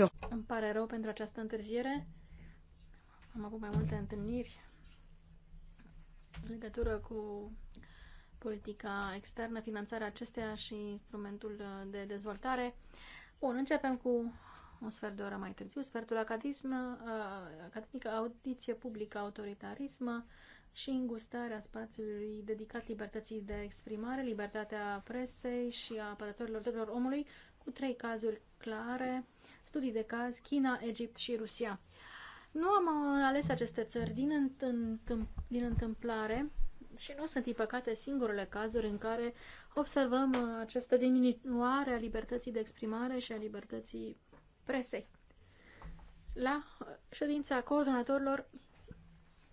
on Îmi pare rău pentru această întârziere. Am avut mai multe întâlniri în legătură cu politica externă, finanțarea acesteia și instrumentul de dezvoltare. Bun, începem cu un sfert de oră mai târziu. Sfertul acadism, uh, academică, audiție publică, autoritarism și îngustarea spațiului dedicat libertății de exprimare, libertatea presei și a apărătorilor drepturilor omului, cu trei cazuri clare studii de caz China, Egipt și Rusia. Nu am uh, ales aceste țări din, din întâmplare și nu sunt, din păcate, singurele cazuri în care observăm uh, această diminuare a libertății de exprimare și a libertății presei. La uh, ședința coordonatorilor,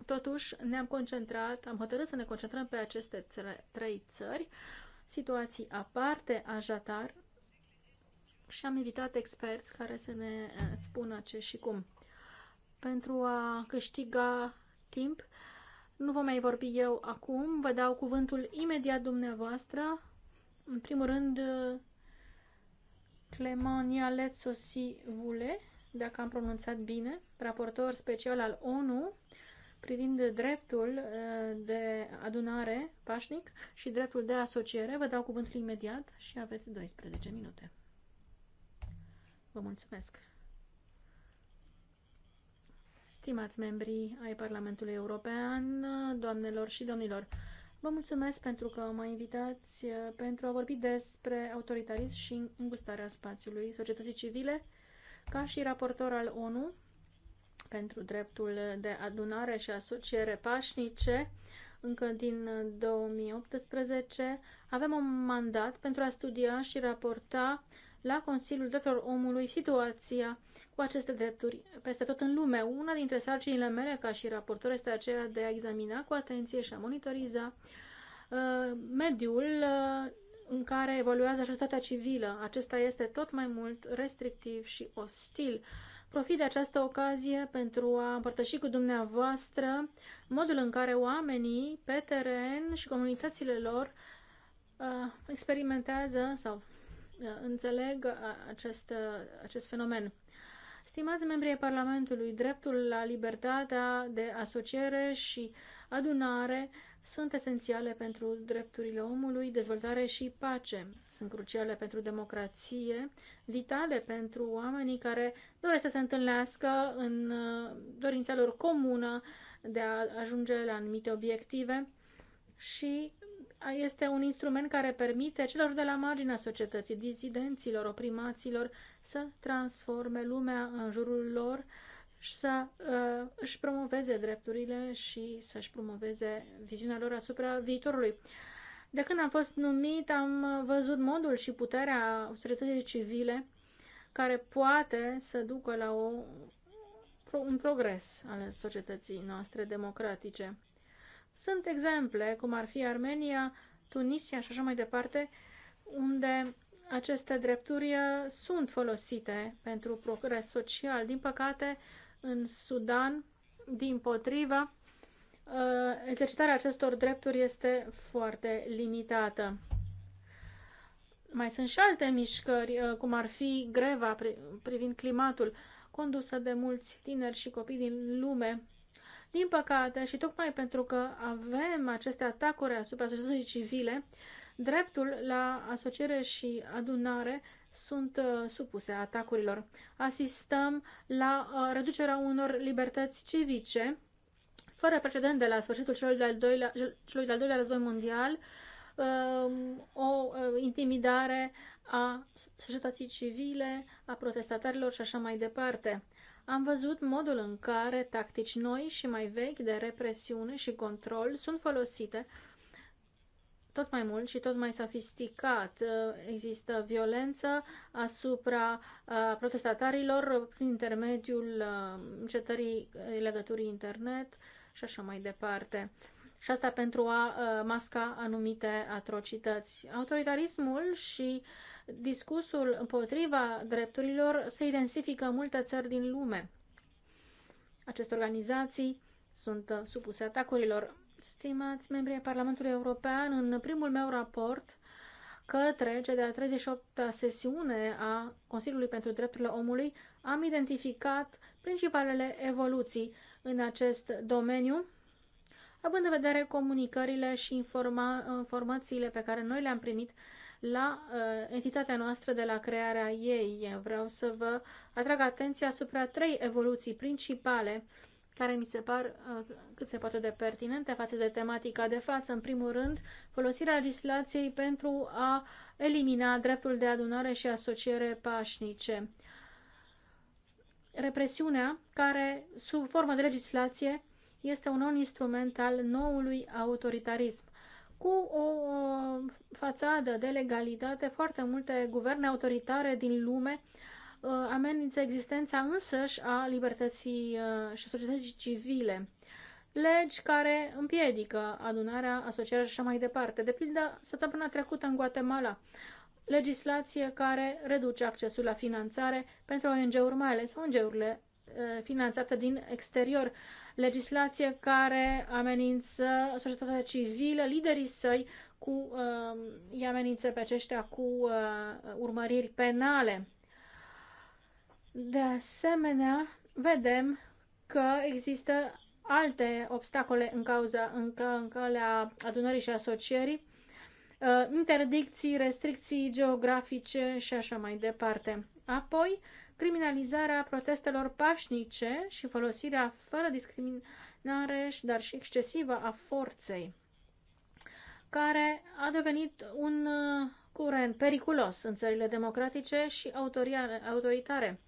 totuși, ne-am concentrat, am hotărât să ne concentrăm pe aceste trei țări, situații aparte, ajatar, și am invitat experți care să ne eh, spună ce și cum. Pentru a câștiga timp, nu vă mai vorbi eu acum, vă dau cuvântul imediat dumneavoastră. În primul rând, Clemania Letsosi Vule, dacă am pronunțat bine, raportor special al ONU privind dreptul eh, de adunare pașnic și dreptul de asociere. Vă dau cuvântul imediat și aveți 12 minute. Vă mulțumesc! Stimați membrii ai Parlamentului European, doamnelor și domnilor, vă mulțumesc pentru că mă invitați uh, pentru a vorbi despre autoritarism și îngustarea spațiului societății civile, ca și raportor al ONU pentru dreptul de adunare și asociere pașnice, încă din 2018, avem un mandat pentru a studia și raporta uh, la Consiliul Drepturilor Omului situația cu aceste drepturi peste tot în lume. Una dintre sarcinile mele ca și raportor este aceea de a examina cu atenție și a monitoriza uh, mediul uh, în care evoluează societatea civilă. Acesta este tot mai mult restrictiv și ostil. Profit de această ocazie pentru a împărtăși cu dumneavoastră modul în care oamenii pe teren și comunitățile lor uh, experimentează sau înțeleg uh, acest, uh, acest fenomen. Stimați membrii Parlamentului, dreptul la libertatea de asociere și adunare sunt esențiale pentru drepturile omului, dezvoltare și pace. Sunt cruciale pentru democrație, vitale pentru oamenii care doresc să se întâlnească în uh, dorința lor comună de a ajunge la anumite obiective și este un instrument care permite celor de la marginea societății, dizidenților, oprimaților, să transforme lumea în jurul lor și să uh, își promoveze drepturile și să își promoveze viziunea lor asupra viitorului. De când am fost numit, am văzut modul și puterea societății civile care poate să ducă la o, un progres al societății noastre democratice. Sunt exemple, cum ar fi Armenia, Tunisia și așa mai departe, unde aceste drepturi uh, sunt folosite pentru progres social. Din păcate, în Sudan, din potrivă, uh, exercitarea acestor drepturi este foarte limitată. Mai sunt și alte mișcări, uh, cum ar fi greva privind climatul, condusă de mulți tineri și copii din lume din păcate, și tocmai pentru că avem aceste atacuri asupra societății civile, dreptul la asociere și adunare sunt uh, supuse atacurilor. Asistăm la uh, reducerea unor libertăți civice, fără precedent de la sfârșitul celui de-al doilea, celui de-al doilea război mondial, um, o uh, intimidare a societății civile, a protestatarilor și așa mai departe am văzut modul în care tactici noi și mai vechi de represiune și control sunt folosite tot mai mult și tot mai sofisticat. Există violență asupra uh, protestatarilor prin intermediul uh, încetării legăturii internet și așa mai departe. Și asta pentru a uh, masca anumite atrocități. Autoritarismul și uh, discursul împotriva drepturilor se intensifică în multe țări din lume. Aceste organizații sunt uh, supuse atacurilor. Stimați membrii ai Parlamentului European, în primul meu raport către cea de-a 38-a sesiune a Consiliului pentru Drepturile Omului, am identificat principalele evoluții în acest domeniu, având în vedere comunicările și informa- informațiile pe care noi le-am primit la uh, entitatea noastră de la crearea ei. Vreau să vă atrag atenția asupra trei evoluții principale care mi se par uh, cât se poate de pertinente față de tematica de față. În primul rând, folosirea legislației pentru a elimina dreptul de adunare și asociere pașnice. Represiunea, care sub formă de legislație este un nou instrument al noului autoritarism cu o fațadă de legalitate. Foarte multe guverne autoritare din lume uh, amenință existența însăși a libertății uh, și a societății civile. Legi care împiedică adunarea, asocierea și așa mai departe. De pildă, săptămâna trecută în Guatemala, legislație care reduce accesul la finanțare pentru ONG-uri, mai ales ONG-urile Eh, finanțată din exterior. Legislație care amenință societatea civilă, liderii săi, cu, eh, îi amenință pe aceștia cu eh, urmăriri penale. De asemenea, vedem că există alte obstacole în cauza în, în calea adunării și asocierii, interdicții, restricții geografice și așa mai departe. Apoi, criminalizarea protestelor pașnice și folosirea fără discriminare, dar și excesivă a forței, care a devenit un uh, curent periculos în țările democratice și autoritare,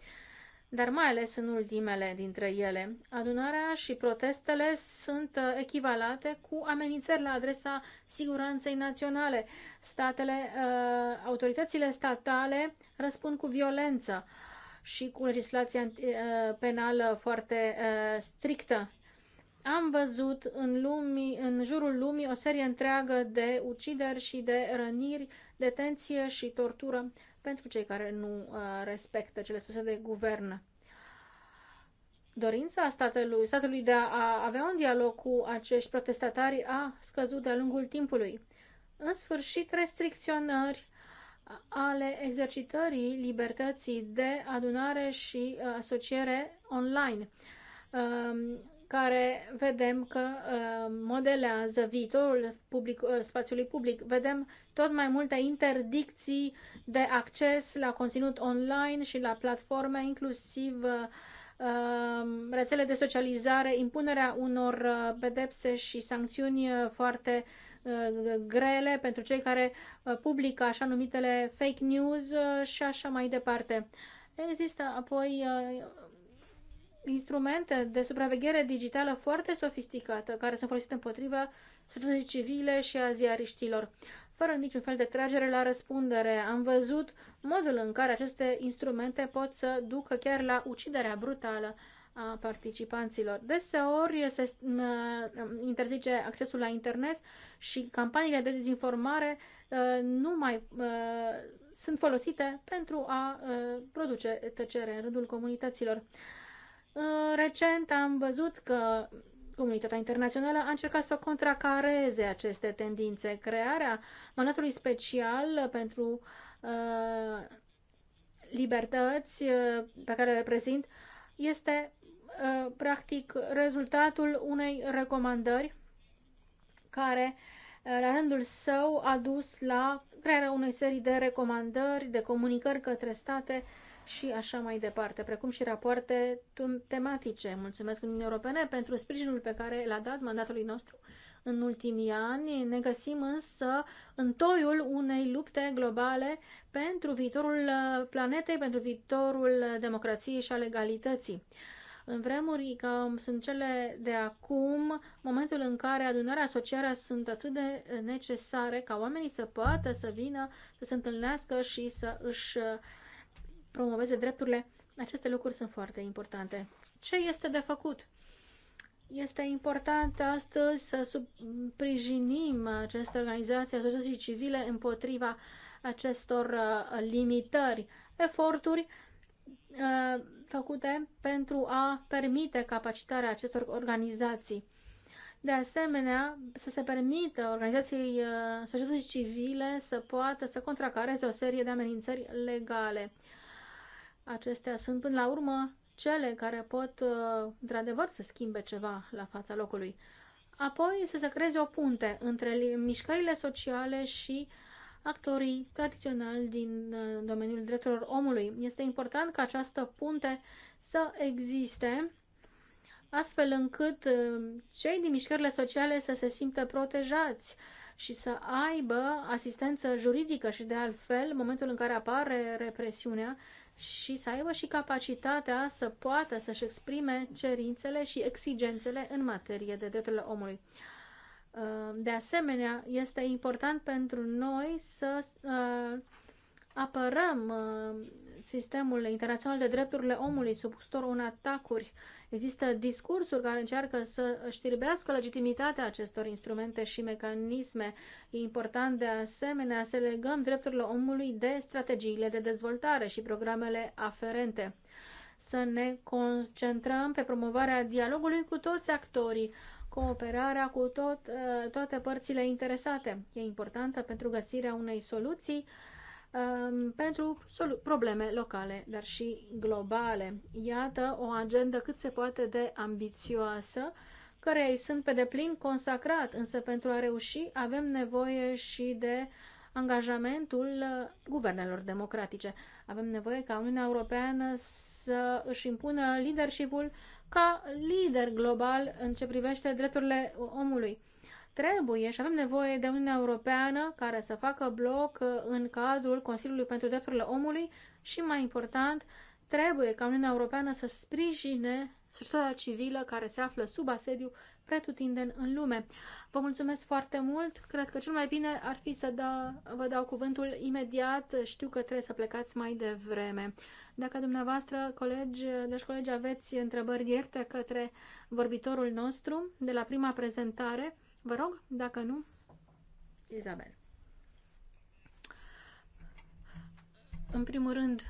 dar mai ales în ultimele dintre ele. Adunarea și protestele sunt uh, echivalate cu amenințări la adresa siguranței naționale. Statele, uh, autoritățile statale răspund cu violență și cu legislația uh, penală foarte uh, strictă. Am văzut în, lumii, în jurul lumii o serie întreagă de ucideri și de răniri, detenție și tortură pentru cei care nu uh, respectă cele spuse de guvern. Dorința statului, statului de a avea un dialog cu acești protestatari a scăzut de-a lungul timpului. În sfârșit, restricționări ale exercitării libertății de adunare și uh, asociere online, um, care vedem că uh, modelează viitorul public, uh, spațiului public. Vedem tot mai multe interdicții de acces la conținut online și la platforme, inclusiv um, rețele de socializare, impunerea unor pedepse și sancțiuni foarte Uh, grele pentru cei care uh, publică așa numitele fake news uh, și așa mai departe. Există apoi instrumente de supraveghere digitală foarte sofisticată care sunt folosite împotriva societății civile și a ziariștilor. Fără niciun fel de tragere la răspundere, am văzut modul în care aceste instrumente pot să ducă chiar la uciderea brutală a participanților. Deseori se interzice accesul la internet și campaniile de dezinformare uh, nu mai uh, sunt folosite pentru a uh, produce tăcere în rândul comunităților. Recent am văzut că comunitatea internațională a încercat să contracareze aceste tendințe. Crearea mandatului special pentru libertăți pe care le prezint este Uh, practic rezultatul unei recomandări care uh, la rândul său a dus la crearea unei serii de recomandări, de comunicări către state și așa mai departe, precum și rapoarte tematice. Mulțumesc Uniunii Europene pentru sprijinul pe care l-a dat mandatului nostru în ultimii ani. Ne găsim însă în toiul unei lupte globale pentru viitorul uh, planetei, pentru viitorul democrației și a legalității. În vremuri ca sunt cele de acum, momentul în care adunarea, asociarea sunt atât de necesare ca oamenii să poată să vină, să se întâlnească și să își uh, promoveze drepturile, aceste lucruri sunt foarte importante. Ce este de făcut? Este important astăzi să sprijinim aceste organizații asociații civile împotriva acestor uh, limitări, eforturi uh, făcute pentru a permite capacitarea acestor organizații. De asemenea, să se permită organizației uh, societății civile să poată să contracareze o serie de amenințări legale. Acestea sunt, până la urmă, cele care pot, uh, într-adevăr, să schimbe ceva la fața locului. Apoi, să se creeze o punte între mișcările sociale și uh, actorii tradiționali din uh, domeniul drepturilor omului. Este important ca această punte să existe astfel încât uh, cei din mișcările sociale să se simtă protejați și să aibă asistență juridică și de altfel, în momentul în care apare represiunea, și să aibă și capacitatea să poată să-și exprime cerințele și exigențele în materie de drepturile omului. Ehm, de asemenea, este important pentru noi să ehm, apărăm ehm, sistemul internațional de drepturile omului sub în atacuri. Există discursuri care încearcă să știrbească legitimitatea acestor instrumente și mecanisme. E important de asemenea să legăm drepturile omului de strategiile de dezvoltare și programele aferente. Să ne concentrăm pe promovarea dialogului cu toți actorii cooperarea cu tot, uh, toate părțile interesate. E importantă pentru găsirea unei soluții um, pentru probleme locale, dar și globale. Iată o agendă cât se poate de ambițioasă, care îi sunt pe deplin consacrat, însă pentru a reuși avem nevoie și de angajamentul uh, guvernelor democratice. Avem nevoie ca Uniunea Europeană să își impună leadership-ul ca lider global în ce privește drepturile omului. Trebuie și avem nevoie de Uniunea Europeană care să facă bloc în cadrul Consiliului pentru Drepturile Omului și, mai important, trebuie ca Uniunea Europeană să sprijine societatea civilă care se află sub asediu pretutindeni în lume. Vă mulțumesc foarte mult. Cred că cel mai bine ar fi să da, vă dau cuvântul imediat. Știu că trebuie să plecați mai devreme. Dacă dumneavoastră, colegi, deci colegi, aveți întrebări directe către vorbitorul nostru de la prima prezentare, vă rog, dacă nu, Isabel. În primul rând,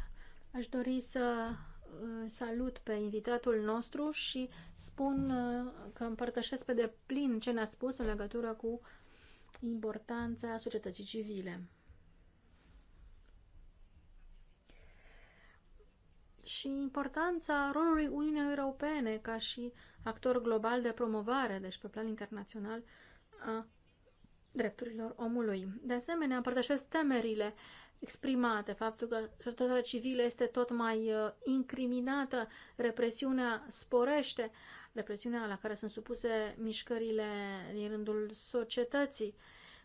aș dori să uh, salut pe invitatul nostru și spun uh, că împărtășesc pe deplin ce ne-a spus în legătură cu importanța societății civile. și importanța rolului Uniunii Europene ca și actor global de promovare, deci pe plan internațional, a drepturilor omului. De asemenea, împărtășesc temerile exprimate, faptul că societatea civilă este tot mai uh, incriminată, represiunea sporește, represiunea la care sunt supuse mișcările din rândul societății,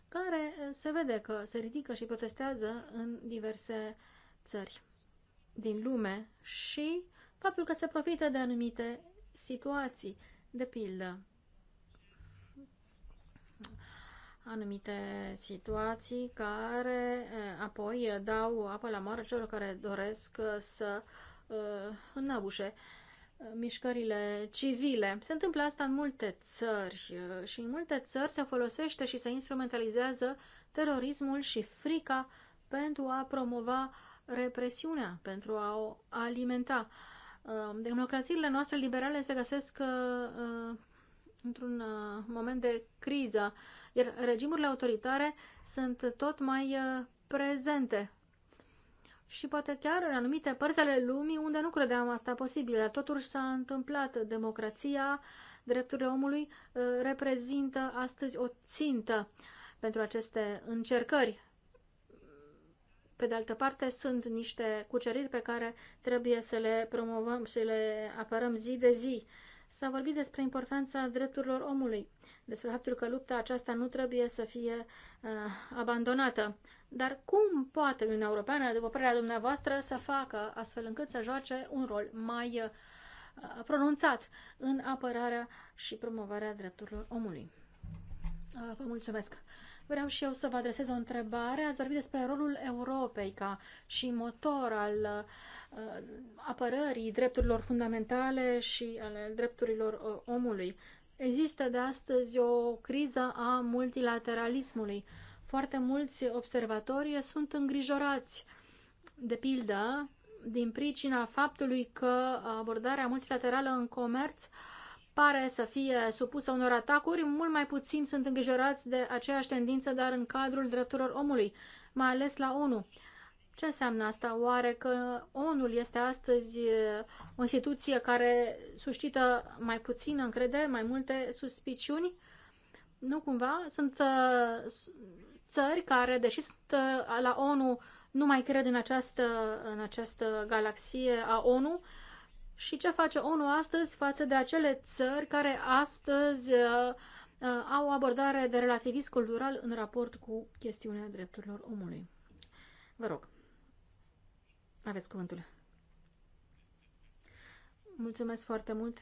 care se vede că se ridică și protestează în diverse țări din lume și faptul că se profită de anumite situații, de pildă. Anumite situații care apoi dau apă la moară celor care doresc să înnăbușe mișcările civile. Se întâmplă asta în multe țări și în multe țări se folosește și se instrumentalizează terorismul și frica pentru a promova uh, represiunea, pentru a o alimenta. Uh, democrațiile noastre liberale se găsesc uh, uh, într-un moment de criză, iar regimurile autoritare sunt tot mai prezente. Și poate chiar în anumite părți ale lumii unde nu credeam asta posibil, dar totuși s-a întâmplat. Democrația, drepturile omului reprezintă astăzi o țintă pentru aceste încercări pe de altă parte, sunt niște cuceriri pe care trebuie să le promovăm și le apărăm zi de zi. S-a vorbit despre importanța drepturilor omului, despre faptul că lupta aceasta nu trebuie să fie uh, abandonată. Dar cum poate Uniunea Europeană, după părerea dumneavoastră, să facă astfel încât să joace un rol mai uh, pronunțat în apărarea și promovarea drepturilor omului? Uh, vă mulțumesc! Vreau și eu să vă adresez o întrebare. Ați vorbit despre rolul Europei ca și motor al uh, apărării drepturilor fundamentale și ale drepturilor uh, omului. Există de astăzi o criză a multilateralismului. Foarte mulți observatori sunt îngrijorați, de pildă, din pricina faptului că abordarea multilaterală în comerț uh, pare să fie supusă unor atacuri, mult mai puțin sunt îngrijorați de aceeași tendință, dar în cadrul drepturilor omului, mai ales la ONU. Ce înseamnă asta? Oare că ONU este astăzi o instituție care suscită mai puțină încredere, mai multe suspiciuni? Nu cumva? Sunt țări care, deși sunt la ONU, nu mai cred în această, în această galaxie a ONU, și ce face ONU astăzi față de acele țări care astăzi uh, uh, au o abordare de relativism cultural în raport cu chestiunea drepturilor omului. Vă rog, aveți cuvântul. Mulțumesc foarte mult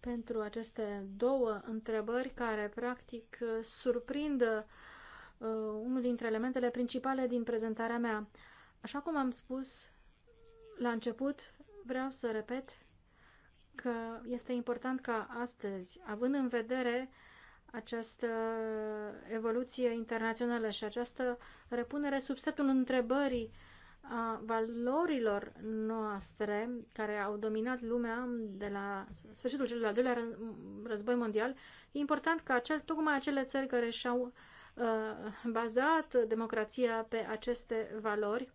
pentru aceste două întrebări care, practic, surprind uh, unul dintre elementele principale din prezentarea mea. Așa cum am spus la început, vreau să repet că este important ca astăzi, având în vedere această evoluție internațională și această repunere sub setul întrebării a valorilor noastre care au dominat lumea de la sfârșitul celui de-al doilea război mondial, e important ca acel, tocmai acele țări care și-au uh, bazat democrația pe aceste valori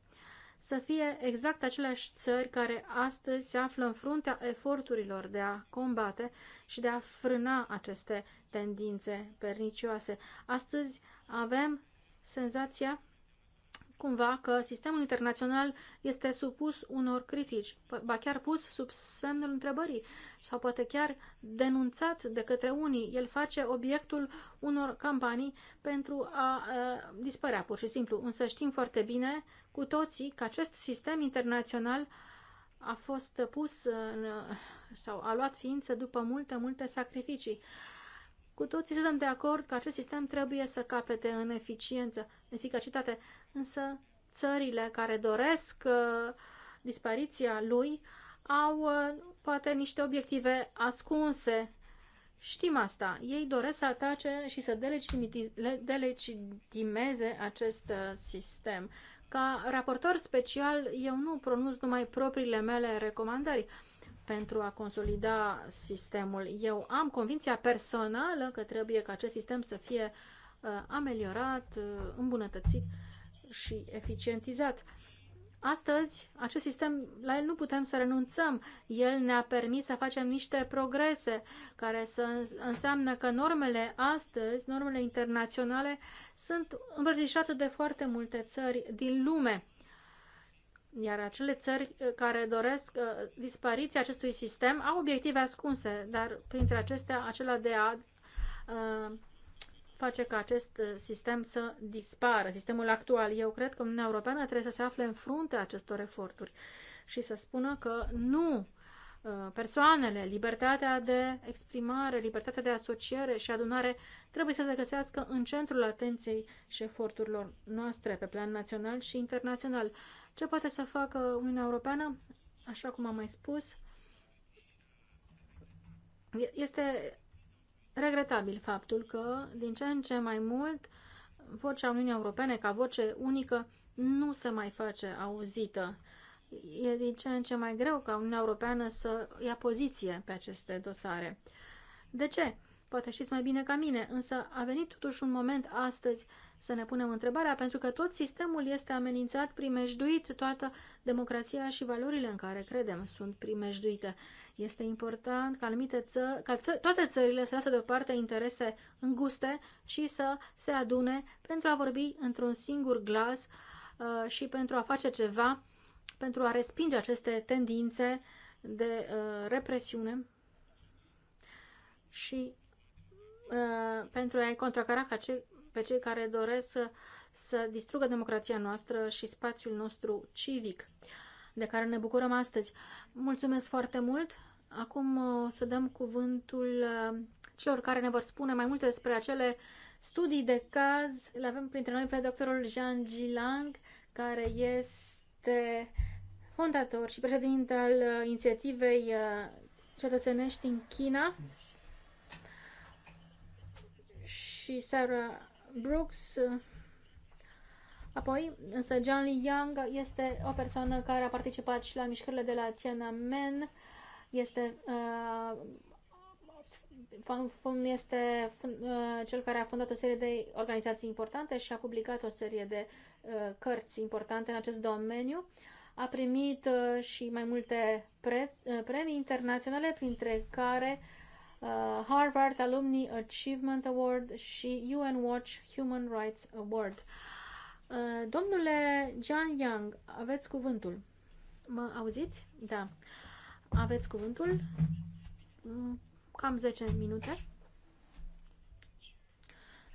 să fie exact aceleași țări care astăzi se află în fruntea eforturilor de a combate și de a frâna aceste tendințe pernicioase. Astăzi avem senzația cumva că sistemul internațional este supus unor critici, ba chiar pus sub semnul întrebării sau poate chiar denunțat de către unii. El face obiectul unor campanii pentru a, a dispărea pur și simplu. Însă știm foarte bine cu toții că acest sistem internațional a fost pus în, sau a luat ființă după multe, multe sacrificii. Cu toții suntem de acord că acest sistem trebuie să capete în eficiență, eficacitate însă țările care doresc uh, dispariția lui au uh, poate niște obiective ascunse. Știm asta. Ei doresc să atace și să delegitimeze acest uh, sistem. Ca raportor special, eu nu pronunț numai propriile mele recomandări pentru a consolida sistemul. Eu am convinția personală că trebuie ca acest sistem să fie ameliorat, îmbunătățit și eficientizat. Astăzi, acest sistem, la el nu putem să renunțăm. El ne-a permis să facem niște progrese, care să înseamnă că normele astăzi, normele internaționale, sunt îmbrățișate de foarte multe țări din lume. Iar acele țări uh, care doresc uh, dispariția acestui sistem au obiective ascunse, dar printre acestea acela de a uh, face ca acest uh, sistem să dispară, sistemul actual. Eu cred că Uniunea Europeană trebuie să se afle în frunte acestor eforturi și să spună că nu uh, persoanele, libertatea de exprimare, libertatea de asociere și adunare trebuie să se găsească în centrul atenției și eforturilor noastre pe plan național și internațional. Ce poate să facă Uniunea Europeană? Așa cum am mai spus, este regretabil faptul că din ce în ce mai mult vocea Uniunii Europene ca voce unică nu se mai face auzită. E din ce în ce mai greu ca Uniunea Europeană să ia poziție pe aceste dosare. De ce? Poate știți mai bine ca mine, însă a venit totuși un moment astăzi să ne punem întrebarea, pentru că tot sistemul este amenințat, primejduit, toată democrația și valorile în care credem sunt primejduite. Este important ca, anumite ță- ca ță- toate țările să lasă deoparte interese înguste și să se adune pentru a vorbi într-un singur glas uh, și pentru a face ceva, pentru a respinge aceste tendințe de uh, represiune și Uh, pentru a-i contracara pe cei care doresc să, să distrugă democrația noastră și spațiul nostru civic, de care ne bucurăm astăzi. Mulțumesc foarte mult! Acum o uh, să dăm cuvântul uh, celor care ne vor spune mai multe despre acele studii de caz. Le avem printre noi pe doctorul Jean Gilang, care este fondator și președinte al inițiativei cetățenești în China. și Sarah Brooks. Apoi, însă, John Lee Young este o persoană care a participat și la mișcările de la Tiananmen. Este uh, Fun este uh, cel care a fondat o serie de organizații importante și a publicat o serie de uh, cărți importante în acest domeniu. A primit uh, și mai multe premii internaționale, printre care Uh, Harvard Alumni Achievement Award și UN Watch Human Rights Award. Uh, domnule John Young, aveți cuvântul. Mă auziți? Da. Aveți cuvântul. Mm, cam 10 minute.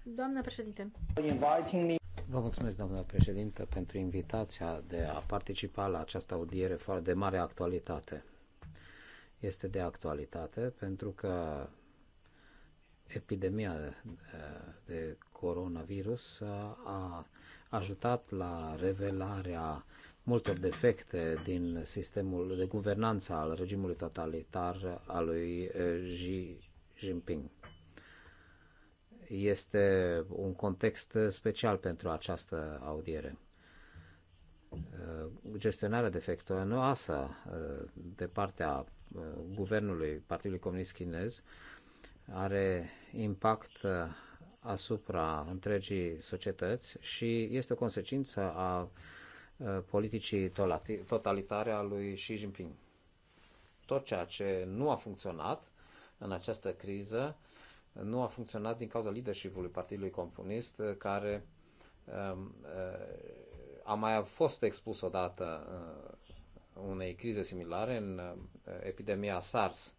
Doamna președinte. Vă mulțumesc, doamna președinte, pentru invitația de a participa la această audiere foarte de mare actualitate este de actualitate pentru că epidemia eh, de coronavirus a ajutat la revelarea multor defecte din sistemul de guvernanță al regimului totalitar al lui eh, Xi Jinping. Este un context special pentru această audiere. Eh, gestionarea defectuoasă de partea Uh, guvernului Partidului Comunist Chinez are impact uh, asupra întregii societăți și este o consecință a uh, politicii totalitare a lui Xi Jinping. Tot ceea ce nu a funcționat în această criză nu a funcționat din cauza leadership-ului Partidului Comunist, care um, a mai fost expus odată unei crize similare în uh, epidemia SARS.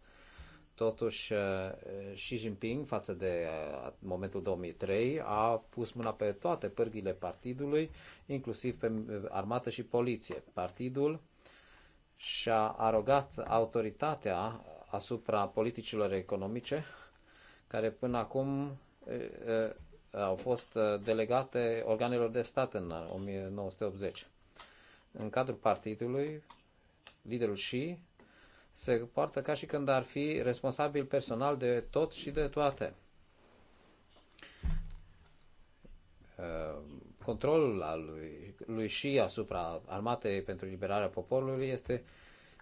Totuși, uh, Xi Jinping, față de uh, momentul 2003, a pus mâna pe toate pârghile partidului, inclusiv pe armată și poliție. Partidul și-a arogat autoritatea asupra politicilor economice, care până acum au fost delegate organelor de stat în 1980. În cadrul partidului, liderul și se poartă ca și când ar fi responsabil personal de tot și de toate. Uh, controlul al lui, lui și asupra armatei pentru liberarea poporului este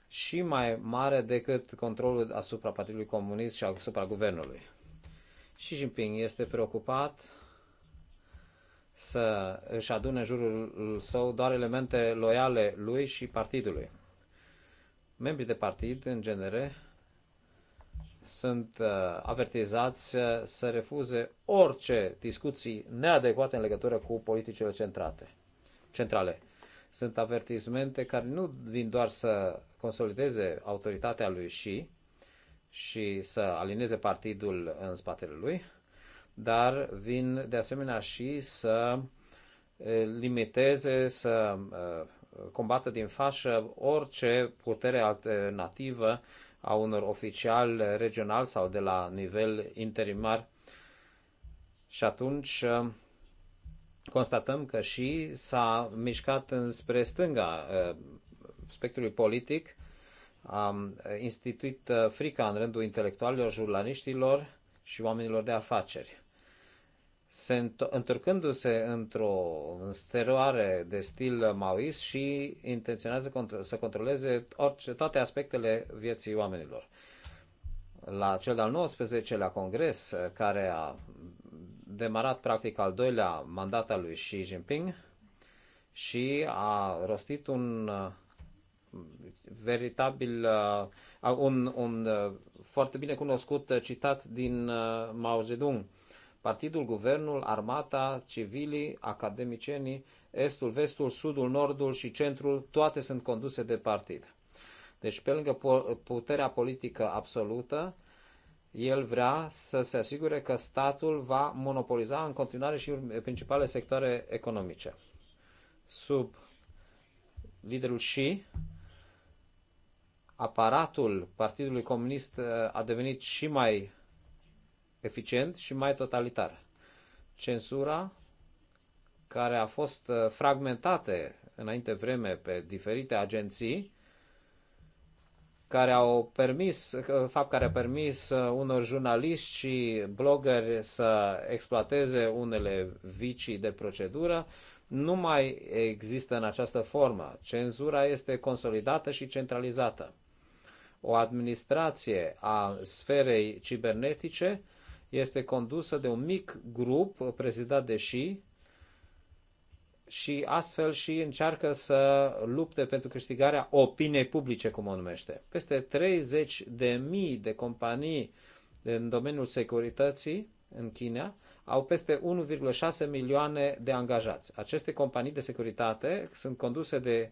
și mai mare decât controlul asupra Partidului Comunist și asupra guvernului. Xi Jinping este preocupat să își adune în jurul său doar elemente loiale lui și partidului membrii de partid, în genere, sunt uh, avertizați uh, să refuze orice discuții neadecvate în legătură cu politicile centrate, centrale. Sunt avertizmente care nu vin doar să consolideze autoritatea lui și și să alineze partidul în spatele lui, dar vin de asemenea și să uh, limiteze, să combată din fașă orice putere alternativă a unor oficiali regional sau de la nivel interimar. Și atunci uh, constatăm că și s-a mișcat înspre stânga uh, spectrului politic, a instituit uh, frica în rândul intelectualilor, jurnaliștilor și oamenilor de afaceri se întorcându-se într-o însteroare de stil maoist și intenționează să controleze orice, toate aspectele vieții oamenilor. La cel de-al 19-lea congres, uh, care a demarat practic al doilea mandat al lui Xi Jinping și a rostit un uh, veritabil, uh, un, un foarte bine cunoscut citat din Mao Zedong – partidul, guvernul, armata, civilii, academicienii, estul, vestul, sudul, nordul și centrul, toate sunt conduse de partid. Deci, pe lângă puterea politică absolută, el vrea să se asigure că statul va monopoliza în continuare și principale sectoare economice. Sub liderul și aparatul Partidului Comunist uh, a devenit și mai eficient și mai totalitar. Censura, care a fost uh, fragmentată înainte vreme pe diferite agenții, care au permis, uh, fapt care a permis uh, unor jurnaliști și blogări să exploateze unele vicii de procedură, nu mai există în această formă. Cenzura este consolidată și centralizată. O administrație a sferei cibernetice este condusă de un mic grup prezidat de Xi, și astfel și încearcă să lupte pentru câștigarea opiniei publice, cum o numește. Peste 30 de mii de companii în domeniul securității în China au peste 1,6 milioane de angajați. Aceste companii de securitate sunt conduse de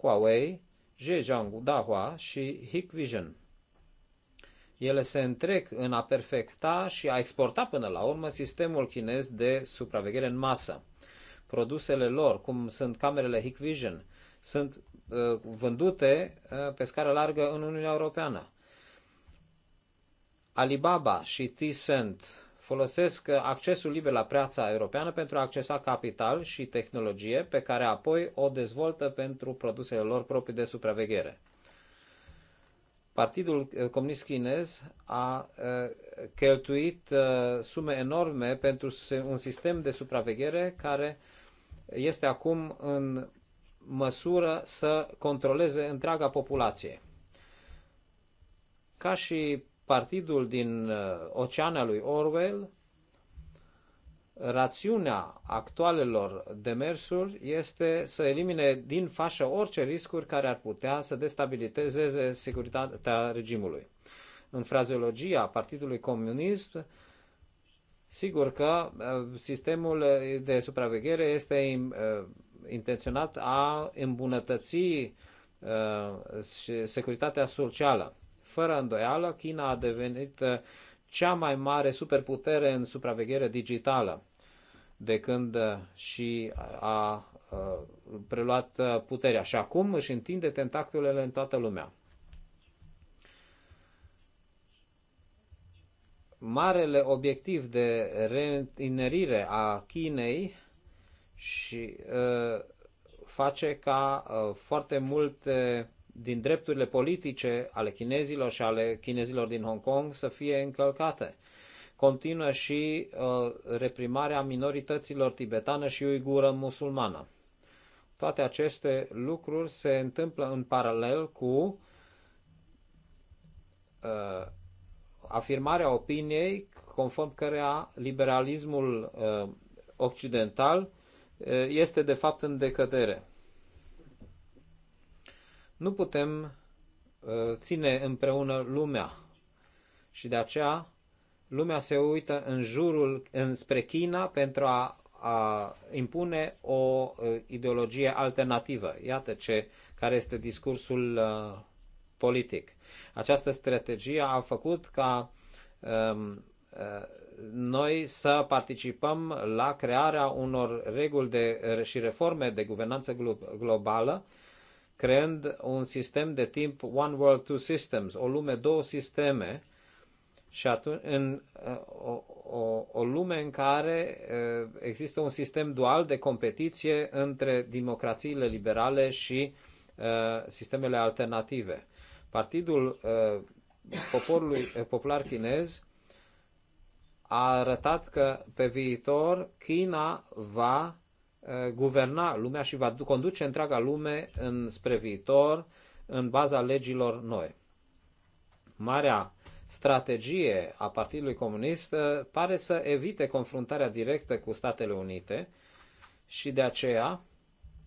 Huawei, Zhejiang Dahua și Hikvision ele se întrec în a perfecta și a exporta până la urmă sistemul chinez de supraveghere în masă. Produsele lor, cum sunt camerele Hikvision, sunt uh, vândute uh, pe scară largă în Uniunea Europeană. Alibaba și Tencent folosesc uh, accesul liber la piața europeană pentru a accesa capital și tehnologie pe care apoi o dezvoltă pentru produsele lor proprii de supraveghere. Partidul Comunist Chinez a cheltuit sume enorme pentru un sistem de supraveghere care este acum în măsură să controleze întreaga populație. Ca și partidul din Oceana lui Orwell, rațiunea actualelor demersuri este să elimine din fașă orice riscuri care ar putea să destabilizeze securitatea regimului. În frazeologia Partidului Comunist, sigur că uh, sistemul de supraveghere este uh, intenționat a îmbunătăți uh, securitatea socială. Fără îndoială, China a devenit cea mai mare superputere în supraveghere digitală, de când uh, și a uh, preluat uh, puterea și acum își întinde tentaculele în toată lumea. Marele obiectiv de reînnerire a Chinei și uh, face ca uh, foarte multe din drepturile politice ale chinezilor și ale chinezilor din Hong Kong să fie încălcate. Continuă și uh, reprimarea minorităților tibetană și uigură musulmană. Toate aceste lucruri se întâmplă în paralel cu uh, afirmarea opiniei conform cărea liberalismul uh, occidental uh, este de fapt în decădere nu putem uh, ține împreună lumea și de aceea lumea se uită în jurul, înspre China pentru a, a impune o uh, ideologie alternativă. Iată ce, care este discursul uh, politic. Această strategie a făcut ca um, uh, noi să participăm la crearea unor reguli de, și reforme de guvernanță globală uh, creând un sistem de timp One World, Two Systems, o lume, două sisteme, și atunci, în o, o, o lume în care există un sistem dual de competiție între democrațiile liberale și sistemele alternative. Partidul Poporului Popular Chinez a arătat că pe viitor China va Uh, guverna lumea și va conduce întreaga lume spre viitor în baza legilor noi. Marea strategie a Partidului Comunist uh, pare să evite confruntarea directă cu Statele Unite și de aceea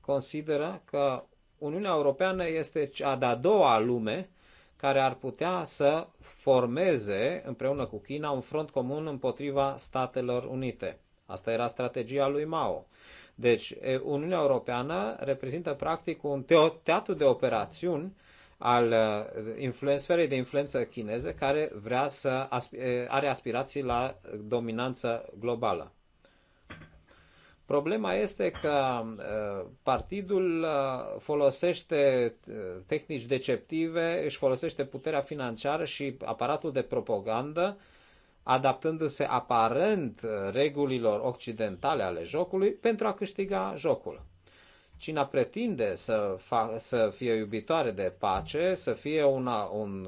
consideră că Uniunea Europeană este cea de-a doua lume care ar putea să formeze împreună cu China un front comun împotriva Statelor Unite. Asta era strategia lui Mao. Deci, Uniunea Europeană reprezintă practic un teatru de operațiuni al sferei de influență chineze care vrea să are aspirații la dominanță globală. Problema este că partidul folosește tehnici deceptive, își folosește puterea financiară și aparatul de propagandă adaptându-se aparent uh, regulilor occidentale ale jocului pentru a câștiga jocul. Cine pretinde să, fa- să fie iubitoare de pace, să fie una, un,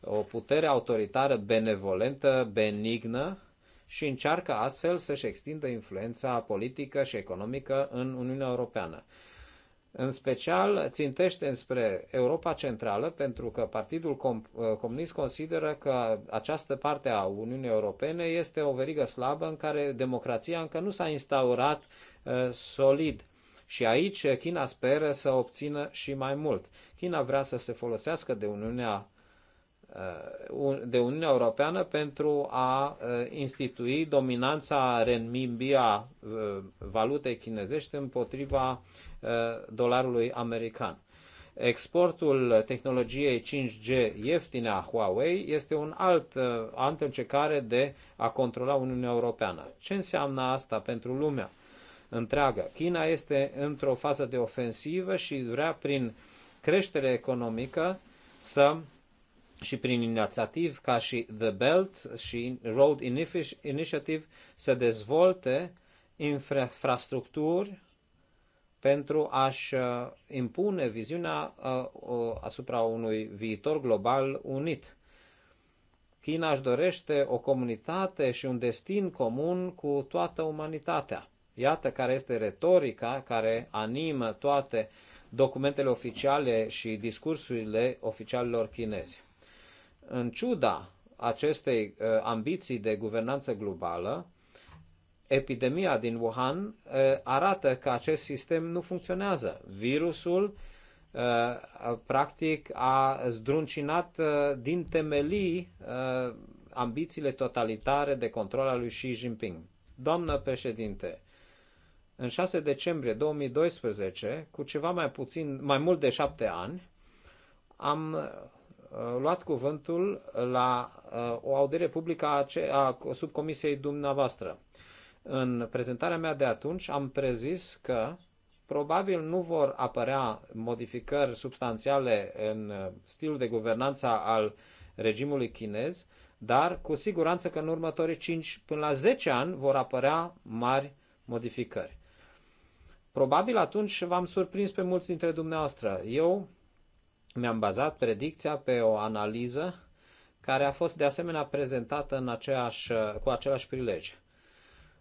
o putere autoritară benevolentă, benignă și încearcă astfel să-și extindă influența politică și economică în Uniunea Europeană în special țintește înspre Europa Centrală, pentru că Partidul Comunist consideră că această parte a Uniunii Europene este o verigă slabă în care democrația încă nu s-a instaurat uh, solid. Și aici China speră să obțină și mai mult. China vrea să se folosească de Uniunea Uh, de Uniunea Europeană pentru a uh, institui dominanța renminbi a uh, valutei chinezești împotriva dolarului american. Exportul tehnologiei 5G ieftine a Huawei este un alt, altă încercare de a controla Uniunea Europeană. Ce înseamnă asta pentru lumea întreagă? China este într-o fază de ofensivă și vrea prin creștere economică să uh, și prin inițiativ ca și The Belt și Road Initiative să dezvolte infrastructuri pentru a-și uh, impune viziunea uh, asupra unui viitor global unit. China își dorește o comunitate și un destin comun cu toată umanitatea. Iată care este retorica care animă toate documentele oficiale și discursurile oficialilor chinezi. În ciuda acestei uh, ambiții de guvernanță globală, epidemia din Wuhan uh, arată că acest sistem nu funcționează. Virusul uh, practic a zdruncinat din temelii ambițiile totalitare de control al lui Xi Jinping. Doamnă președinte, în 6 decembrie 2012, cu ceva mai puțin, mai mult de șapte ani, am Uh, luat cuvântul la uh, o audiere publică a, a subcomisiei dumneavoastră. În prezentarea mea de atunci am prezis că probabil nu vor apărea modificări substanțiale în uh, stilul de guvernanță al regimului chinez, dar cu siguranță că în următorii 5 până la 10 ani vor apărea mari modificări. Probabil atunci v-am surprins pe mulți dintre dumneavoastră. Eu mi-am bazat predicția pe o analiză care a fost de asemenea prezentată în aceeași, cu același prilej.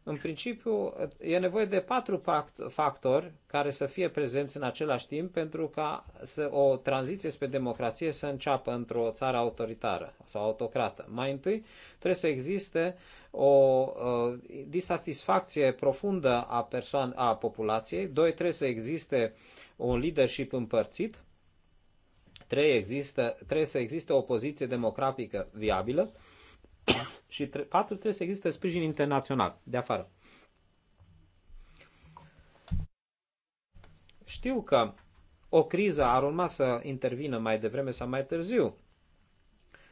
În principiu, e nevoie de patru factori care să fie prezenți în același timp pentru ca să, o tranziție spre democrație să înceapă într-o țară autoritară sau autocrată. Mai întâi, trebuie să existe o o disatisfacție profundă a, persoan- a populației. Doi, trebuie să existe un leadership împărțit Trei, există, trebuie să existe o poziție democratică viabilă și tre- patru, trebuie să existe sprijin internațional de afară. Știu că o criză ar urma să intervină mai devreme sau mai târziu,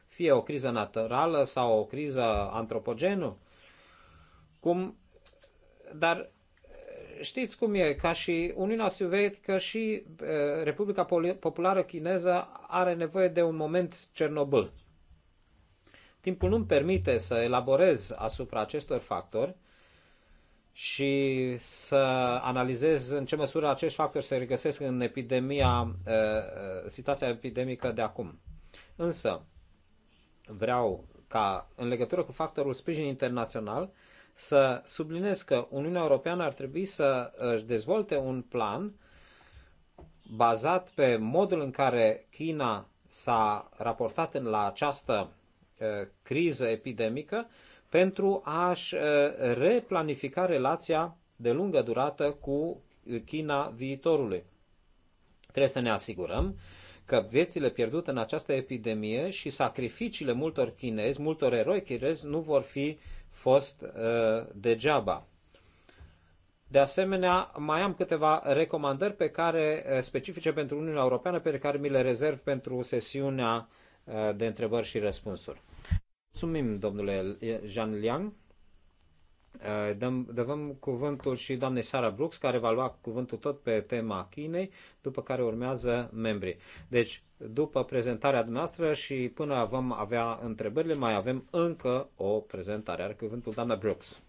fie o criză naturală sau o criză antropogenă, cum, dar știți cum e, ca și Uniunea Sovietică și Republica Populară Chineză are nevoie de un moment Cernobâl. Timpul nu-mi permite să elaborez asupra acestor factori și să analizez în ce măsură acești factori se regăsesc în epidemia, situația epidemică de acum. Însă, vreau ca, în legătură cu factorul sprijin internațional, să subliniez că Uniunea Europeană ar trebui să uh, își dezvolte un plan bazat pe modul în care China s-a raportat în la această uh, criză epidemică pentru a-și uh, replanifica relația de lungă durată cu China viitorului. Trebuie să ne asigurăm că viețile pierdute în această epidemie și sacrificiile multor chinezi, multor eroi chinezi, nu vor fi uh, fost uh, degeaba. De asemenea, mai am câteva recomandări pe care, uh, specifice pentru Uniunea Europeană pe care mi le rezerv pentru sesiunea uh, de întrebări și răspunsuri. Mulțumim, domnule Jean Liang. Eh, dăm, dăm cuvântul și doamnei Sara Brooks, care va lua cuvântul tot pe tema Chinei, după care urmează membrii. Deci, după prezentarea dumneavoastră și până vom avea întrebările, mai avem încă o prezentare. Are cuvântul doamna Brooks.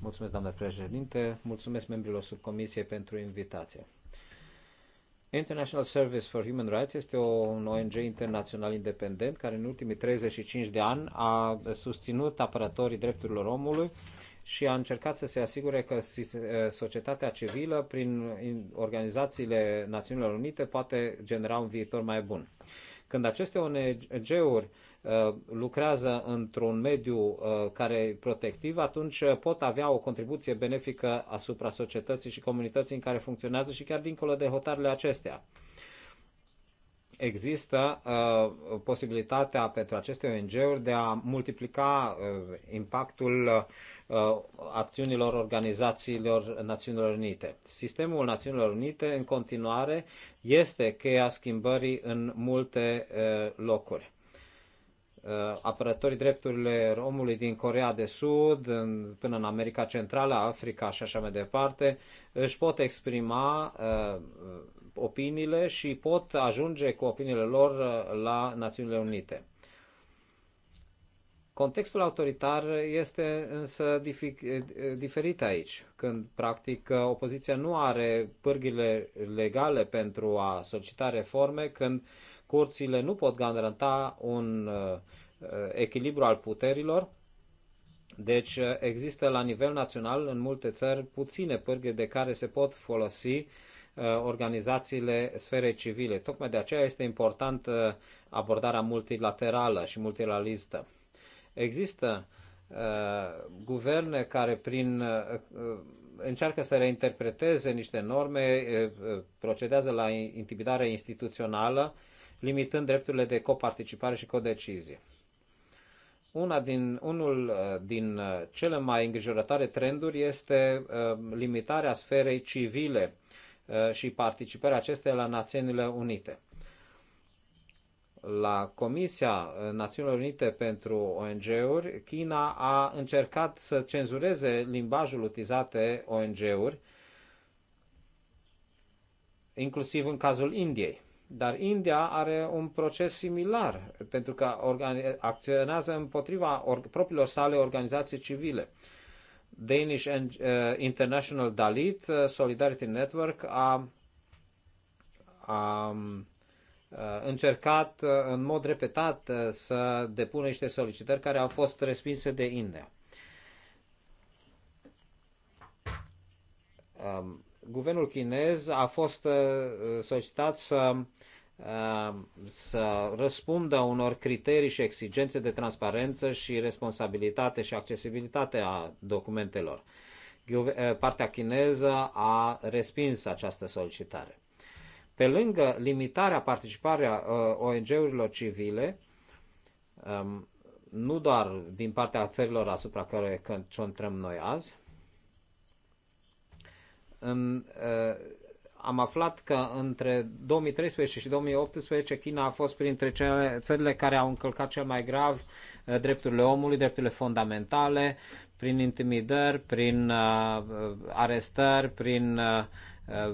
Mulțumesc, doamna președinte. Mulțumesc membrilor subcomisiei pentru invitație. International Service for Human Rights este o un ONG internațional independent care în ultimii 35 de ani a susținut apărătorii drepturilor omului și a încercat să se asigure că eh, societatea civilă, prin organizațiile Națiunilor Unite, poate genera un viitor mai bun. Când aceste ONG-uri Uh, lucrează într-un mediu uh, care e protectiv, atunci uh, pot avea o contribuție benefică asupra societății și comunității în care funcționează și chiar dincolo de hotarele acestea există uh, posibilitatea pentru aceste ONG-uri de a multiplica uh, impactul uh, acțiunilor organizațiilor Națiunilor Unite. Sistemul Națiunilor Unite în continuare este cheia schimbării în multe uh, locuri. Uh, apărătorii drepturile omului din Corea de Sud în, până în America Centrală, Africa și așa mai departe, își pot exprima uh, opiniile și pot ajunge cu opiniile lor uh, la Națiunile Unite. Contextul autoritar este însă eh, eh, diferit aici, când practic uh, opoziția nu are pârghile legale pentru a solicita reforme, când uh, Curțile nu pot garanta un uh, uh, echilibru al puterilor, deci uh, există la nivel național în multe țări puține pârghe de care se pot folosi organizațiile sferei civile. Tocmai de aceea este important abordarea multilaterală și multilateralistă. Există uh, guverne care prin uh, încearcă să reinterpreteze niște norme, uh, procedează la intimidare instituțională, uh, limitând drepturile de coparticipare și codecizie. Una din, unul uh, din uh, cele mai îngrijorătoare trenduri este uh, limitarea sferei civile și participarea acesteia la Națiunile Unite. La Comisia Națiunilor Unite pentru ONG-uri, China a încercat să cenzureze limbajul utilizat de ONG-uri, inclusiv în cazul Indiei. Dar India are un proces similar, pentru că acționează împotriva propriilor sale organizații civile. Danish and, uh, International Dalit uh, Solidarity Network a, a um, uh, încercat uh, în mod repetat uh, să depună niște solicitări care au fost respinse de India. Um, guvernul chinez a fost uh, solicitat să, uh, să răspundă unor criterii și exigențe de transparență și responsabilitate și accesibilitate a documentelor. Uh, partea chineză a respins această solicitare. Pe lângă limitarea participării ONG-urilor civile, um, nu doar din partea țărilor asupra care concentrăm noi azi, în, uh, am aflat că între 2013 și 2018 China a fost printre cele, țările care au încălcat cel mai grav uh, drepturile omului, drepturile fundamentale, prin intimidări, prin uh, uh arestări, prin uh,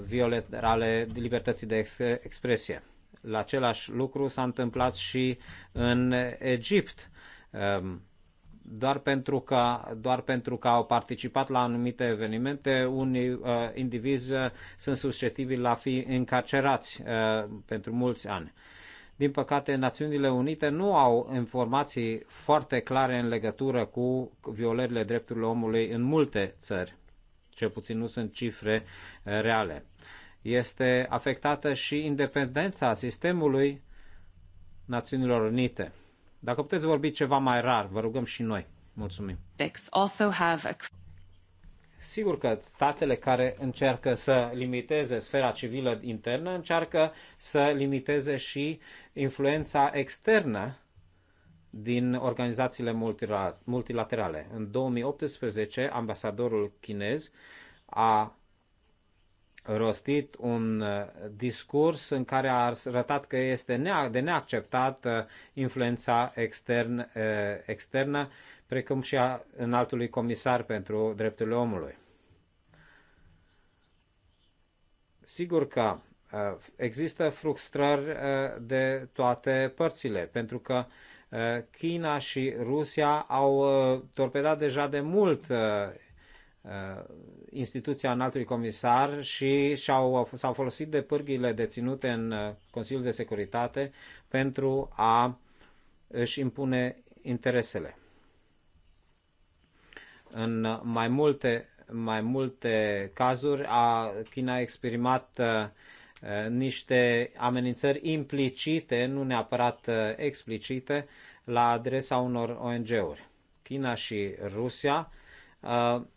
violări ale libertății de ex- expresie. La același lucru s-a întâmplat și în Egipt. Uh, doar pentru că, doar pentru că au participat la anumite evenimente, unii uh, indivizi uh, sunt susceptibili la fi încarcerați uh, pentru mulți ani. Din păcate, Națiunile Unite nu au informații foarte clare în legătură cu violările drepturilor omului în multe țări. Cel puțin nu sunt cifre uh, reale. Este afectată și independența sistemului Națiunilor Unite dacă puteți vorbi ceva mai rar, vă rugăm și noi. Mulțumim. Sigur că statele care încearcă să limiteze sfera civilă internă încearcă să limiteze și influența externă din organizațiile multilaterale. În 2018, ambasadorul chinez a rostit un uh, discurs în care a arătat că este de neacceptat uh, influența extern, uh, externă, precum și a înaltului comisar pentru drepturile omului. Sigur că există frustrări de toate părțile, pentru că China și Rusia au torpedat deja de mult Uh, instituția înaltului comisar și și-au, s-au folosit de pârghile deținute în uh, Consiliul de Securitate pentru a își impune interesele. În mai multe, mai multe cazuri, a, China a exprimat a, uh, niște amenințări implicite, nu neapărat explicite, la adresa unor ONG-uri. China și Rusia a,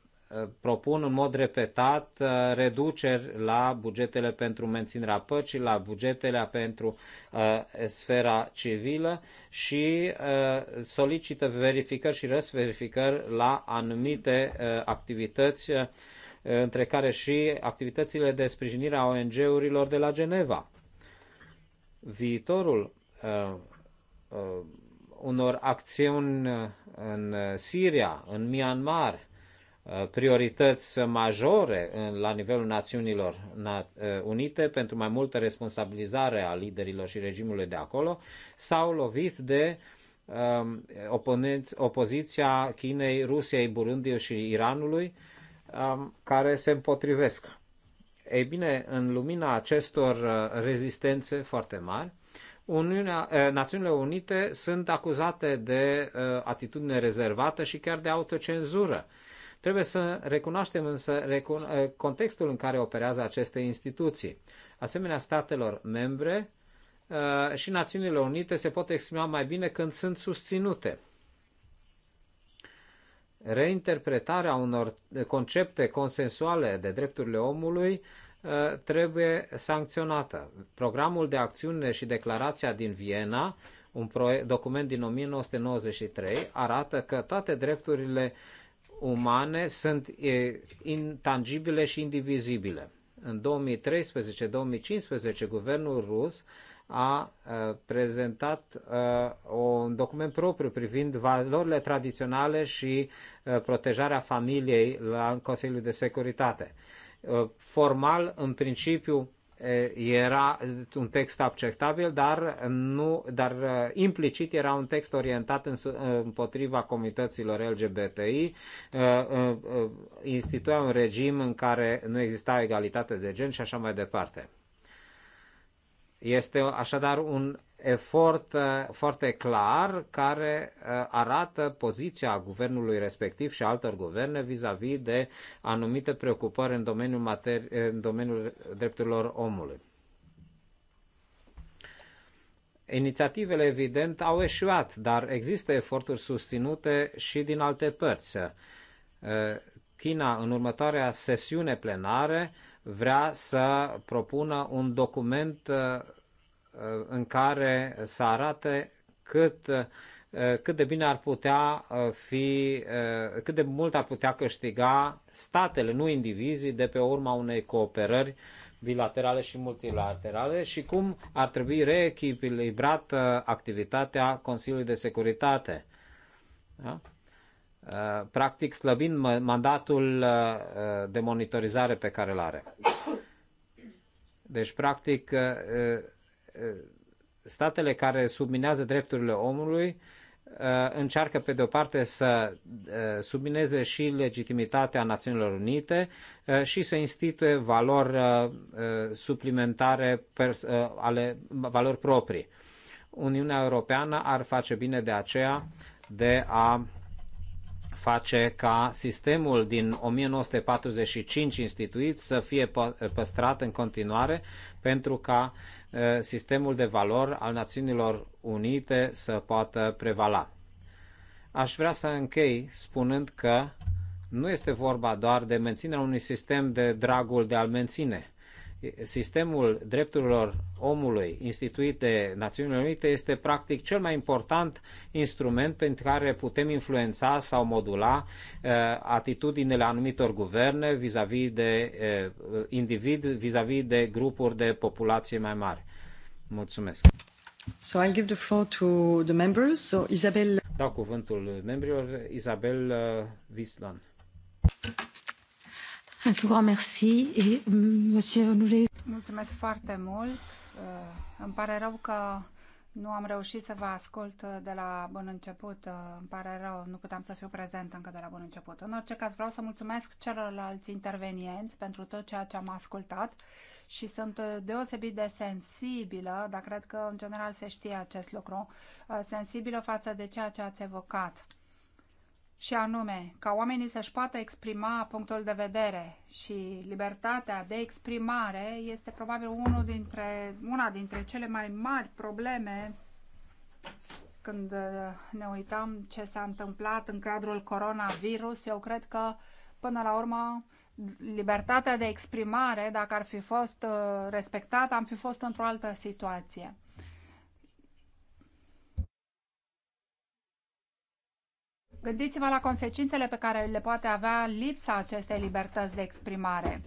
propun în mod repetat uh, reduceri la bugetele pentru menținerea păcii, la bugetele pentru uh, sfera civilă și uh, solicită verificări și răsverificări la anumite activități, între care și activitățile de sprijinire a ONG-urilor de la Geneva. Viitorul unor acțiuni în Siria, în Myanmar, Uh, priorități majore la nivelul Națiunilor uh, Unite pentru mai multă responsabilizare a liderilor și regimului de acolo, s-au lovit de um, oponenți, opoziția Chinei, Rusiei, Burundiu și Iranului, um, care se împotrivesc. Ei bine, în lumina acestor uh, rezistențe foarte mari, Uniunea, Națiunile Unite sunt acuzate de atitudine rezervată și chiar de autocenzură Trebuie să recunoaștem însă recun- eh, contextul în care operează aceste instituții. Asemenea, statelor membre eh, și Națiunile Unite se pot exprima mai bine când sunt susținute. Reinterpretarea unor concepte consensuale de drepturile omului eh, trebuie sancționată. Programul de acțiune și declarația din Viena, un document din 1993, arată că toate drepturile uh, umane sunt intangibile și indivizibile. În 2013-2015, guvernul rus a prezentat un document propriu privind valorile tradiționale și protejarea familiei la Consiliul de Securitate. Formal, în principiu, era un text acceptabil, dar, nu, dar uh, implicit era un text orientat în, împotriva comunităților LGBTI, uh, uh, instituia un regim în care nu exista egalitate de gen și așa mai departe. Este așadar un efort uh, foarte clar care uh, arată poziția guvernului respectiv și altor guverne vis-a-vis -vis de anumite preocupări în domeniul, materi- în domeniul drepturilor omului. Inițiativele, evident, au eșuat, dar există eforturi susținute și din alte părți. Uh, China, în următoarea sesiune plenară, vrea să propună un document Uh, în care să arate cât, uh, cât de bine ar putea uh, fi, cât de mult ar putea câștiga statele, nu indivizii, de pe urma unei cooperări bilaterale și multilaterale și cum ar trebui reechilibrată activitatea Consiliului de Securitate. Da? Practic slăbind mandatul de monitorizare pe care îl are. Deci, practic, statele care subminează drepturile omului uh, încearcă pe de o parte să uh, submineze și legitimitatea Națiunilor Unite uh, și să instituie valori suplimentare ale valori proprii. Uniunea Europeană ar face bine de aceea de a face ca sistemul din 1945 instituit să fie păstrat în continuare pentru ca sistemul de valori al Națiunilor Unite să poată prevala. Aș vrea să închei spunând că nu este vorba doar de menținerea unui sistem de dragul de a-l menține, sistemul drepturilor omului instituit de Națiunile Unite este practic cel mai important instrument pentru care putem influența sau modula uh, atitudinile anumitor guverne vis-a-vis -vis de uh, individ, vis-a-vis -vis de grupuri de populație mai mari. Mulțumesc. So I'll give the floor to the members. So Isabel... Dau cuvântul membrilor. Isabel uh, Vislan. Un tout grand merci et mm, monsieur Mulțumesc foarte mult. Uh, îmi pare rău că nu am reușit să vă ascult uh, de la bun început. Uh, îmi pare rău, nu puteam să fiu prezent încă de la bun început. În orice caz, vreau să mulțumesc celorlalți intervenienți pentru tot ceea ce am ascultat și sunt deosebit de sensibilă, dar cred că în general se știe acest lucru, sensibilă față de ceea ce ați evocat și anume ca oamenii să-și poată exprima punctul de vedere și libertatea de exprimare este probabil unul dintre, una dintre cele mai mari probleme când uh, ne uităm ce s-a întâmplat în cadrul coronavirus. Eu cred că până la urmă libertatea de exprimare, dacă ar fi fost uh, respectată, am fi fost într-o altă situație. Gândiți-vă la consecințele pe care le poate avea lipsa acestei libertăți de exprimare.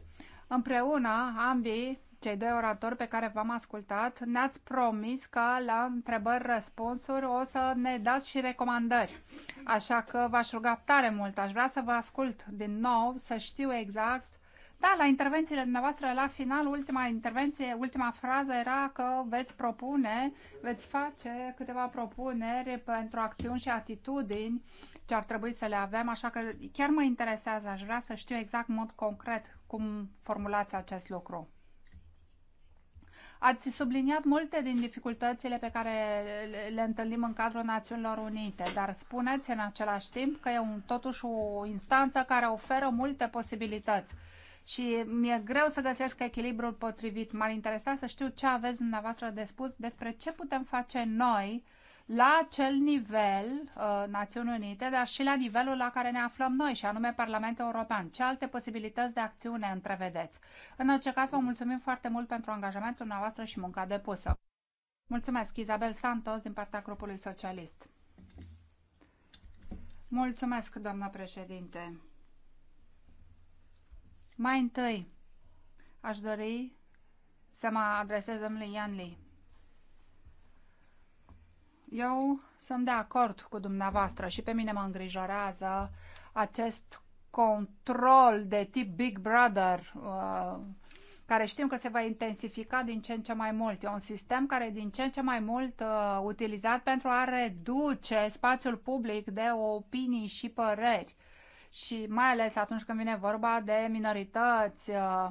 Împreună, ambii, cei doi oratori pe care v-am ascultat, ne-ați promis că la întrebări-răspunsuri o să ne dați și recomandări. Așa că v-aș ruga tare mult, aș vrea să vă ascult din nou, să știu exact da, la intervențiile dumneavoastră, la final, ultima intervenție, ultima frază era că veți propune, veți face câteva propuneri pentru acțiuni și atitudini ce ar trebui să le avem, așa că chiar mă interesează, aș vrea să știu exact în mod concret cum formulați acest lucru. Ați subliniat multe din dificultățile pe care le întâlnim în cadrul Națiunilor Unite, dar spuneți în același timp că e un, totuși o instanță care oferă multe posibilități și mi-e greu să găsesc echilibrul potrivit. M-ar interesa să știu ce aveți dumneavoastră de spus despre ce putem face noi uh, la acel nivel uh, Națiunii Unite, dar și la nivelul la care ne aflăm noi, și anume Parlamentul European. Ce alte posibilități de acțiune întrevedeți? În orice caz, vă mulțumim foarte mult pentru angajamentul noastră și munca depusă. Mulțumesc, Isabel Santos, din partea grupului socialist. Mulțumesc, doamnă președinte. Mai întâi, aș dori să mă adresez domnului Ian Lee. Eu sunt de acord cu dumneavoastră și pe mine mă îngrijorează acest control de tip Big Brother, uh, care știm că se va intensifica din ce în ce mai mult. E un sistem care e din ce în ce mai mult uh, utilizat pentru a reduce spațiul public de opinii și păreri. Și mai ales atunci când vine vorba de minorități, uh,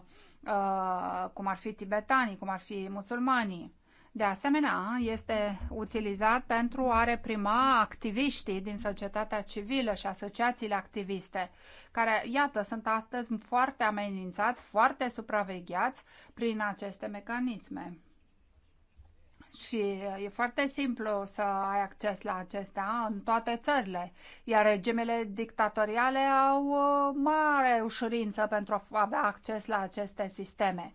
uh, cum ar fi tibetanii, cum ar fi musulmanii. De asemenea, este utilizat pentru a reprima activiștii din societatea civilă și asociațiile activiste, care, iată, sunt astăzi foarte amenințați, foarte supravegheați prin aceste mecanisme. Și e foarte simplu să ai acces la acestea în toate țările, iar regimele dictatoriale au uh, mare ușurință pentru a avea acces la aceste sisteme.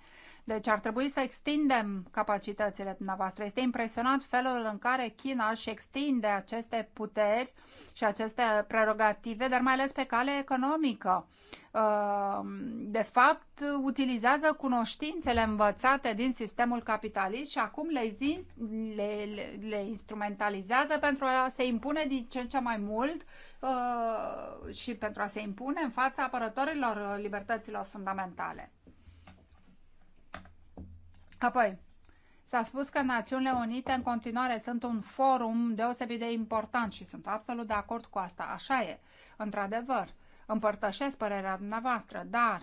Deci ar trebui să extindem capacitățile dumneavoastră. Este impresionant felul în care China își extinde aceste puteri și aceste prerogative, dar mai ales pe cale economică. Uh, de fapt, utilizează cunoștințele învățate din sistemul capitalist și acum le, zin, le, le, le instrumentalizează pentru a se impune din ce în ce mai mult uh, și pentru a se impune în fața apărătorilor libertăților fundamentale. Apoi, S-a spus că Națiunile Unite în continuare sunt un forum deosebit de important și sunt absolut de acord cu asta. Așa e, într-adevăr. Împărtășesc părerea dumneavoastră, dar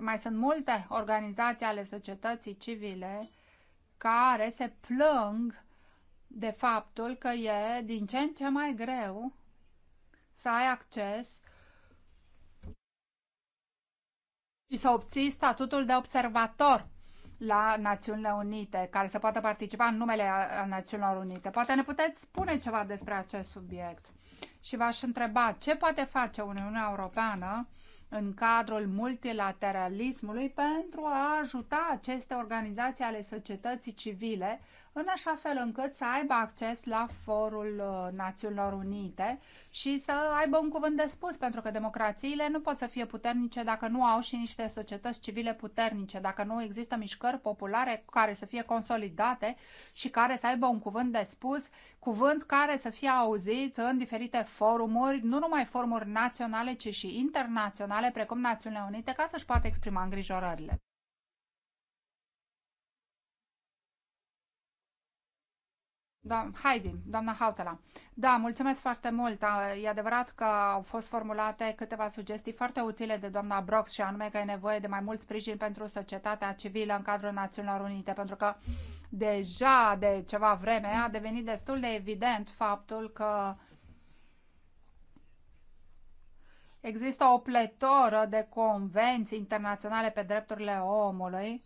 mai sunt multe organizații ale societății civile care se plâng de faptul că e din ce în ce mai greu să ai acces și să obții statutul de observator la Națiunile Unite, care să poată participa în numele a Națiunilor Unite. Poate ne puteți spune ceva despre acest subiect. Și v-aș întreba ce poate face Uniunea Europeană în cadrul multilateralismului pentru a ajuta aceste organizații ale societății civile în așa fel încât să aibă acces la forul uh, Națiunilor Unite și să aibă un cuvânt de spus, pentru că democrațiile nu pot să fie puternice dacă nu au și niște societăți civile puternice, dacă nu există mișcări populare care să fie consolidate și care să aibă un cuvânt de spus cuvânt care să fie auzit în diferite forumuri, nu numai forumuri naționale, ci și internaționale, precum Națiunile Unite, ca să-și poată exprima îngrijorările. Da, Heidi, doamna Hautela. Da, mulțumesc foarte mult. E adevărat că au fost formulate câteva sugestii foarte utile de doamna Brox și anume că e nevoie de mai mult sprijin pentru societatea civilă în cadrul Națiunilor Unite, pentru că deja de ceva vreme a devenit destul de evident faptul că există o pletoră de convenții internaționale pe drepturile omului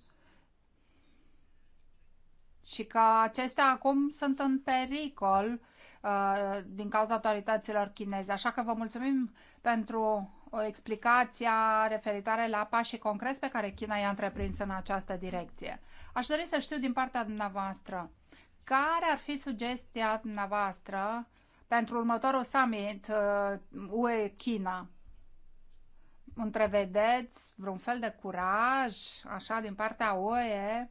și că acestea acum sunt în pericol uh, din cauza autorităților chineze. Așa că vă mulțumim pentru o explicație referitoare la pașii concreți pe care China i-a întreprins în această direcție. Aș dori să știu din partea dumneavoastră care ar fi sugestia dumneavoastră pentru următorul summit uh, UE-China? Întrevedeți vreun fel de curaj, așa, din partea UE?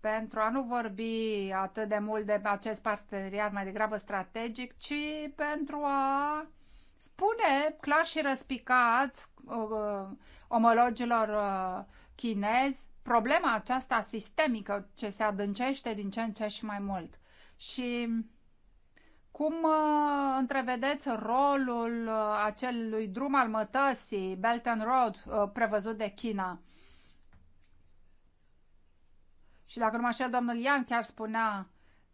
pentru a nu vorbi atât de mult de acest parteneriat mai degrabă strategic, ci pentru a spune clar și răspicat uh, uh, omologilor uh, chinezi problema aceasta sistemică ce se adâncește din ce în ce și mai mult. Și cum uh, întrevedeți rolul uh, acelui drum al mătăsii, Belt and Road, uh, prevăzut de China? Și dacă nu mă șer, domnul Ian chiar spunea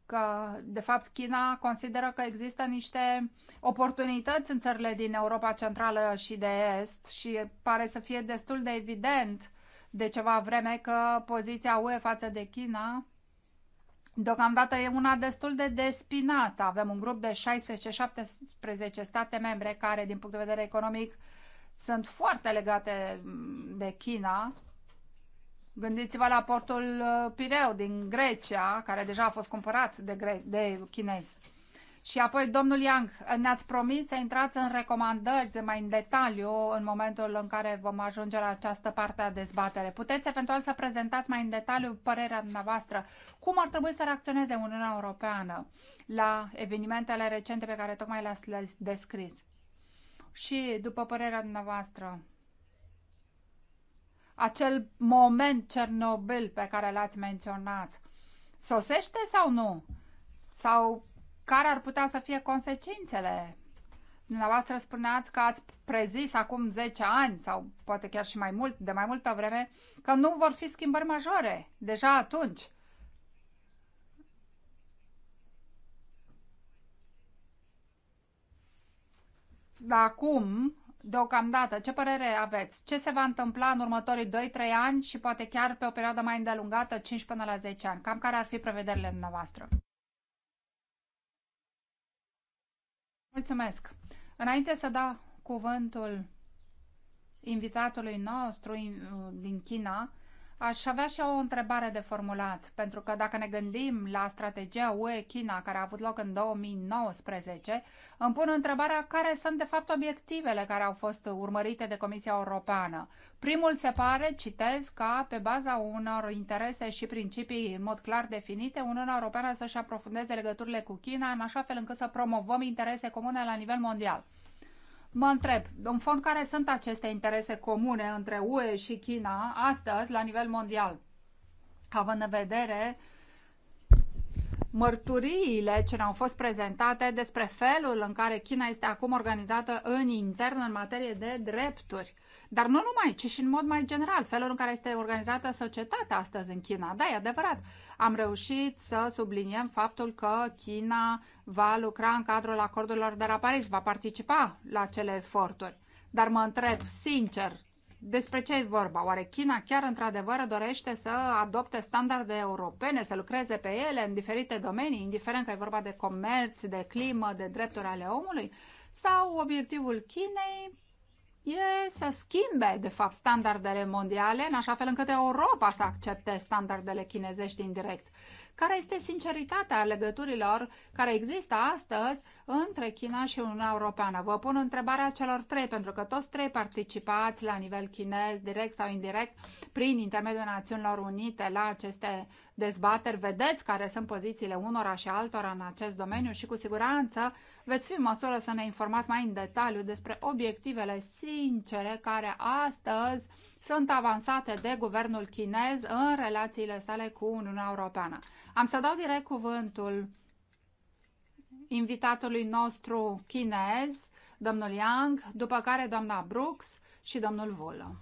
că, de fapt, China consideră că există niște oportunități în țările din Europa Centrală și de Est și pare să fie destul de evident de ceva vreme că poziția UE față de China deocamdată e una destul de despinată. Avem un grup de 16-17 state membre care, din punct de vedere economic, sunt foarte legate de China Gândiți-vă la portul uh, Pireu din Grecia, care deja a fost cumpărat de, gre- de chinezi. Și apoi, domnul Yang, ne-ați promis să intrați în recomandări de mai în detaliu în momentul în care vom ajunge la această parte a dezbatere. Puteți eventual să prezentați mai în detaliu părerea dumneavoastră cum ar trebui să reacționeze Uniunea Europeană la evenimentele recente pe care tocmai le-ați descris. Și, după părerea dumneavoastră, acel moment Cernobil pe care l-ați menționat sosește sau nu? Sau care ar putea să fie consecințele? Dumneavoastră spuneați că ați prezis acum 10 ani sau poate chiar și mai mult, de mai multă vreme, că nu vor fi schimbări majore deja atunci. Dar acum deocamdată, ce părere aveți? Ce se va întâmpla în următorii 2-3 ani și poate chiar pe o perioadă mai îndelungată, 5 până la 10 ani? Cam care ar fi prevederile dumneavoastră? Mulțumesc! Înainte să dau cuvântul invitatului nostru din China, Aș avea și eu o întrebare de formulat, pentru că dacă ne gândim la strategia UE-China care a avut loc în 2019, îmi pun întrebarea care sunt de fapt obiectivele care au fost urmărite de Comisia Europeană. Primul se pare, citez, ca pe baza unor interese și principii în mod clar definite, Uniunea Europeană să-și aprofundeze legăturile cu China în așa fel încât să promovăm interese comune la nivel mondial. Mă întreb, în fond, care sunt aceste interese comune între UE și China astăzi la nivel mondial, având în vedere uh, mărturiile ce ne-au fost prezentate despre felul în care China este acum organizată în intern în materie de drepturi. Dar nu numai, ci și în mod mai general, felul în care este organizată societatea astăzi în China. Da, e adevărat. Am reușit să subliniem faptul că China va lucra în cadrul acordurilor de la Paris, va participa la cele eforturi. Dar mă întreb sincer, despre ce e vorba? Oare China chiar într-adevăr dorește să adopte standarde europene, să lucreze pe ele în diferite domenii, indiferent că e vorba de comerț, de climă, de drepturi ale omului? Sau obiectivul Chinei e să schimbe, de fapt, standardele mondiale, în așa fel încât Europa să accepte standardele chinezești indirect? care este sinceritatea legăturilor care există astăzi între China și Uniunea Europeană. Vă pun întrebarea celor trei, pentru că toți trei participați la nivel chinez, direct sau indirect, prin intermediul Națiunilor Unite la aceste dezbateri. Vedeți care sunt pozițiile unora și altora în acest domeniu și cu siguranță veți fi în măsură să ne informați mai în detaliu despre obiectivele sincere care astăzi sunt avansate de guvernul chinez în relațiile sale cu Uniunea Europeană. Am să dau direct cuvântul invitatului nostru chinez, domnul Yang, după care doamna Brooks și domnul Volo.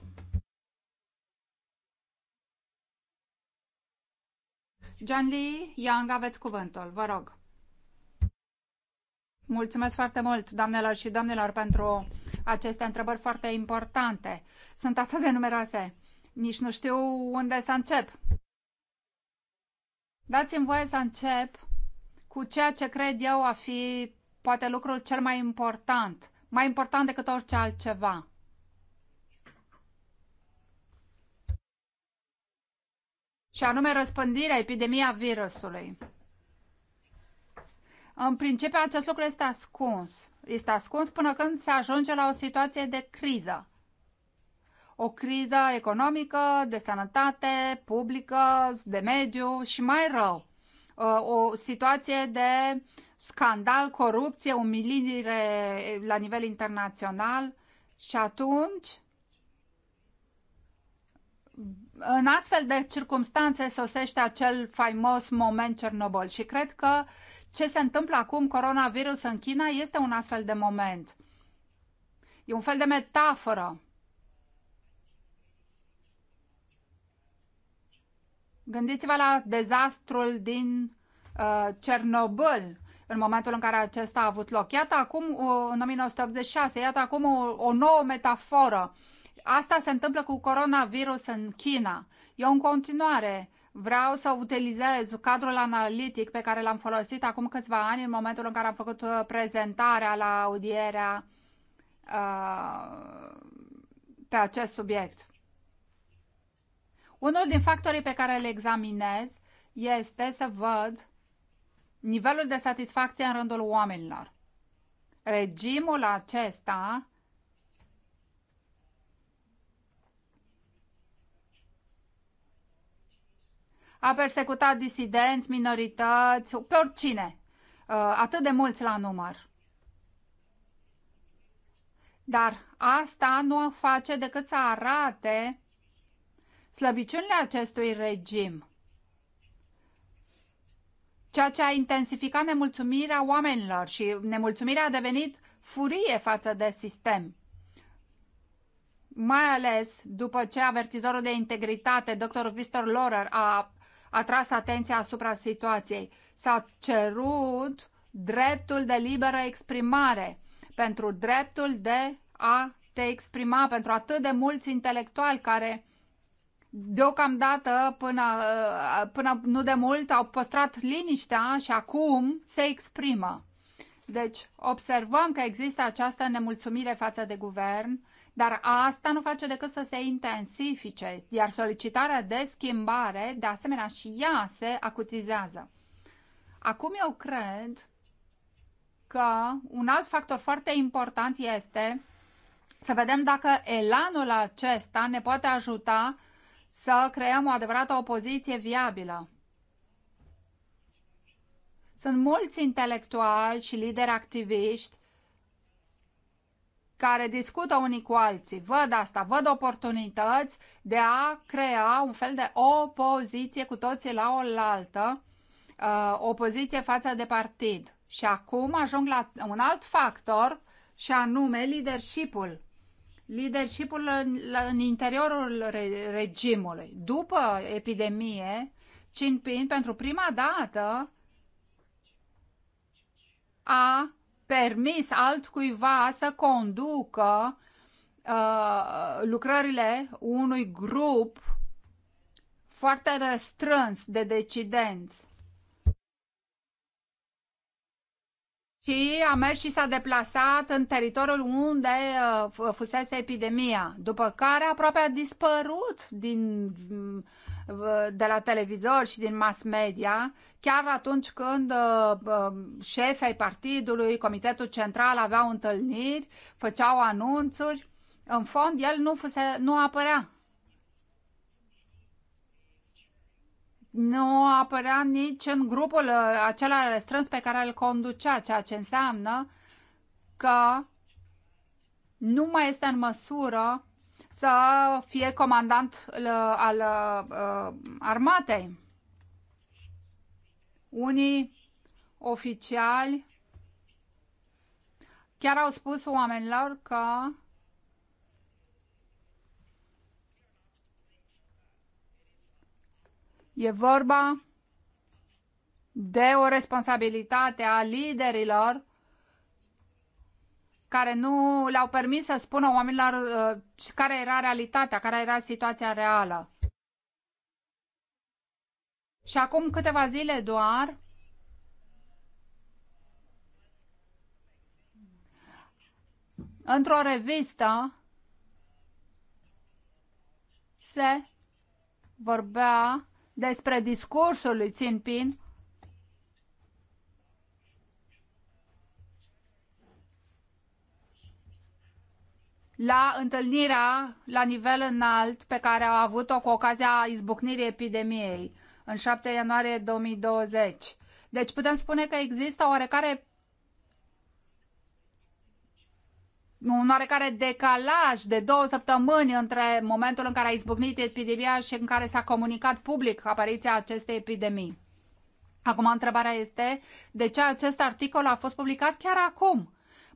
John Lee, Yang, aveți cuvântul, vă rog. Mulțumesc foarte mult, doamnelor și domnilor, pentru aceste întrebări foarte importante. Sunt atât de numeroase, nici nu știu unde să încep. Dați-mi voie să încep cu ceea ce cred eu a fi poate lucrul cel mai important, mai important decât orice altceva. Și anume răspândirea epidemiei virusului. În principiu, acest lucru este ascuns. Este ascuns până când se ajunge la o situație de criză. O criză economică, de sănătate, publică, de mediu și mai rău. Uh, o situație de scandal, corupție, umilire la nivel internațional și atunci în astfel de circunstanțe sosește acel faimos moment Cernobâl și cred că ce se întâmplă acum, coronavirus în China, este un astfel de moment. E un fel de metaforă. Gândiți-vă la dezastrul din uh, Cernobâl, în momentul în care acesta a avut loc. Iată acum, uh, în 1986, iată acum o, o nouă metaforă. Asta se întâmplă cu coronavirus în China. E în continuare Vreau să utilizez cadrul analitic pe care l-am folosit acum câțiva ani, în momentul în care am făcut uh, prezentarea la audierea uh, pe acest subiect. Unul din factorii pe care le examinez este să văd nivelul de satisfacție în rândul oamenilor. Regimul acesta a persecutat disidenți, minorități, pe oricine, uh, atât de mulți la număr. Dar asta nu face decât să arate slăbiciunile acestui regim, ceea ce a intensificat nemulțumirea oamenilor și nemulțumirea a devenit furie față de sistem mai ales după ce avertizorul de integritate, dr. Victor Lorer, a a tras atenția asupra situației. S-a cerut dreptul de liberă exprimare, pentru dreptul de a te exprima, pentru atât de mulți intelectuali care deocamdată până, până nu de mult au păstrat liniștea și acum se exprimă. Deci observăm că există această nemulțumire față de guvern dar asta nu face decât să se intensifice, iar solicitarea de schimbare, de asemenea, și ea se acutizează. Acum eu cred că un alt factor foarte important este să vedem dacă elanul acesta ne poate ajuta să creăm o adevărată opoziție viabilă. Sunt mulți intelectuali și lideri activiști care discută unii cu alții, văd asta, văd oportunități de a crea un fel de opoziție cu toții la oaltă, uh, opoziție față de partid. Și acum ajung la un alt factor și anume leadership-ul. Leadership-ul în, în interiorul re, regimului. După epidemie, Jinping pentru prima dată a permis altcuiva să conducă uh, lucrările unui grup foarte răstrâns de decidenți. Și a mers și s-a deplasat în teritoriul unde uh, fusese epidemia, după care aproape a dispărut din de la televizor și din mass media, chiar atunci când uh, uh, șefii ai partidului, Comitetul Central aveau întâlniri, făceau anunțuri, în fond el nu, fuse, nu apărea. Nu apărea nici în grupul uh, acela restrâns pe care îl conducea, ceea ce înseamnă că nu mai este în măsură să fie comandant uh, al uh, armatei. Unii oficiali chiar au spus oamenilor că e vorba de o responsabilitate a liderilor care nu le-au permis să spună oamenilor uh, care era realitatea, care era situația reală. Și acum câteva zile doar într-o revistă se vorbea despre discursul lui Xi la întâlnirea la nivel înalt pe care au avut-o cu ocazia izbucnirii epidemiei în 7 ianuarie 2020. Deci putem spune că există oarecare un oarecare decalaj de două săptămâni între momentul în care a izbucnit epidemia și în care s-a comunicat public apariția acestei epidemii. Acum, întrebarea este de ce acest articol a fost publicat chiar acum?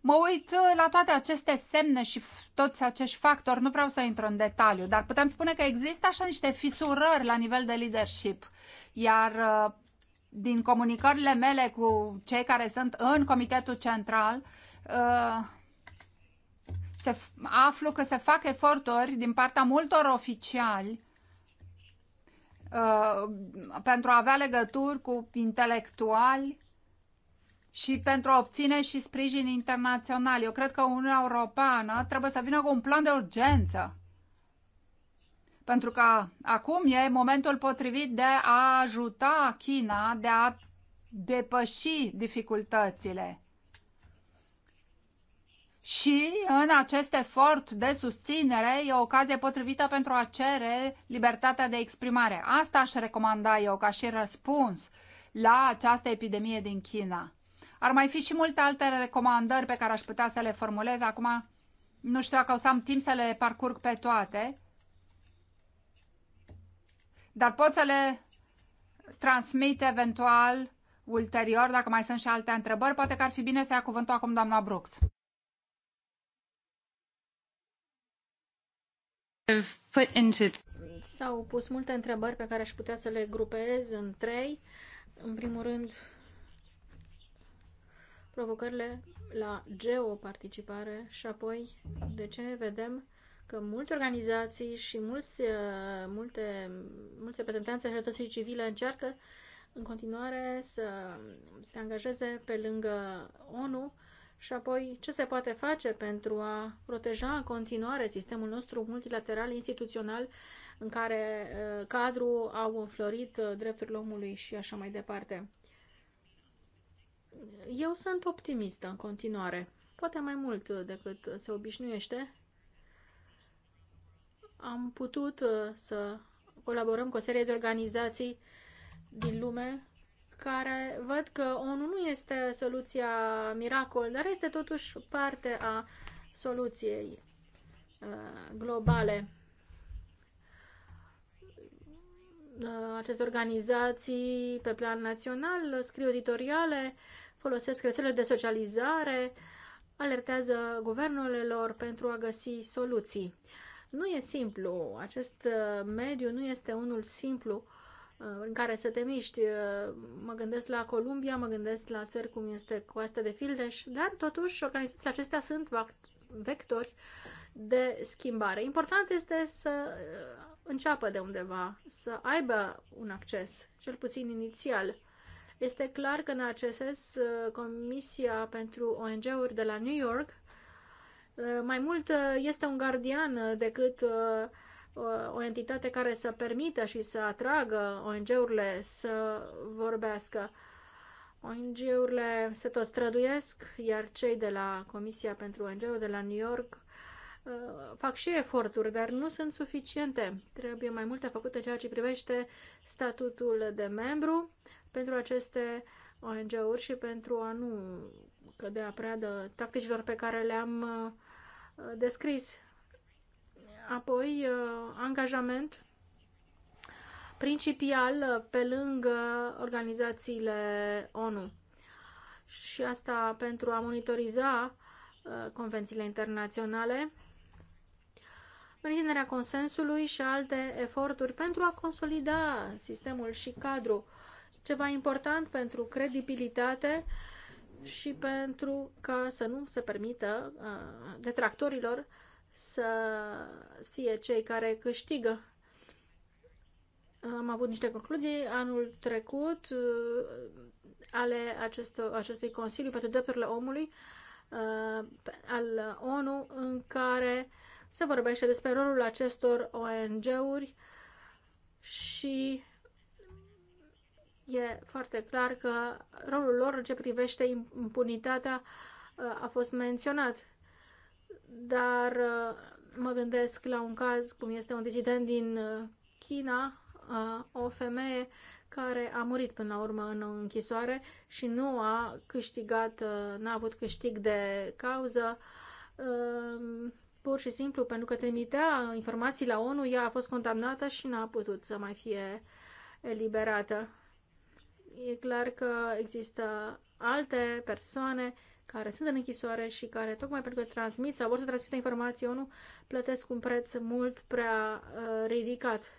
Mă uit uh, la toate aceste semne și toți acești factori, nu vreau să intru în detaliu, dar putem spune că există așa niște fisurări la nivel de leadership. Iar uh, din comunicările mele cu cei care sunt în Comitetul Central, uh, se aflu că se fac eforturi din partea multor oficiali pentru a avea legături cu intelectuali și pentru a obține și sprijin internațional. Eu cred că Uniunea Europeană trebuie să vină cu un plan de urgență. Pentru că acum e momentul potrivit de a ajuta China de a depăși dificultățile. Și în acest efort de susținere e o ocazie potrivită pentru a cere libertatea de exprimare. Asta aș recomanda eu ca și răspuns la această epidemie din China. Ar mai fi și multe alte recomandări pe care aș putea să le formulez. Acum nu știu dacă o să am timp să le parcurg pe toate, dar pot să le transmit eventual ulterior, dacă mai sunt și alte întrebări. Poate că ar fi bine să ia cuvântul acum doamna Brooks. S-au pus multe întrebări pe care aș putea să le grupez în trei. În primul rând, provocările la geoparticipare și apoi de ce vedem că multe organizații și mulți, uh, multe, mulți reprezentanți ai societății civile încearcă în continuare să se angajeze pe lângă ONU și apoi ce se poate face pentru a proteja în continuare sistemul nostru multilateral instituțional în care uh, cadru au înflorit uh, drepturile omului și așa mai departe. Eu sunt optimistă în continuare, poate mai mult decât se obișnuiește. Am putut uh, să colaborăm cu o serie de organizații din lume care văd că ONU nu este soluția miracol, dar este totuși parte a soluției uh, globale. Uh, aceste organizații pe plan național scriu editoriale folosesc rețelele de socializare, alertează guvernele lor pentru a găsi soluții. Nu e simplu, acest uh, mediu nu este unul simplu uh, în care să te miști. Uh, mă gândesc la Columbia, mă gândesc la țări cum este Coasta de Fildeș, dar totuși organizațiile acestea sunt vectori de schimbare. Important este să înceapă de undeva, să aibă un acces, cel puțin inițial. Este clar că în acest sens uh, Comisia pentru ONG-uri de la New York uh, mai mult uh, este un gardian decât o entitate care să permită și să atragă ONG-urile să vorbească. ONG-urile se tot străduiesc, iar cei de la Comisia pentru ONG-uri de la New York fac și eforturi, dar nu sunt suficiente. Trebuie mai multe făcute ceea ce privește statutul de membru pentru aceste ONG-uri și pentru a nu cădea pradă tacticilor pe care le-am uh, descris. Apoi, uh, angajament principial uh, pe lângă organizațiile ONU. Și asta pentru a monitoriza convențiile internaționale, menținerea consensului și alte eforturi pentru a consolida sistemul și cadrul ceva important pentru credibilitate și pentru ca să nu se permită detractorilor să fie cei care câștigă. Am avut niște concluzii anul trecut ale acestor, acestui Consiliu pentru Drepturile Omului al ONU în care se vorbește despre rolul acestor ONG-uri și e foarte clar că rolul lor în ce privește impunitatea uh, a fost menționat. Dar uh, mă gândesc la un caz cum este un dizident din uh, China, o femeie care a murit până la urmă în închisoare și nu a câștigat, n-a avut câștig de cauză, pur și simplu pentru că trimitea informații la ONU, ea a fost condamnată și n-a putut să mai fie eliberată e clar că există alte persoane care sunt în închisoare și care, tocmai pentru că transmit sau vor să transmită informații nu plătesc un preț mult prea uh, ridicat.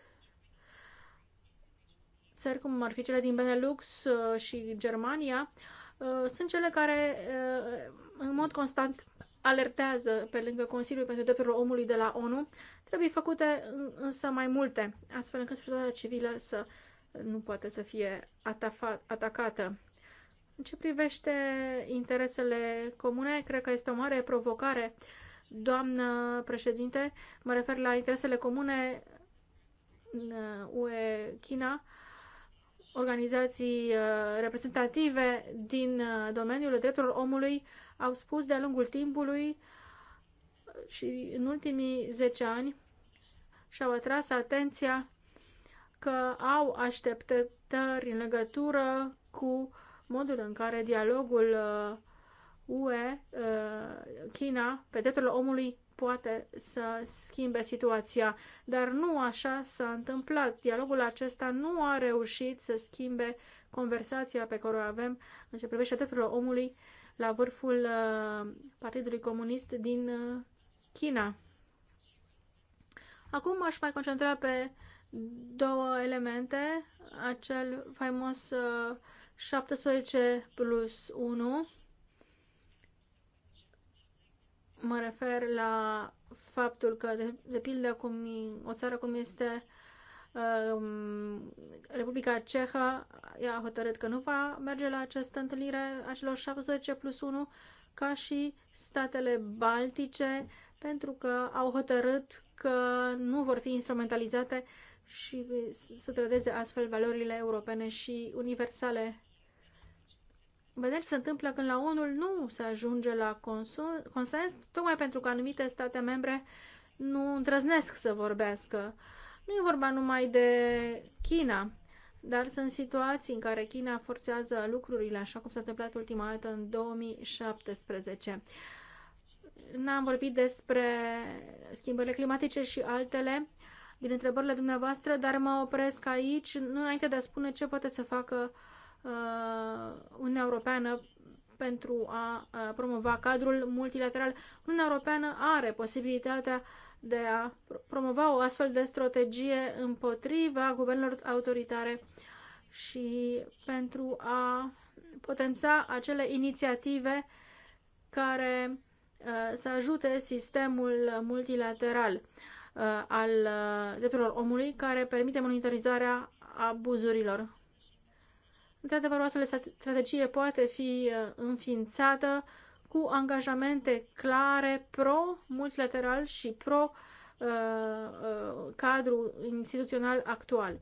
Țări cum ar fi cele din Benelux uh, și Germania uh, sunt cele care, uh, în mod constant, alertează pe lângă Consiliul pentru Drepturile Omului de la ONU. Trebuie făcute însă mai multe, astfel încât societatea civilă să uh, nu poate să fie atacată. În ce privește interesele comune, cred că este o mare provocare. Doamnă președinte, mă refer la interesele comune UE-China, uh, organizații uh, reprezentative din uh, domeniul drepturilor omului au spus de-a lungul timpului și în ultimii 10 ani și-au atras atenția că au așteptări în legătură cu modul în care dialogul uh, UE-China uh, pe dreptul omului poate să schimbe situația. Dar nu așa s-a întâmplat. Dialogul acesta nu a reușit să schimbe conversația pe care o avem în ce privește drepturile omului la vârful uh, Partidului Comunist din China. Acum aș mai concentra pe două elemente, acel faimos 17 uh, plus 1. Mă refer la faptul că, de, de pildă, cum e, o țară cum este uh, Republica Cehă, ea a hotărât că nu va merge la această întâlnire a celor 17 plus 1, ca și statele baltice, pentru că au hotărât că nu vor fi instrumentalizate uh, și să trădeze astfel valorile europene și universale. Vedem ce se întâmplă când la ONU nu se ajunge la consens, tocmai pentru că anumite state membre nu îndrăznesc să vorbească. Nu e vorba numai de China, dar sunt situații în care China forțează lucrurile, așa cum s-a întâmplat ultima dată în 2017. N-am vorbit despre schimbările climatice și altele din întrebările dumneavoastră, dar mă opresc aici, nu înainte de a spune ce poate să facă uh, Uniunea Europeană pentru a uh, promova cadrul multilateral. Uniunea Europeană are posibilitatea de a promova o astfel de strategie împotriva guvernelor autoritare și pentru a potența acele inițiative care uh, să ajute sistemul multilateral. Uh, Uh, al uh, drepturilor omului care permite monitorizarea abuzurilor. Într-adevăr, o astfel de strategie poate fi uh, înființată cu angajamente clare pro-multilateral și pro-cadru instituțional actual.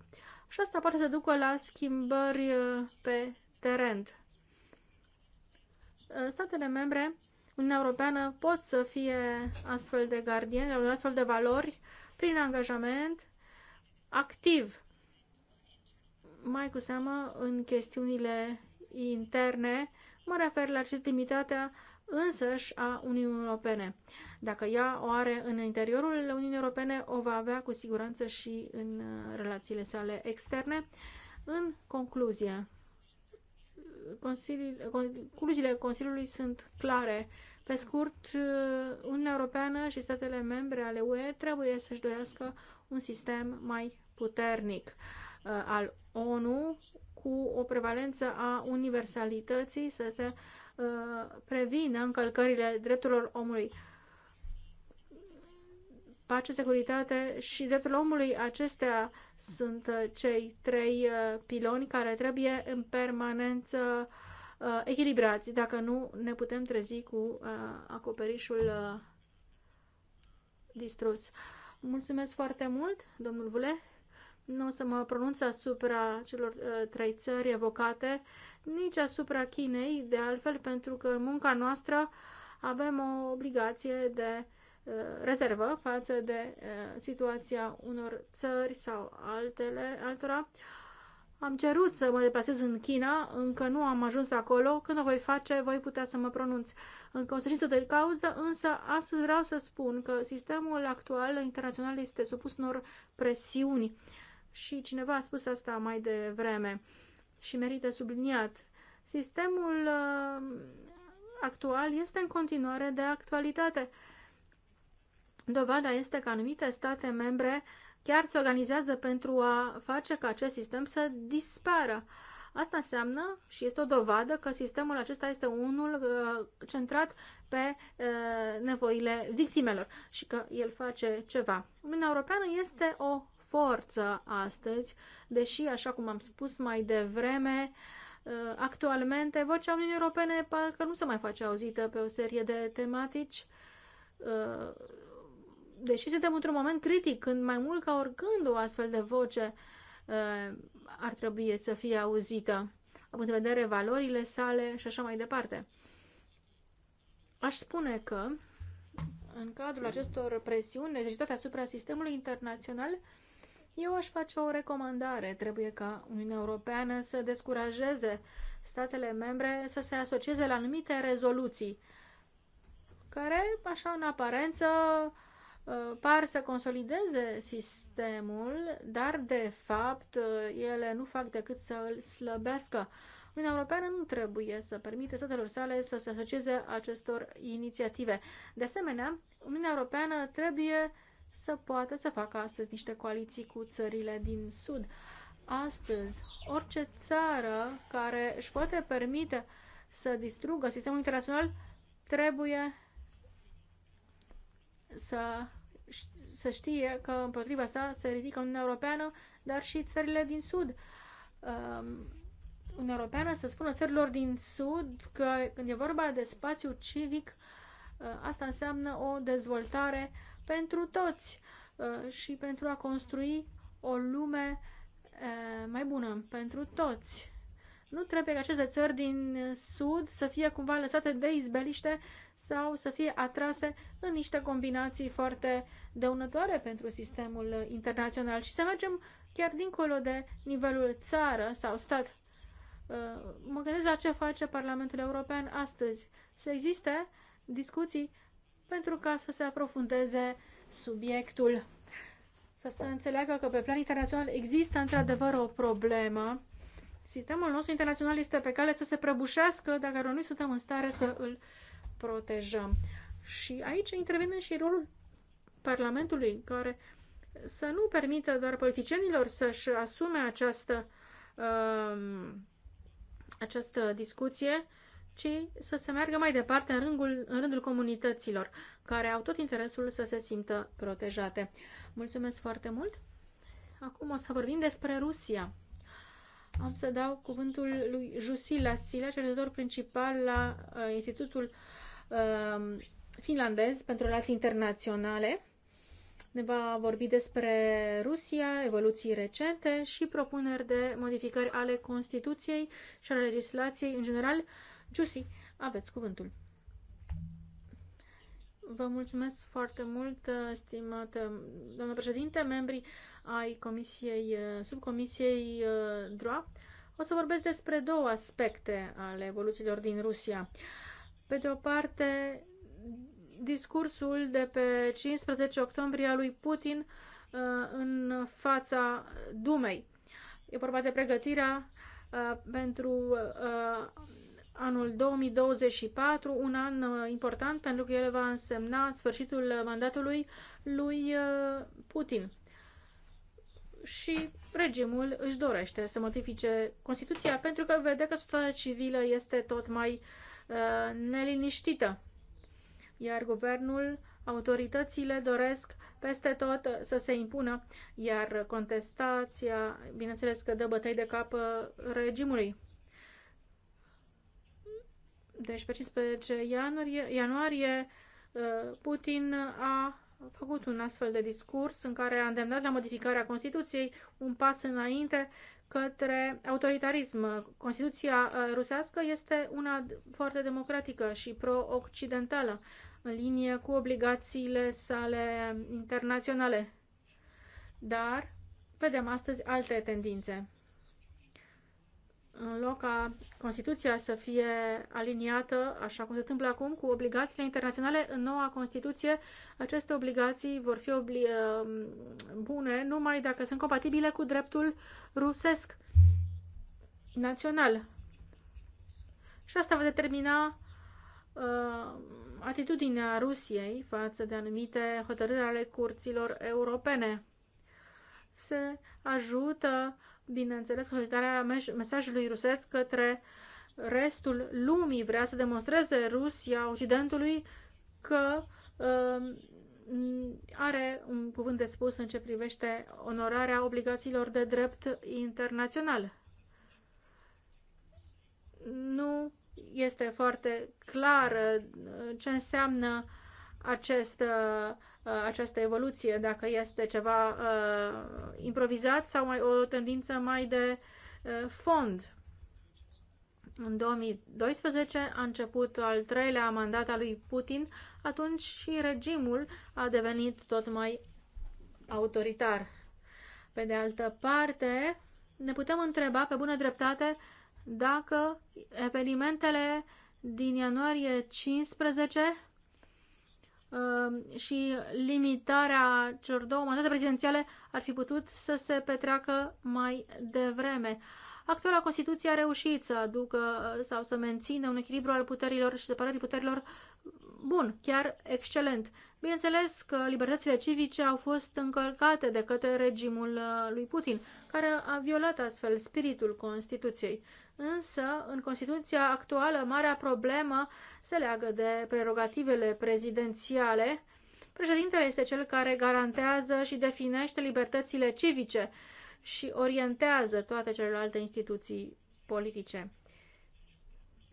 Și asta poate să ducă la schimbări pe teren. Statele membre Uniunea Europeană pot să fie astfel de gardieni, astfel de valori, prin angajament activ, mai cu seamă în chestiunile interne, mă refer la legitimitatea însăși a Uniunii Europene. Dacă ea o are în interiorul Uniunii Europene, o va avea cu siguranță și în uh, relațiile sale externe. În concluzie, concluziile Consiliului sunt clare. Pe scurt, Uniunea Europeană și statele membre ale UE trebuie să-și doiască un sistem mai puternic uh, al ONU cu o prevalență a universalității să se uh, prevină încălcările drepturilor omului pace, securitate și drepturile omului, acestea sunt uh, cei trei uh, piloni care trebuie în permanență uh, echilibrați. Dacă nu, ne putem trezi cu acoperișul distrus. Mulțumesc foarte mult, domnul Vule. Nu o să mă pronunț asupra celor trei țări evocate, nici asupra Chinei, de altfel, pentru că în munca noastră avem o obligație de rezervă față de uh, situația unor țări sau altele, altora. Am cerut să mă deplasez în China, încă nu am ajuns acolo. Când o voi face, voi putea să mă pronunț. În consecință de cauză, însă, astăzi vreau să spun că sistemul actual internațional este supus unor presiuni. Și cineva a spus asta mai devreme și merită subliniat. Sistemul uh, actual este în continuare de actualitate Dovada este că anumite state membre chiar se organizează pentru a face ca acest sistem să dispară. Asta înseamnă și este o dovadă că sistemul acesta este unul uh, centrat pe uh, nevoile victimelor și că el face ceva. Uniunea Europeană este o forță astăzi, deși, așa cum am spus mai devreme, uh, actualmente vocea Uniunii Europene parcă nu se mai face auzită pe o serie de tematici. Uh, deși suntem într-un moment critic, când mai mult ca oricând o astfel de voce uh, ar trebui să fie auzită, având în vedere valorile sale și așa mai departe. Aș spune că, în cadrul acestor presiuni exercitate asupra sistemului internațional, eu aș face o recomandare. Trebuie ca Uniunea Europeană să descurajeze statele membre să se asocieze la anumite rezoluții care, așa în aparență, Uh, par să consolideze sistemul, dar de fapt uh, ele nu fac decât să îl slăbească. Uniunea Europeană nu trebuie să permite statelor sale să se asocieze acestor inițiative. De asemenea, Uniunea Europeană trebuie să poată să facă astăzi niște coaliții cu țările din Sud. Astăzi, orice țară care își poate permite să distrugă sistemul internațional trebuie să, să știe că împotriva sa se ridică Uniunea Europeană, dar și țările din Sud. Um, Uniunea Europeană să spună țărilor din Sud că când e vorba de spațiu civic, uh, asta înseamnă o dezvoltare pentru toți uh, și pentru a construi o lume uh, mai bună pentru toți. Nu trebuie ca aceste țări din Sud să fie cumva lăsate de izbeliște sau să fie atrase în niște combinații foarte dăunătoare pentru sistemul internațional și să mergem chiar dincolo de nivelul țară sau stat. Uh, mă gândesc la ce face Parlamentul European astăzi. Să existe discuții pentru ca să se aprofundeze subiectul, să se înțeleagă că pe plan internațional există într-adevăr o problemă Sistemul nostru internațional este pe cale să se prăbușească dacă noi suntem în stare să îl protejăm. Și aici intervine și rolul Parlamentului, care să nu permită doar politicienilor să-și asume această, um, această discuție, ci să se meargă mai departe în rândul, în rândul comunităților, care au tot interesul să se simtă protejate. Mulțumesc foarte mult! Acum o să vorbim despre Rusia. Am să dau cuvântul lui Jusila Sila, cercetător principal la uh, Institutul uh, Finlandez pentru Relații Internaționale. Ne va vorbi despre Rusia, evoluții recente și propuneri de modificări ale Constituției și ale legislației în general. Jusi, aveți cuvântul. Vă mulțumesc foarte mult, stimată doamnă președinte, membrii ai comisiei, subcomisiei uh, DROA. O să vorbesc despre două aspecte ale evoluțiilor din Rusia. Pe de o parte, discursul de pe 15 octombrie al lui Putin uh, în fața Dumei. E vorba de pregătirea uh, pentru anul 2024, un an uh, important pentru că el va însemna sfârșitul mandatului lui uh, Putin. Și regimul își dorește să modifice Constituția pentru că vede că societatea civilă este tot mai uh, neliniștită. Iar guvernul, autoritățile doresc peste tot uh, să se impună, iar contestația, bineînțeles că dă bătăi de cap regimului deci pe 15 ianuarie, ianuarie uh, Putin a făcut un astfel de discurs în care a îndemnat la modificarea Constituției un pas înainte către autoritarism. Constituția uh, rusească este una foarte democratică și pro-occidentală, în linie cu obligațiile sale internaționale. Dar vedem astăzi alte tendințe în loc ca Constituția să fie aliniată, așa cum se întâmplă acum, cu obligațiile internaționale, în noua Constituție aceste obligații vor fi obli uh, bune numai dacă sunt compatibile cu dreptul rusesc național. Și asta va determina uh, atitudinea Rusiei față de anumite hotărâri ale curților europene. Se ajută uh, bineînțeles, consolidarea mesajului rusesc către restul lumii. Vrea să demonstreze Rusia Occidentului că uh, are un cuvânt de spus în ce privește onorarea obligațiilor de drept internațional. Nu este foarte clar uh, ce înseamnă acest uh, Uh, această evoluție, dacă este ceva uh, improvizat sau mai, o tendință mai de uh, fond. În 2012 a început al treilea mandat al lui Putin, atunci și regimul a devenit tot mai autoritar. Pe de altă parte, ne putem întreba pe bună dreptate dacă evenimentele din ianuarie 15 Um, și limitarea celor două mandate prezidențiale ar fi putut să se petreacă mai devreme. Actuala Constituție a reușit să aducă sau să mențină un echilibru al puterilor și separării puterilor bun, chiar excelent. Bineînțeles că libertățile civice au fost încălcate de către regimul uh, lui Putin, care a violat astfel spiritul Constituției. Însă, în Constituția actuală, marea problemă se leagă de prerogativele prezidențiale. Președintele este cel care garantează și definește libertățile civice și orientează toate celelalte instituții politice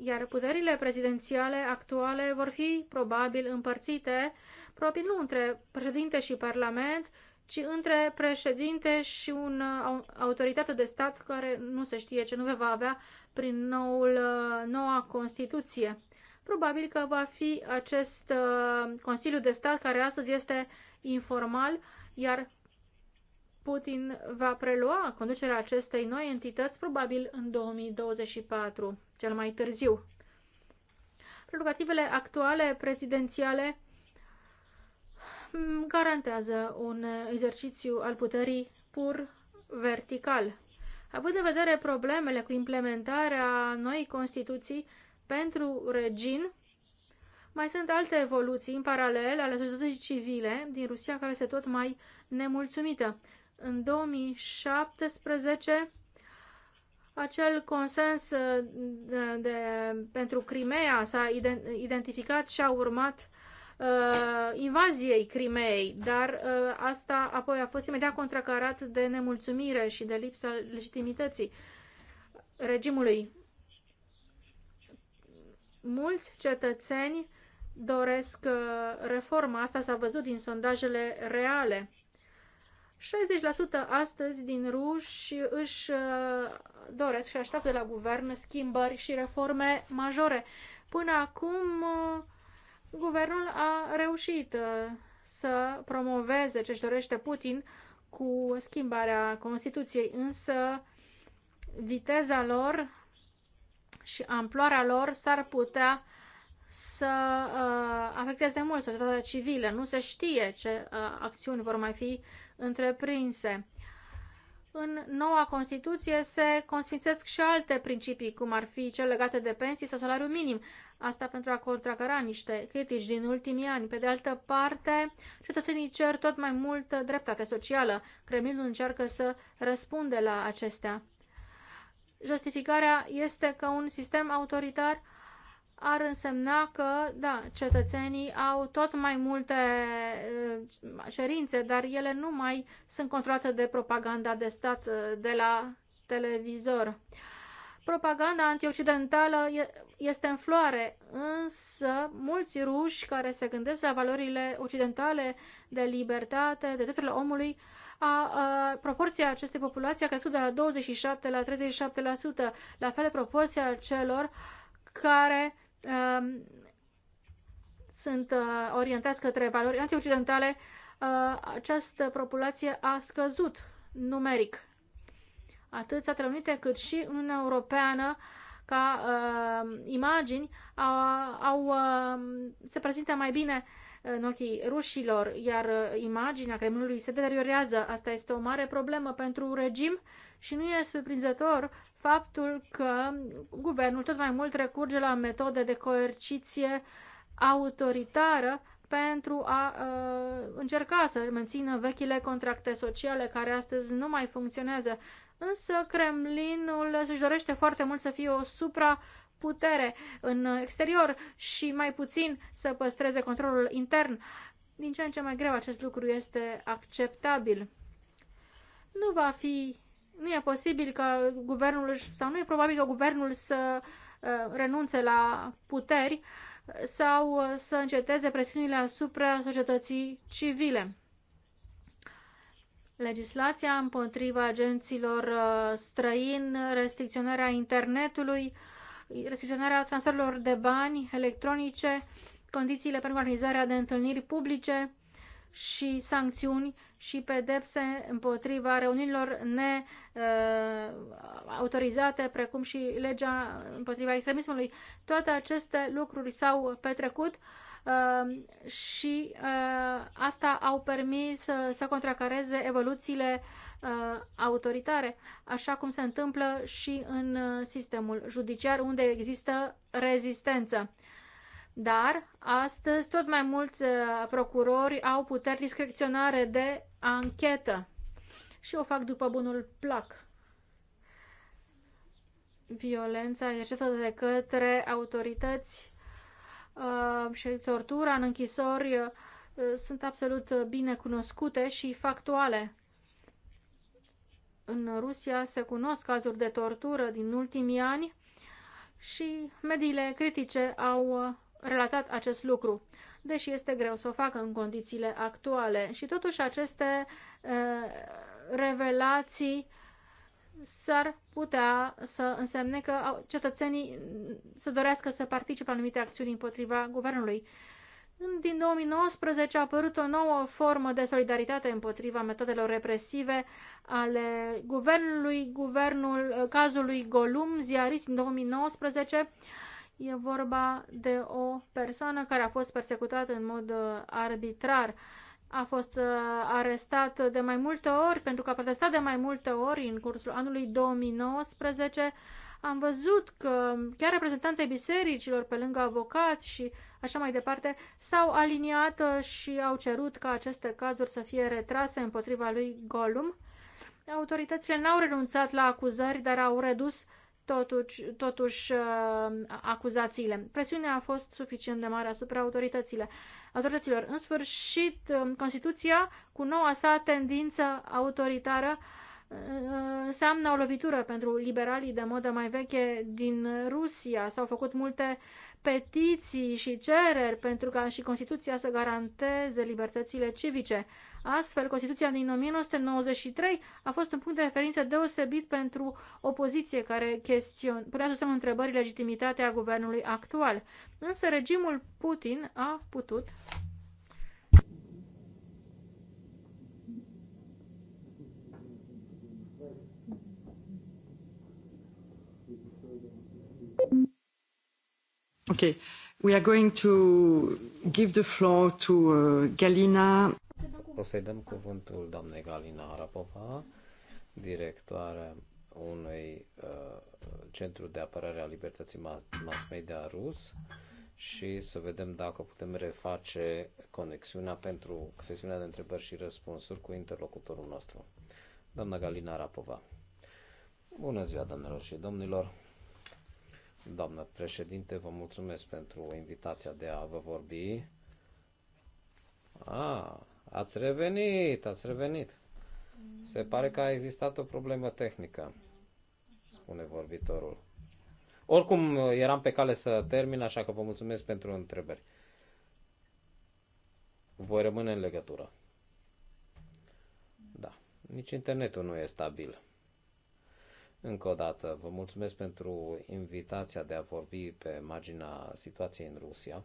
iar puterile prezidențiale actuale vor fi probabil împărțite, probabil nu între președinte și parlament, ci între președinte și un autoritate de stat care nu se știe ce nume va avea prin noul, noua Constituție. Probabil că va fi acest uh, Consiliu de Stat care astăzi este informal, iar Putin va prelua conducerea acestei noi entități probabil în 2024, cel mai târziu. Prerogativele actuale prezidențiale mm, garantează un exercițiu al puterii pur vertical. Având în vedere problemele cu implementarea noii Constituții pentru regin, mai sunt alte evoluții în paralel ale societății civile din Rusia care se tot mai nemulțumită în 2017 acel consens uh, de, de, pentru Crimea s-a identificat și a urmat uh, invaziei Crimeei, dar uh, asta apoi a fost imediat contracarat de nemulțumire și de lipsa legitimității regimului. Mulți cetățeni doresc uh, reforma, asta s-a văzut din sondajele reale 60% astăzi din ruși își uh, doresc și așteaptă de la guvern schimbări și reforme majore. Până acum, uh, guvernul a reușit uh, să promoveze ce își dorește Putin cu schimbarea Constituției, însă viteza lor și amploarea lor s-ar putea să uh, afecteze mult societatea civilă. Nu se știe ce uh, acțiuni vor mai fi întreprinse. În noua Constituție se consfințesc și alte principii, cum ar fi cele legate de pensii sau salariu minim. Asta pentru a contracara niște critici din ultimii ani. Pe de altă parte, cetățenii cer tot mai mult dreptate socială. Kremlinul încearcă să răspunde la acestea. Justificarea este că un sistem autoritar ar însemna că, da, cetățenii au tot mai multe cerințe, uh, dar ele nu mai sunt controlate de propaganda de stat uh, de la televizor. Propaganda antioccidentală este în floare, însă mulți ruși care se gândesc la valorile occidentale de libertate, de drepturile omului, a, a, proporția acestei populații a crescut de la 27 la 37%, la fel proporția celor care Ehm, sunt uh, orientați către valori antioccidentale, uh, această populație a scăzut numeric. Atât Statele Unite cât și Uniunea Europeană ca uh, imagini au, au, uh, se prezintă mai bine în ochii rușilor, iar uh, imaginea Kremlinului se deteriorează. Asta este o mare problemă pentru regim și nu este surprinzător faptul că guvernul tot mai mult recurge la metode de coerciție autoritară pentru a uh, încerca să mențină vechile contracte sociale care astăzi nu mai funcționează. Însă Kremlinul își dorește foarte mult să fie o supraputere în exterior și mai puțin să păstreze controlul intern. Din ce în ce mai greu acest lucru este acceptabil. Nu va fi nu e posibil că guvernul, sau nu e probabil că guvernul să uh, renunțe la puteri sau uh, să înceteze presiunile asupra societății civile. Legislația împotriva agenților uh, străini, restricționarea internetului, restricționarea transferurilor de bani electronice, condițiile pentru organizarea de întâlniri publice și sancțiuni și pedepse împotriva reuniilor neautorizate, uh, precum și legea împotriva extremismului. Toate aceste lucruri s-au petrecut uh, și uh, asta au permis să contracareze evoluțiile autoritare, așa cum se întâmplă și în sistemul judiciar, unde există rezistență. Dar astăzi tot mai mulți procurori au puteri discreționare de anchetă și o fac după bunul plac. Violența exercitată de către autorități uh, și tortura în închisori uh, sunt absolut bine cunoscute și factuale. În Rusia se cunosc cazuri de tortură din ultimii ani și mediile critice au uh, relatat acest lucru deși este greu să o facă în condițiile actuale. Și totuși aceste uh, revelații s-ar putea să însemne că cetățenii să dorească să participe la anumite acțiuni împotriva guvernului. Din 2019 a apărut o nouă formă de solidaritate împotriva metodelor represive ale guvernului, guvernul cazului Golum, ziarist din 2019, E vorba de o persoană care a fost persecutată în mod uh, arbitrar. A fost uh, arestat de mai multe ori pentru că a protestat de mai multe ori în cursul anului 2019. Am văzut că chiar reprezentanții bisericilor, pe lângă avocați și așa mai departe, s-au aliniat uh, și au cerut ca aceste cazuri să fie retrase împotriva lui Gollum. Autoritățile n-au renunțat la acuzări, dar au redus uh, totuși, totuși uh, acuzațiile. Presiunea a fost suficient de mare asupra autoritățile. autorităților. În sfârșit, uh, Constituția, cu noua sa tendință autoritară, uh, înseamnă o lovitură pentru liberalii de modă mai veche din Rusia. S-au făcut multe petiții și cereri pentru ca și Constituția să garanteze libertățile civice. Astfel, Constituția din 1993 a fost un punct de referință deosebit pentru opoziție care chestion, punea sub semnul întrebări legitimitatea guvernului actual. Însă regimul Putin a putut Okay. We are going to give the floor to uh, Galina. O să-i dăm cuvântul doamnei Galina Arapova, directoarea unui uh, centru de apărare a libertății mass, mass media rus și să vedem dacă putem reface conexiunea pentru sesiunea de întrebări și răspunsuri cu interlocutorul nostru. Doamna Galina Arapova. Bună ziua, doamnelor și domnilor! Doamnă președinte, vă mulțumesc pentru invitația de a vă vorbi. A, ah, ați revenit, ați revenit. Se pare că a existat o problemă tehnică, spune vorbitorul. Oricum, eram pe cale să termin, așa că vă mulțumesc pentru întrebări. Voi rămâne în legătură. Da, nici internetul nu e stabil. Încă o dată, vă mulțumesc pentru invitația de a vorbi pe marginea situației în Rusia.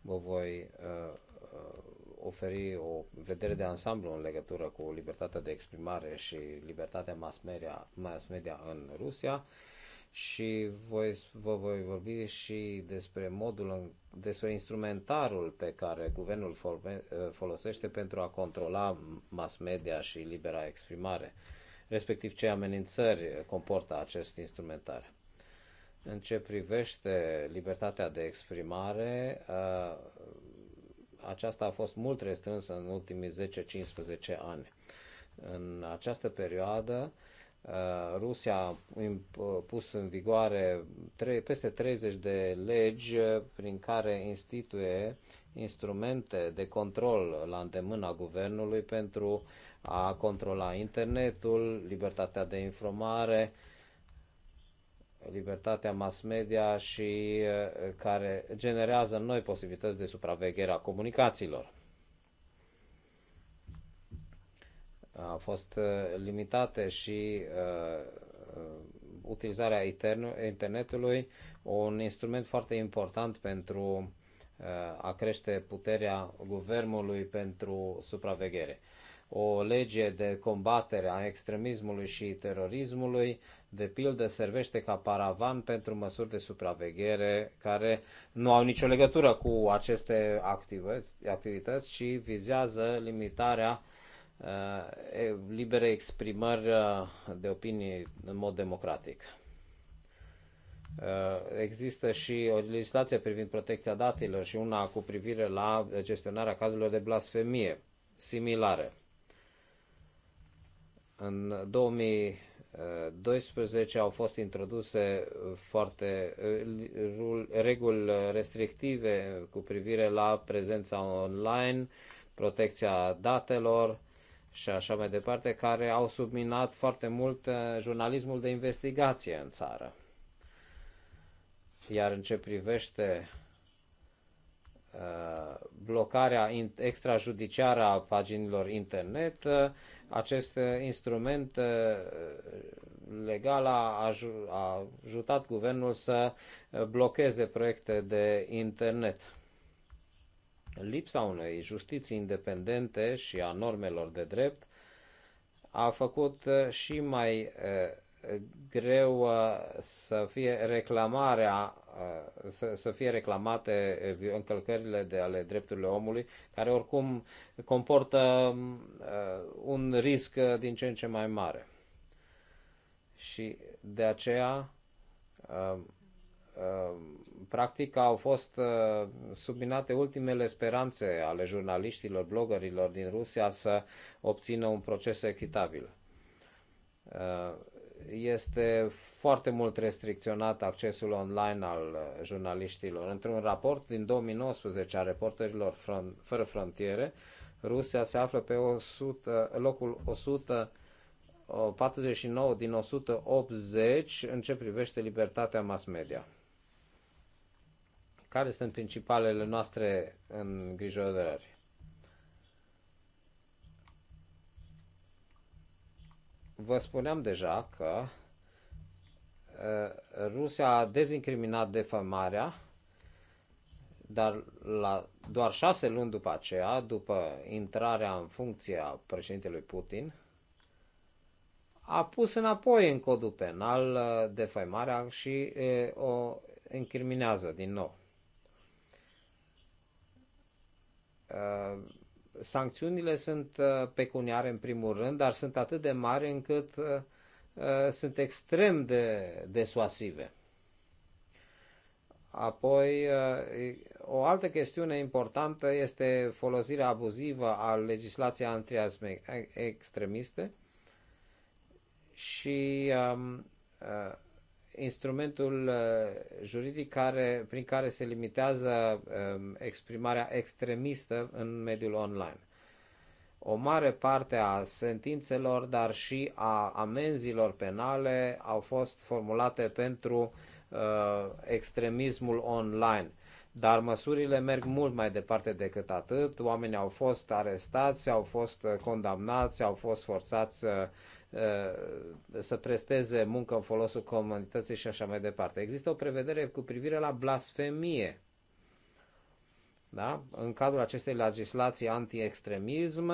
Vă voi uh, uh, oferi o vedere de ansamblu în legătură cu libertatea de exprimare și libertatea mass media, mass media în Rusia și voi, vă voi vorbi și despre modul, despre instrumentarul pe care guvernul uh, folosește pentru a controla mass media și libera exprimare respectiv ce amenințări comportă acest instrumentar. În ce privește libertatea de exprimare, aceasta a fost mult restrânsă în ultimii 10-15 ani. În această perioadă, Uh, Rusia a pus în vigoare peste 30 de legi uh, prin care instituie instrumente de control la îndemâna guvernului pentru a controla internetul, libertatea de informare, libertatea mass media și uh, care generează noi posibilități de supraveghere a comunicațiilor. a fost uh, limitate și uh, uh, utilizarea internetului, un instrument foarte important pentru a crește puterea guvernului pentru supraveghere. O lege de combatere a extremismului și terorismului, de pildă, servește ca paravan pentru măsuri de supraveghere care nu au nicio legătură cu aceste activități, activități și vizează limitarea uh, Uh, libere exprimări uh, de opinii în mod democratic. Uh, există și o legislație privind protecția datelor și una cu privire la gestionarea cazurilor de blasfemie similare. În 2012 au fost introduse foarte reguli restrictive cu privire la prezența online, protecția datelor, și așa mai departe, care au subminat foarte mult eh, jurnalismul de investigație în țară. Iar în ce privește eh, blocarea extrajudiciară a paginilor internet, eh, acest instrument legal a ajutat guvernul să blocheze proiecte de internet lipsa unei justiții independente și a normelor de drept a făcut uh, și mai uh, greu uh, să fie reclamarea, să, să fie reclamate încălcările de ale drepturilor omului, care oricum comportă um, un risc din ce în ce mai mare. Și de aceea practic au fost uh, subminate ultimele speranțe ale jurnaliștilor, blogărilor din Rusia să obțină un proces echitabil. Uh, este foarte mult restricționat accesul online al uh, jurnaliștilor. Într-un raport din 2019 a reporterilor fără frontiere, Rusia se află pe 100, locul 100 49 din 180 în ce privește libertatea mass media. Care sunt principalele noastre îngrijorări? Vă spuneam deja că uh, Rusia a dezincriminat defamarea, dar la doar șase luni după aceea, după intrarea în funcție a președintelui Putin, a pus înapoi în codul penal uh, defăimarea și uh, o incriminează din nou. Uh, sancțiunile sunt uh, pecuniare în primul rând, dar sunt atât de mari încât uh, sunt extrem de desuasive. Apoi, o altă chestiune importantă este folosirea abuzivă a legislației antiextremiste și um, instrumentul uh, juridic care, prin care se limitează um, exprimarea extremistă în mediul online. O mare parte a sentințelor, dar și a amenzilor penale au fost formulate pentru uh, extremismul online. Dar măsurile merg mult mai departe decât atât. Oamenii au fost arestați, au fost uh, condamnați, au fost forțați uh, Uh, să presteze muncă în folosul comunității și așa mai departe. Există o prevedere cu privire la blasfemie. Da? În cadrul acestei legislații anti-extremism,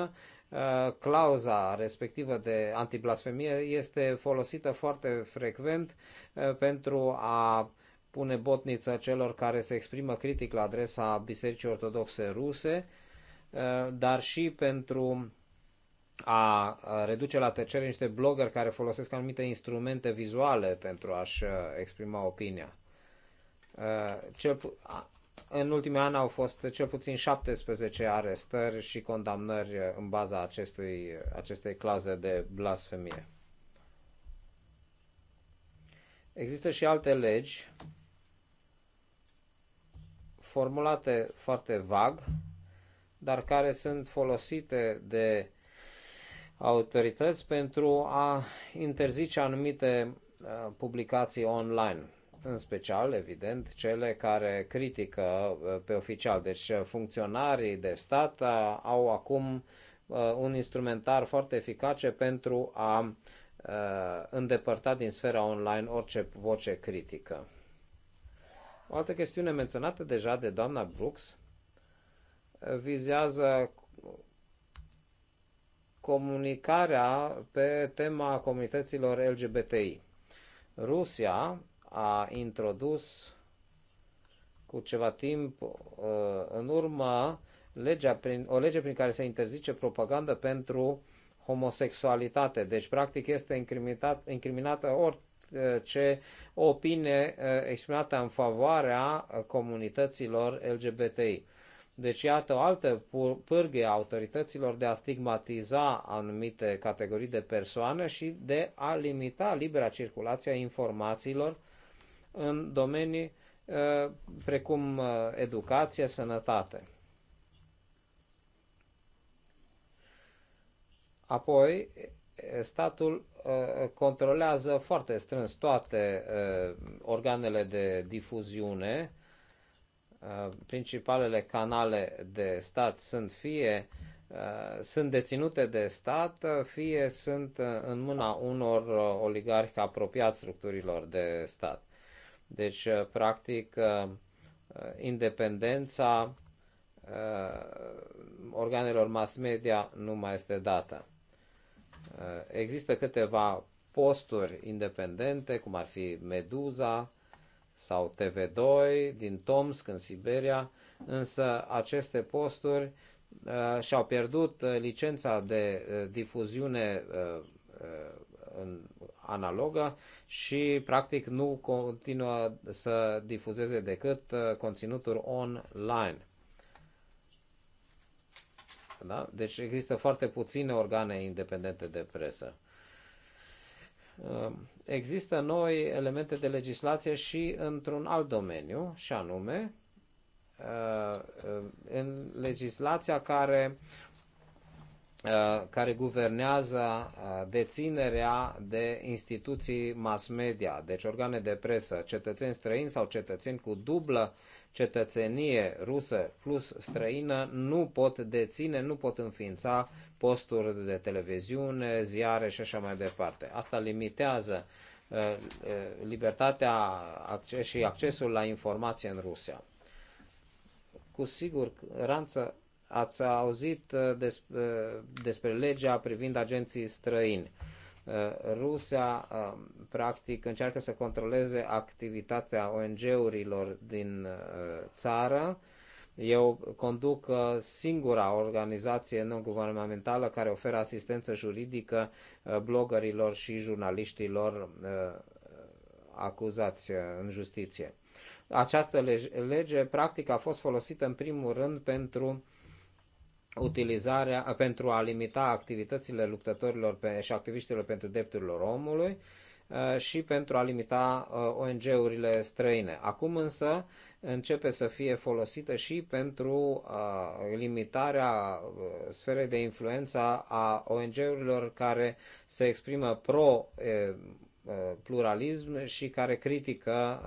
uh, clauza respectivă de antiblasfemie este folosită foarte frecvent uh, pentru a pune botniță celor care se exprimă critic la adresa Bisericii Ortodoxe Ruse, dar și pentru a reduce la tăcere niște blogger care folosesc anumite instrumente vizuale pentru a-și uh, exprima opinia. Uh, cel, în ultimii ani au fost cel puțin 17 arestări și condamnări uh, în baza acestui, acestei claze de blasfemie. Există și alte legi formulate foarte vag, dar care sunt folosite de autorități pentru a interzice anumite uh, publicații online, în special, evident, cele care critică uh, pe oficial. Deci uh, funcționarii de stat au acum un instrumentar foarte eficace pentru a îndepărta din sfera online orice voce critică. O altă chestiune menționată deja de doamna Brooks vizează comunicarea pe tema comunităților LGBTI. Rusia a introdus cu ceva timp uh, în urmă legea prin, o lege prin care se interzice propagandă pentru homosexualitate. Deci, practic, este incriminată orice opinie uh, exprimată în favoarea comunităților LGBTI. Deci, iată o altă pârghie a autorităților de a stigmatiza anumite categorii de persoane și de a limita libera circulație a informațiilor în domenii uh, precum uh, educație, sănătate. Apoi, statul uh, controlează foarte strâns toate organele de difuziune Uh, principalele canale de stat sunt fie uh, sunt deținute de stat, fie sunt uh, în mâna unor oligarhi apropiați structurilor de stat. Deci, practic, independența organelor mass media nu mai este dată. Există câteva posturi independente, cum ar fi Meduza, sau TV2 din Tomsk, în Siberia, însă aceste posturi uh, și-au pierdut uh, licența de uh, difuziune uh, uh, în analogă și practic nu continuă să difuzeze decât uh, conținuturi online. Da? Deci există foarte puține organe independente de presă. Uh, există noi elemente de legislație și într-un alt domeniu, și anume uh, în legislația care, uh, care guvernează deținerea de instituții mass media, deci organe de presă, cetățeni străini sau cetățeni cu dublă cetățenie rusă plus străină nu pot deține, nu pot înființa posturi de televiziune, ziare și așa mai departe. Asta limitează uh, uh libertatea și accesul la informație în Rusia. Cu sigur, Ranță, ați auzit uh, despre, uh, despre legea privind agenții străini. Uh, Uh, Rusia uh, practic încearcă să controleze activitatea ONG-urilor din uh, țară. Eu conduc singura organizație non-guvernamentală care oferă asistență juridică blogărilor și jurnaliștilor acuzați în justiție. Această lege practic a fost folosită în primul rând pentru utilizarea, pentru a limita activitățile luptătorilor pe, și activiștilor pentru drepturile omului uh, și pentru a limita uh, ONG-urile străine. Acum însă începe să fie folosită și pentru uh, limitarea sferei de influență a ONG-urilor care se exprimă pro pluralism și care critică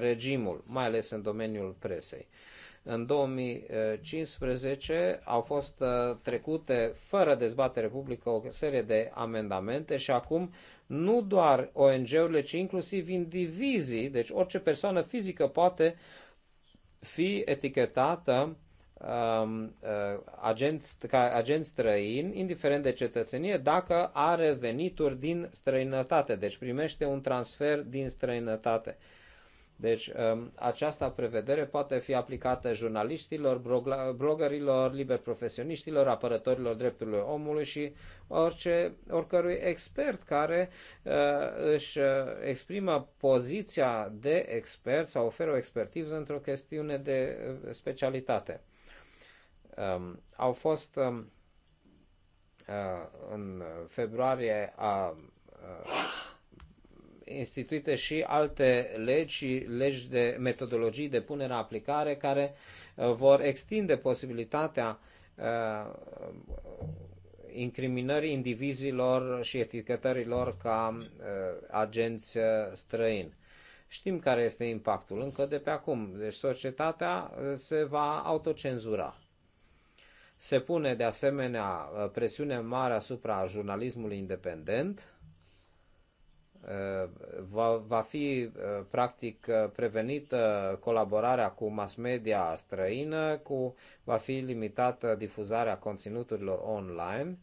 regimul, mai ales în domeniul presei în 2015 au fost uh, trecute fără dezbatere publică o serie de amendamente și acum nu doar ONG-urile, ci inclusiv indivizii, deci orice persoană fizică poate fi etichetată um, uh, agenți, ca agent străin, indiferent de cetățenie, dacă are venituri din străinătate, deci primește un transfer din străinătate. Uh, deci um, această prevedere poate fi aplicată jurnaliștilor, bloggerilor, liber profesioniștilor, apărătorilor drepturilor omului și orice, oricărui expert care uh, își uh, exprimă poziția de expert sau oferă o expertiză într-o chestiune de uh, specialitate. Um, au fost um, uh, în februarie a uh, instituite și alte legi și legi de metodologii de punere în aplicare care uh, vor extinde posibilitatea uh, incriminării indivizilor și etichetărilor ca uh, agenți străini. Știm care este impactul încă de pe acum. Deci societatea se va autocenzura. Se pune de asemenea presiune mare asupra jurnalismului independent, va, va fi uh, practic uh, prevenită colaborarea cu mass media străină, cu, va fi limitată difuzarea conținuturilor online,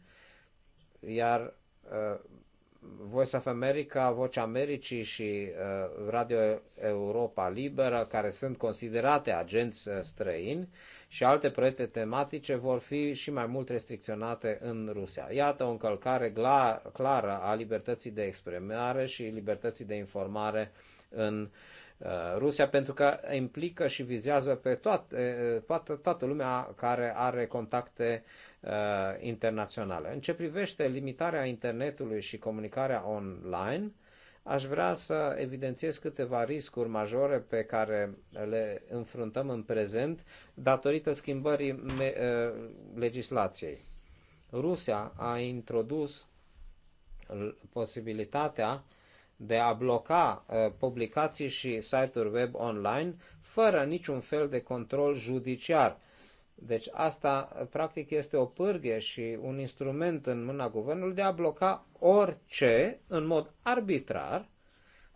iar uh, Voice of America, Vocea Americii și Radio Europa Liberă, care sunt considerate agenți străini, și alte proiecte tematice vor fi și mai mult restricționate în Rusia. Iată o încălcare clară a libertății de exprimare și libertății de informare în uh, Rusia pentru că implică și vizează pe toate, toată, toată lumea care are contacte uh, internaționale. În ce privește limitarea internetului și comunicarea online, aș vrea să evidențiez câteva riscuri majore pe care le înfruntăm în prezent datorită schimbării eh, legislației. Rusia a introdus posibilitatea de a bloca eh, publicații și site-uri web online fără niciun fel de control judiciar deci asta, practic, este o pârghie și un instrument în mâna guvernului de a bloca orice, în mod arbitrar,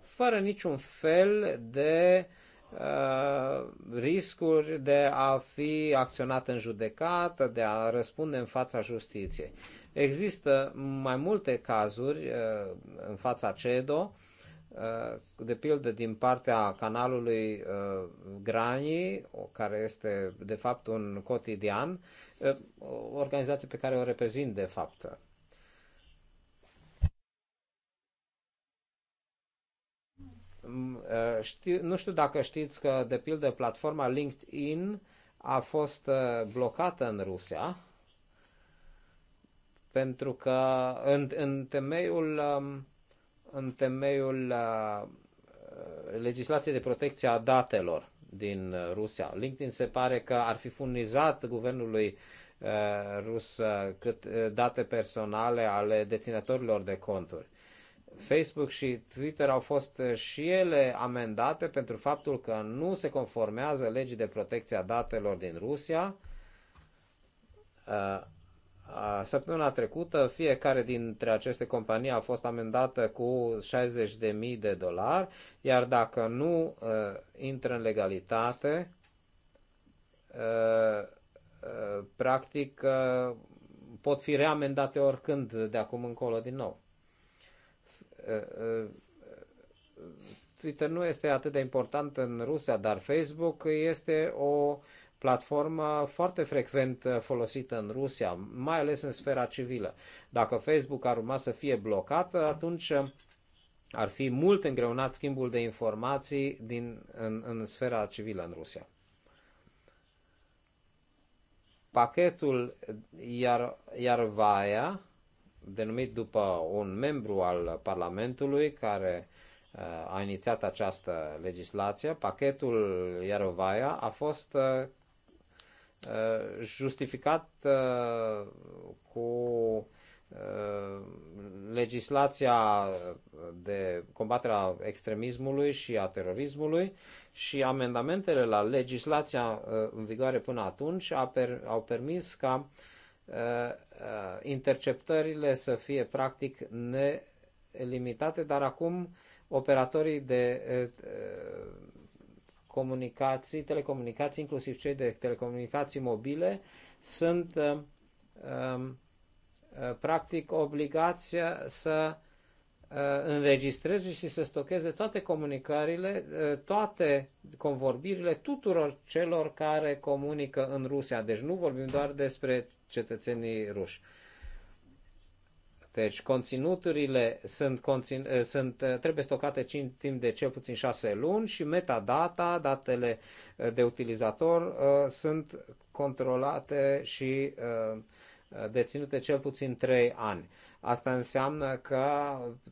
fără niciun fel de uh, riscuri de a fi acționat în judecată, de a răspunde în fața justiției. Există mai multe cazuri uh, în fața CEDO Uh, de pildă din partea canalului uh, Grani, care este de fapt un cotidian, o uh, organizație pe care o reprezint de fapt. Mm, știu, nu știu dacă știți că, de pildă, platforma LinkedIn a fost blocată în Rusia pentru că în, în temeiul um, în temeiul uh, legislației de protecție a datelor din uh, Rusia. LinkedIn se pare că ar fi furnizat guvernului uh, rus cât date personale ale deținătorilor de conturi. Facebook și Twitter au fost și ele amendate pentru faptul că nu se conformează legii de protecție a datelor din Rusia Săptămâna trecută, fiecare dintre aceste companii a fost amendată cu 60.000 de dolari, iar dacă nu uh, intră în legalitate, uh, uh, practic uh, pot fi reamendate oricând de acum încolo din nou. Uh, uh, Twitter nu este atât de important în Rusia, dar Facebook este o uh, platformă foarte frecvent uh, folosită în Rusia, mai ales în sfera civilă. Dacă Facebook ar urma să fie blocat, uh, atunci uh, ar fi mult îngreunat schimbul de informații din, în, în sfera civilă în Rusia. Pachetul iar, Iarvaia, denumit după un membru al Parlamentului care a inițiat această legislație, pachetul Iarovaia a fost Uh, justificat uh, cu uh, legislația de combaterea a extremismului și a terorismului și amendamentele la legislația în vigoare până atunci au permis ca interceptările să fie practic nelimitate, dar acum operatorii de comunicații, telecomunicații, inclusiv cei de telecomunicații mobile, sunt uh, um, uh, practic obligația să uh, înregistreze și să stocheze toate comunicările, toate convorbirile tuturor celor care comunică în Rusia. Deci nu vorbim doar despre cetățenii ruși. Deci conținuturile sunt, conțin, eh, sunt, eh, trebuie stocate timp de cel puțin 6 luni și metadata, datele eh, de utilizator, sunt controlate și deținute cel puțin 3 ani. Asta înseamnă că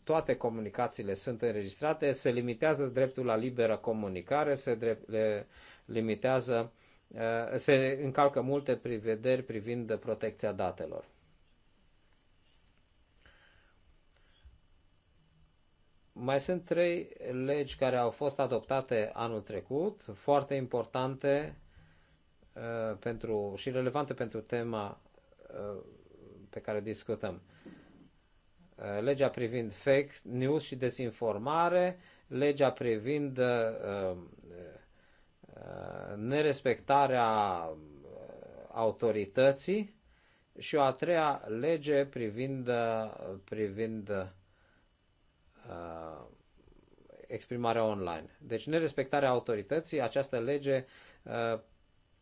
toate comunicațiile sunt înregistrate, se limitează dreptul la liberă comunicare, se drept, le limitează, se încalcă multe prevederi privind protecția datelor. Mai sunt trei legi care au fost adoptate anul trecut, foarte importante uh, pentru, și relevante pentru tema uh, pe care discutăm. Uh, legea privind fake news și dezinformare, legea privind uh, uh, nerespectarea uh, autorității și o a treia lege privind, uh, privind uh, exprimarea online. Deci nerespectarea autorității, această lege uh,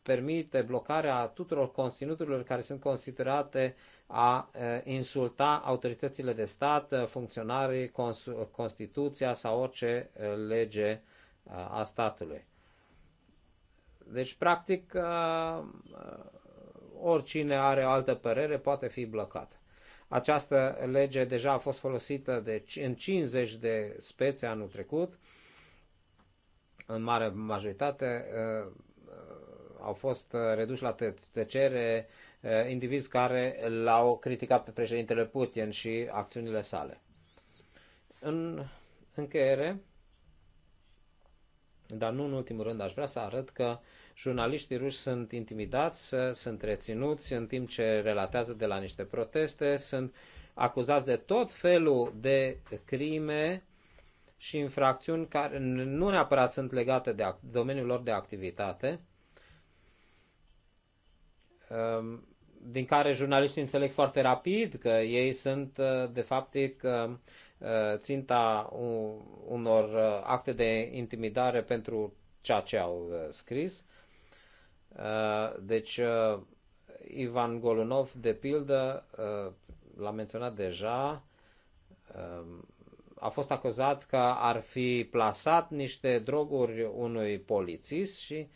permite blocarea tuturor conținuturilor care sunt considerate a uh, insulta autoritățile de stat, uh, funcționarii, Constituția sau orice uh, lege a statului. Deci, practic, oricine are o altă părere poate fi blocat. Această lege deja a fost folosită de, în 50 de spețe anul trecut. În mare majoritate uh, uh, au fost uh, reduși la tăcere indivizi care l-au criticat pe președintele Putin și acțiunile sale. În încheiere, dar nu în ultimul rând, aș vrea să arăt că uh, Jurnaliștii ruși sunt intimidați, sunt reținuți în timp ce relatează de la niște proteste, sunt acuzați de tot felul de crime și infracțiuni care nu neapărat sunt legate de domeniul lor de activitate, um, din care jurnaliștii înțeleg foarte rapid că ei sunt, uh, de fapt, că uh, ținta unor uh, acte de intimidare pentru ceea ce au scris. Uh, deci, uh, Ivan Golunov, de pildă, uh, l-am menționat deja, a fost acuzat că ar fi plasat niște droguri unui polițist și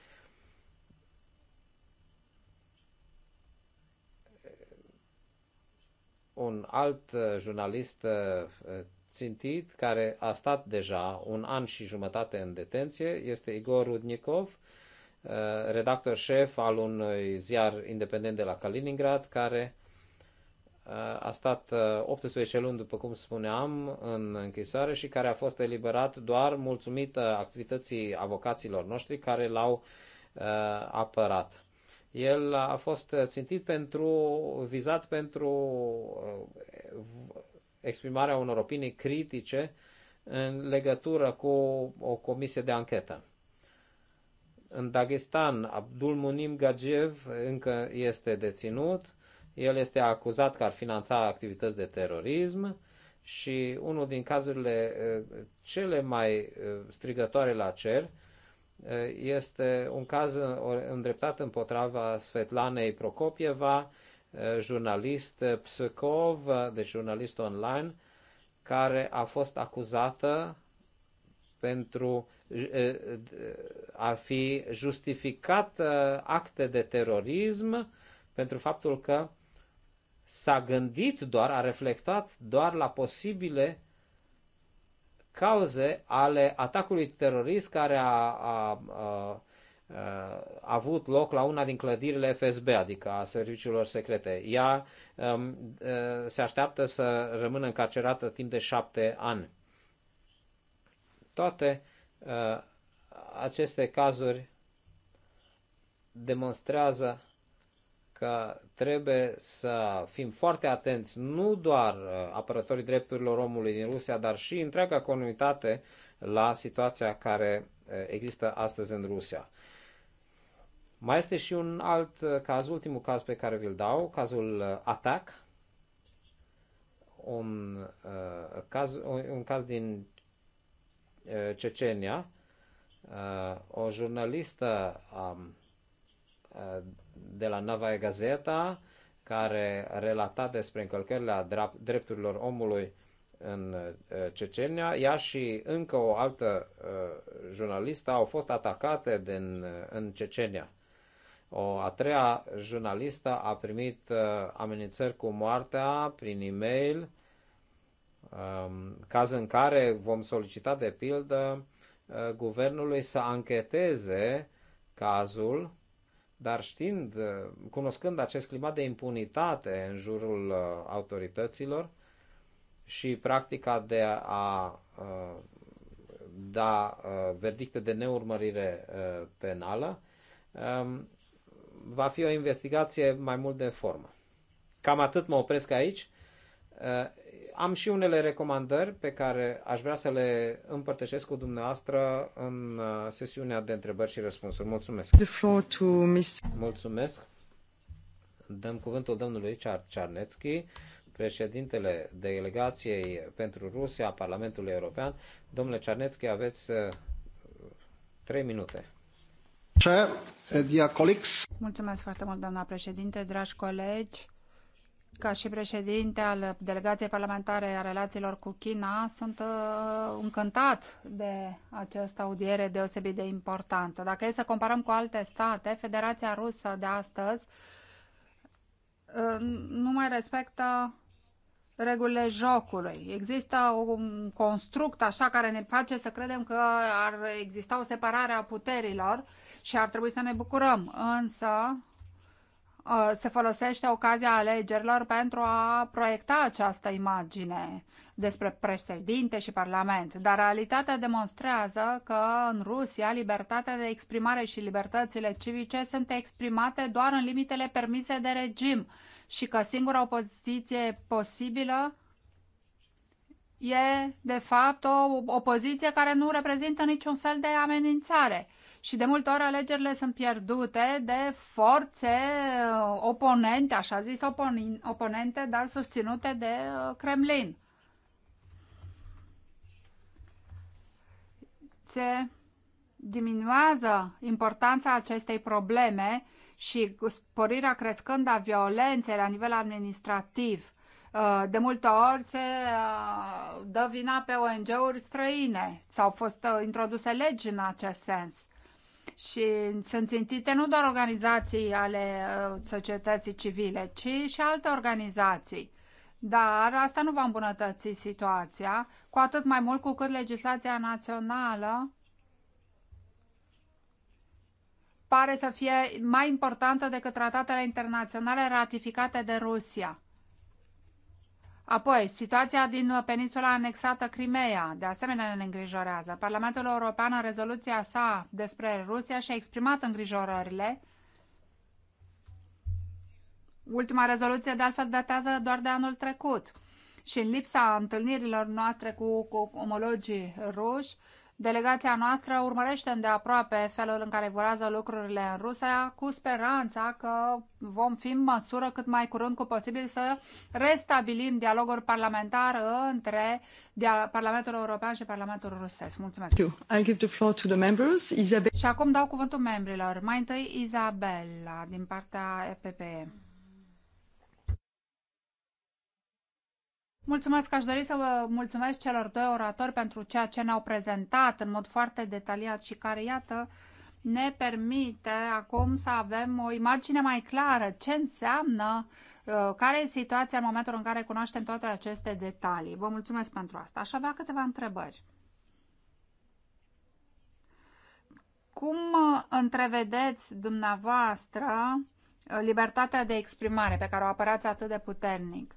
un alt jurnalist țintit care a stat deja un an și jumătate în detenție este Igor Rudnikov, Uh, redactor șef al unui ziar independent de la Kaliningrad, care uh, a stat 18 uh, luni, după cum spuneam, în închisoare și care a fost eliberat doar mulțumită activității avocaților noștri care l-au apărat. El a fost țintit pentru, vizat pentru exprimarea unor opinii critice în legătură cu o comisie de anchetă. În Dagestan, Abdul Munim Gajev încă este deținut. El este acuzat că ar finanța activități de terorism și unul din cazurile uh, cele mai uh, strigătoare la cer uh, este un caz îndreptat împotriva Svetlanei Prokopieva, jurnalist Psukov, deci jurnalist online, care a fost acuzată pentru eh, eh, a fi justificat eh, acte de terorism pentru faptul că s-a gândit doar, a reflectat doar la posibile cauze ale atacului terorist care a, a, a, a avut loc la una din clădirile FSB, adică a serviciilor secrete. Ea a, ehm, se așteaptă să rămână încarcerată timp de șapte ani. Toate uh, aceste cazuri demonstrează că trebuie să fim foarte atenți, nu doar uh, apărătorii drepturilor omului din Rusia, dar și întreaga comunitate la situația care uh, există astăzi în Rusia. Mai este și un alt uh, caz, ultimul caz pe care vi-l dau, cazul ATAC, un, uh, caz, un, un caz din Eh, Cecenia, eh, o jurnalistă eh, de la Nova Gazeta, care relata despre încălcările drepturilor omului în Cecenia. Ea și încă o altă jurnalistă au fost atacate din, în Cecenia. O a treia jurnalistă a primit amenințări cu moartea prin e-mail Um, caz în care vom solicita, de pildă, uh, guvernului să ancheteze cazul, dar știind, uh, cunoscând acest climat de impunitate în jurul uh, autorităților și practica de a da verdicte de neurmărire penală, um, va fi o investigație mai mult de formă. Cam atât mă opresc aici am și unele recomandări pe care aș vrea să le împărtășesc cu dumneavoastră în uh, sesiunea de întrebări și răspunsuri. Mulțumesc! The floor to Mr. Mulțumesc! Dăm cuvântul domnului Richard Czarnecki, președintele delegației pentru Rusia a Parlamentului European. Domnule Czarnecki, aveți uh, trei minute. Uh, Mulțumesc foarte mult, doamna președinte, dragi colegi ca și președinte al Delegației Parlamentare a Relațiilor cu China, sunt uh, încântat de această audiere deosebit de importantă. Dacă e să comparăm cu alte state, Federația Rusă de astăzi uh, nu mai respectă regulile jocului. Există un construct așa care ne face să credem că ar exista o separare a puterilor și ar trebui să ne bucurăm. Însă, Uh, se folosește ocazia alegerilor pentru a proiecta această imagine despre președinte și parlament. Dar realitatea demonstrează că în Rusia libertatea de exprimare și libertățile civice sunt exprimate doar în limitele permise de regim și că singura opoziție posibilă e, de fapt, o opoziție care nu reprezintă niciun fel de amenințare și de multe ori alegerile sunt pierdute de forțe uh, oponente, așa zis oponente, dar susținute de uh, Kremlin. Se diminuează importanța acestei probleme și sporirea crescând a violenței la nivel administrativ. Uh, de multe ori se dă vina pe ONG-uri străine sau au fost introduse legi în acest sens și sunt țintite nu doar organizații ale uh, societății civile, ci și alte organizații. Dar asta nu va îmbunătăți situația, cu atât mai mult cu cât legislația națională pare să fie mai importantă decât tratatele internaționale ratificate de Rusia. Apoi, situația din peninsula anexată Crimea, de asemenea, ne îngrijorează. Parlamentul European, în rezoluția sa despre Rusia, și-a exprimat îngrijorările. Ultima rezoluție, de altfel, datează doar de anul trecut. Și în lipsa întâlnirilor noastre cu, cu omologii ruși, Delegația noastră urmărește îndeaproape felul în care evoluează lucrurile în Rusia, cu speranța că vom fi în măsură cât mai curând cu posibil să restabilim dialogul parlamentar între Parlamentul European și Parlamentul Rusesc. Mulțumesc! I give the floor to the members. Isabel... Și acum dau cuvântul membrilor. Mai întâi Izabela, din partea EPPE. Mulțumesc, aș dori să vă mulțumesc celor doi oratori pentru ceea ce ne-au prezentat în mod foarte detaliat și care, iată, ne permite acum să avem o imagine mai clară ce înseamnă, uh, care e situația în momentul în care cunoaștem toate aceste detalii. Vă mulțumesc pentru asta. Aș avea câteva întrebări. Cum uh, întrevedeți dumneavoastră uh, libertatea de exprimare pe care o apărați atât de puternic?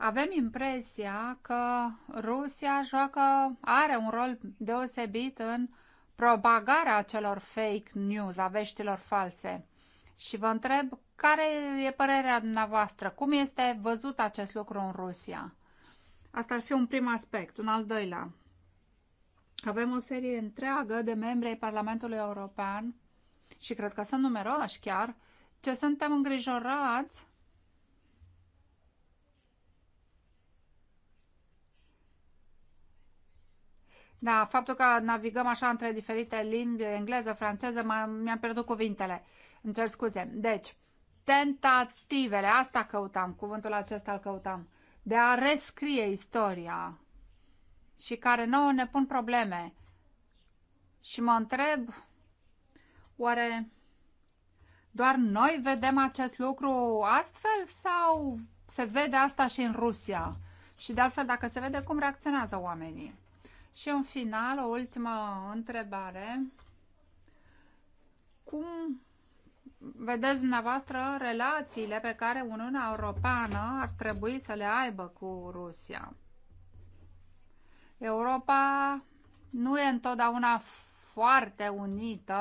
avem impresia că Rusia joacă, are un rol deosebit în propagarea acelor fake news, a veștilor false. Și vă întreb care e părerea dumneavoastră? Cum este văzut acest lucru în Rusia? Asta ar fi un prim aspect. Un al doilea. Avem o serie întreagă de membri ai Parlamentului European și cred că sunt numeroși chiar, ce suntem îngrijorați Da, faptul că navigăm așa între diferite limbi, engleză, franceză, mi-am pierdut cuvintele. Îmi cer scuze. Deci, tentativele, asta căutam, cuvântul acesta îl căutam, de a rescrie istoria și care nouă ne pun probleme. Și mă întreb, oare doar noi vedem acest lucru astfel sau se vede asta și în Rusia? Și de altfel, dacă se vede, cum reacționează oamenii? Și în final, o ultimă întrebare. Cum vedeți dumneavoastră relațiile pe care Uniunea Europeană ar trebui să le aibă cu Rusia? Europa nu e întotdeauna foarte unită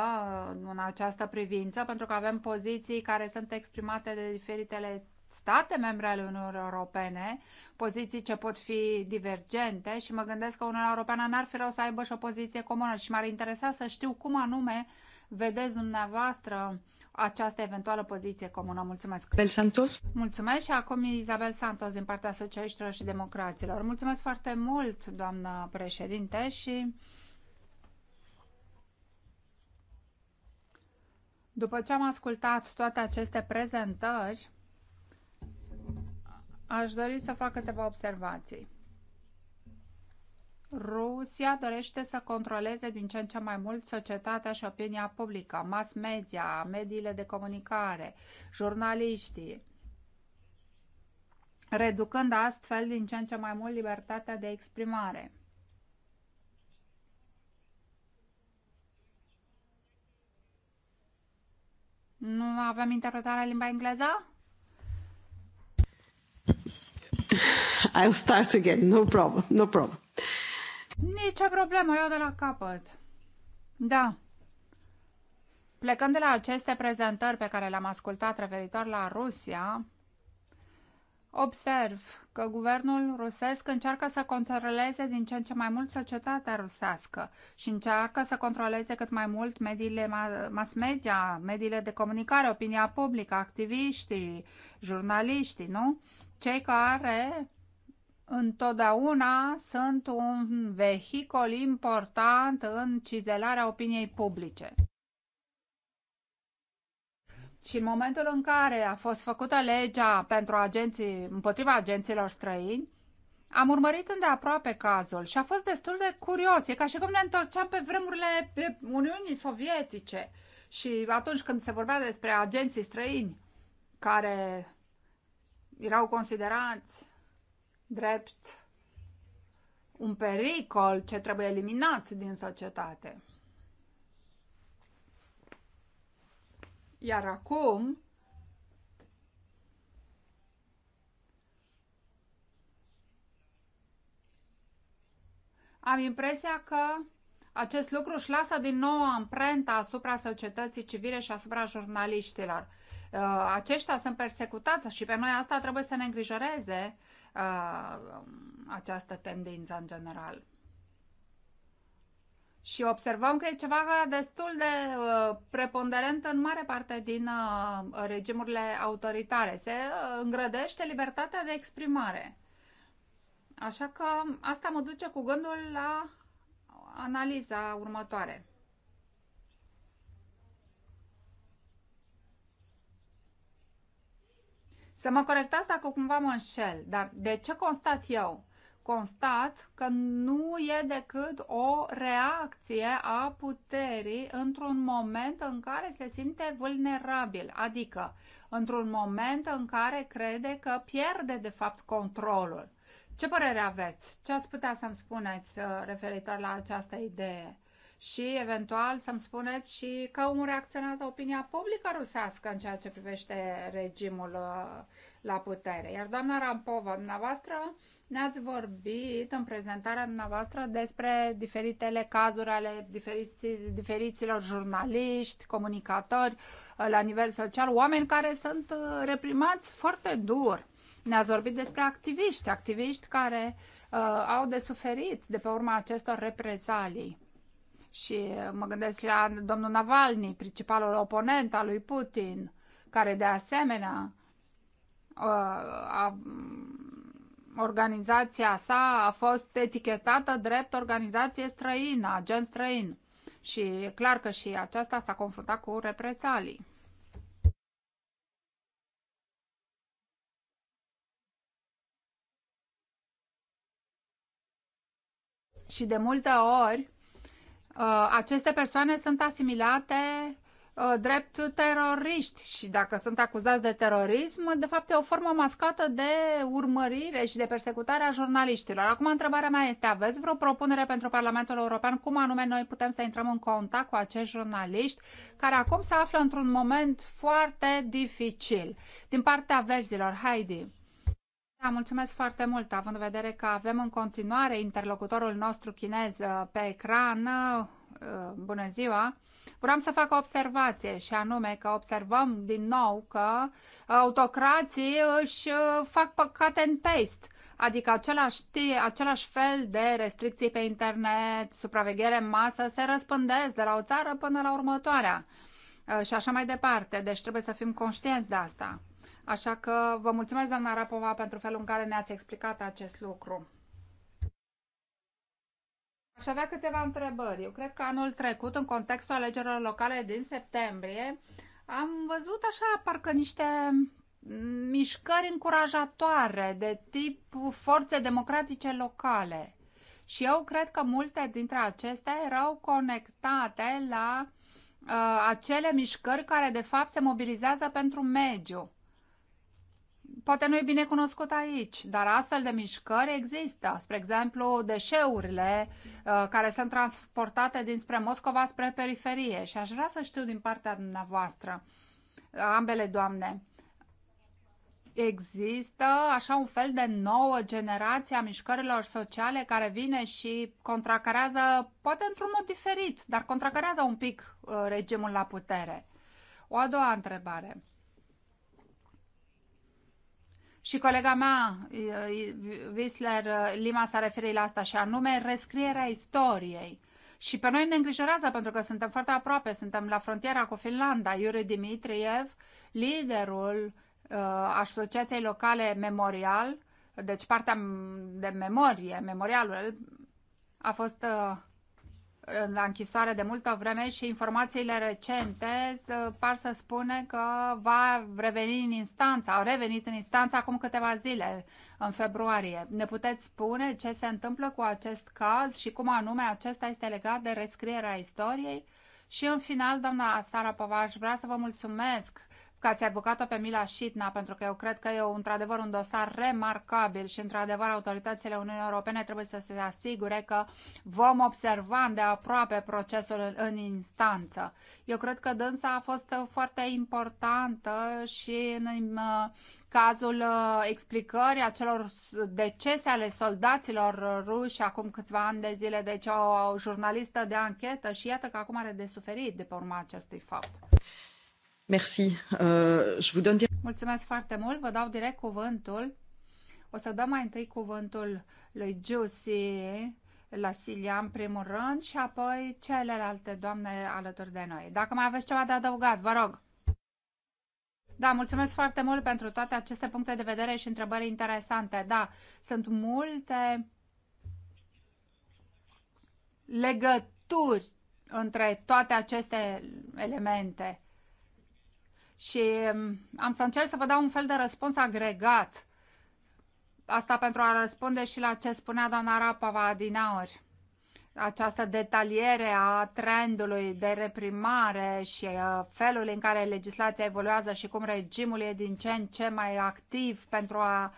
în această privință, pentru că avem poziții care sunt exprimate de diferitele state membre ale Uniunii Europene, poziții ce pot fi divergente și mă gândesc că Uniunea Europeană n-ar fi rău să aibă și o poziție comună și m-ar interesa să știu cum anume vedeți dumneavoastră această eventuală poziție comună. Mulțumesc. Bel Santos. Mulțumesc și acum Isabel Santos din partea Socialiștilor și Democraților. Mulțumesc foarte mult, doamnă președinte, și după ce am ascultat toate aceste prezentări, Aș dori să fac câteva observații. Rusia dorește să controleze din ce în ce mai mult societatea și opinia publică, mass media, mediile de comunicare, jurnaliștii, reducând astfel din ce în ce mai mult libertatea de exprimare. Nu avem interpretarea limba engleză? I'll start again, no problem, no problem. Nicio problemă, eu de la capăt. Da. Plecând de la aceste prezentări pe care le-am ascultat referitor la Rusia, observ că guvernul rusesc încearcă să controleze din ce în ce mai mult societatea rusească și încearcă să controleze cât mai mult mediile mass media, mediile de comunicare, opinia publică, activiștii, jurnaliștii, nu? cei care întotdeauna sunt un vehicol important în cizelarea opiniei publice. Și în momentul în care a fost făcută legea pentru agenții, împotriva agenților străini, am urmărit îndeaproape cazul și a fost destul de curios. E ca și cum ne întorceam pe vremurile Uniunii Sovietice. Și atunci când se vorbea despre agenții străini care erau considerați drept un pericol ce trebuie eliminat din societate. Iar acum, am impresia că acest lucru își lasă din nou amprenta asupra societății civile și asupra jurnaliștilor. Uh, aceștia sunt persecutați și pe noi asta trebuie să ne îngrijoreze uh, această tendință în general. Și observăm că e ceva destul de uh, preponderent în mare parte din regimurile autoritare. Se îngrădește libertatea de exprimare. Așa că asta mă duce cu gândul la analiza următoare. Să mă corectați dacă cumva mă înșel, dar de ce constat eu? Constat că nu e decât o reacție a puterii într-un moment în care se simte vulnerabil, adică într-un moment în care crede că pierde de fapt controlul. Ce părere aveți? Ce ați putea să-mi spuneți uh, referitor la această idee? și eventual să-mi spuneți și cum reacționează opinia publică rusească în ceea ce privește regimul uh, la putere. Iar doamna Rampova, dumneavoastră ne-ați vorbit în prezentarea dumneavoastră despre diferitele cazuri ale diferiți diferiților jurnaliști, comunicatori uh, la nivel social, oameni care sunt uh, reprimați foarte dur. Ne-ați vorbit despre activiști, activiști care uh, au de suferit de pe urma acestor reprezalii. Și mă gândesc la domnul Navalny, principalul oponent al lui Putin, care de asemenea uh, a, organizația sa a fost etichetată drept organizație străină, agent străin. Și e clar că și aceasta s-a confruntat cu represalii. Și de multe ori, Uh, aceste persoane sunt asimilate uh, drept teroriști și dacă sunt acuzați de terorism, de fapt e o formă mascată de urmărire și de persecutare a jurnaliștilor. Acum întrebarea mea este, aveți vreo propunere pentru Parlamentul European cum anume noi putem să intrăm în contact cu acești jurnaliști care acum se află într-un moment foarte dificil? Din partea verzilor, Heidi. Mulțumesc foarte mult, având în vedere că avem în continuare interlocutorul nostru chinez uh, pe ecran. Uh, bună ziua! Vreau să fac o observație și anume că observăm din nou că autocrații își uh, fac păcate în paste adică același, același fel de restricții pe internet, supraveghere în masă, se răspândesc de la o țară până la următoarea și așa mai departe. Deci trebuie să fim conștienți de asta. Așa că vă mulțumesc, doamna Rapova, pentru felul în care ne-ați explicat acest lucru. Aș avea câteva întrebări. Eu cred că anul trecut, în contextul alegerilor locale din septembrie, am văzut așa parcă niște mișcări încurajatoare de tip forțe democratice locale. Și eu cred că multe dintre acestea erau conectate la uh, acele mișcări care de fapt se mobilizează pentru mediu. Poate nu e bine cunoscut aici, dar astfel de mișcări există. Spre exemplu, deșeurile uh, care sunt transportate dinspre Moscova spre periferie. Și aș vrea să știu din partea dumneavoastră, uh, ambele doamne, există așa un fel de nouă generație a mișcărilor sociale care vine și contracarează, poate într-un mod diferit, dar contracarează un pic uh, regimul la putere. O a doua întrebare. Și colega mea, Wisler Lima, s-a referit la asta și anume rescrierea istoriei. Și pe noi ne îngrijorează pentru că suntem foarte aproape, suntem la frontiera cu Finlanda. Iuri Dimitriev, liderul uh, Asociației Locale Memorial, deci partea de memorie, memorialul, a fost uh, la închisoare de multă vreme și informațiile recente par să spune că va reveni în instanță, au revenit în instanță acum câteva zile, în februarie. Ne puteți spune ce se întâmplă cu acest caz și cum anume acesta este legat de rescrierea istoriei? Și în final, doamna Sara Povaș, vreau să vă mulțumesc că ați evocat-o pe Mila Șitna, pentru că eu cred că e într-adevăr un dosar remarcabil și într-adevăr autoritățile Uniunii Europene trebuie să se asigure că vom observa de aproape procesul în instanță. Eu cred că dânsa a fost foarte importantă și în uh, cazul uh, explicării acelor decese ale soldaților ruși acum câțiva ani de zile, deci o jurnalistă de anchetă și iată că acum are de suferit de pe urma acestui fapt. Merci. Euh, je vous donne... Mulțumesc foarte mult. Vă dau direct cuvântul. O să dau mai întâi cuvântul lui Josie la Silia în primul rând și apoi celelalte doamne alături de noi. Dacă mai aveți ceva de adăugat, vă rog. Da, mulțumesc foarte mult pentru toate aceste puncte de vedere și întrebări interesante. Da, sunt multe legături între toate aceste elemente și mm, am să încerc să vă dau un fel de răspuns agregat. Asta pentru a răspunde și la ce spunea doamna Rapava adinaori. Această detaliere a trendului de reprimare și uh, felul în care legislația evoluează și cum regimul e din ce în ce mai activ pentru a,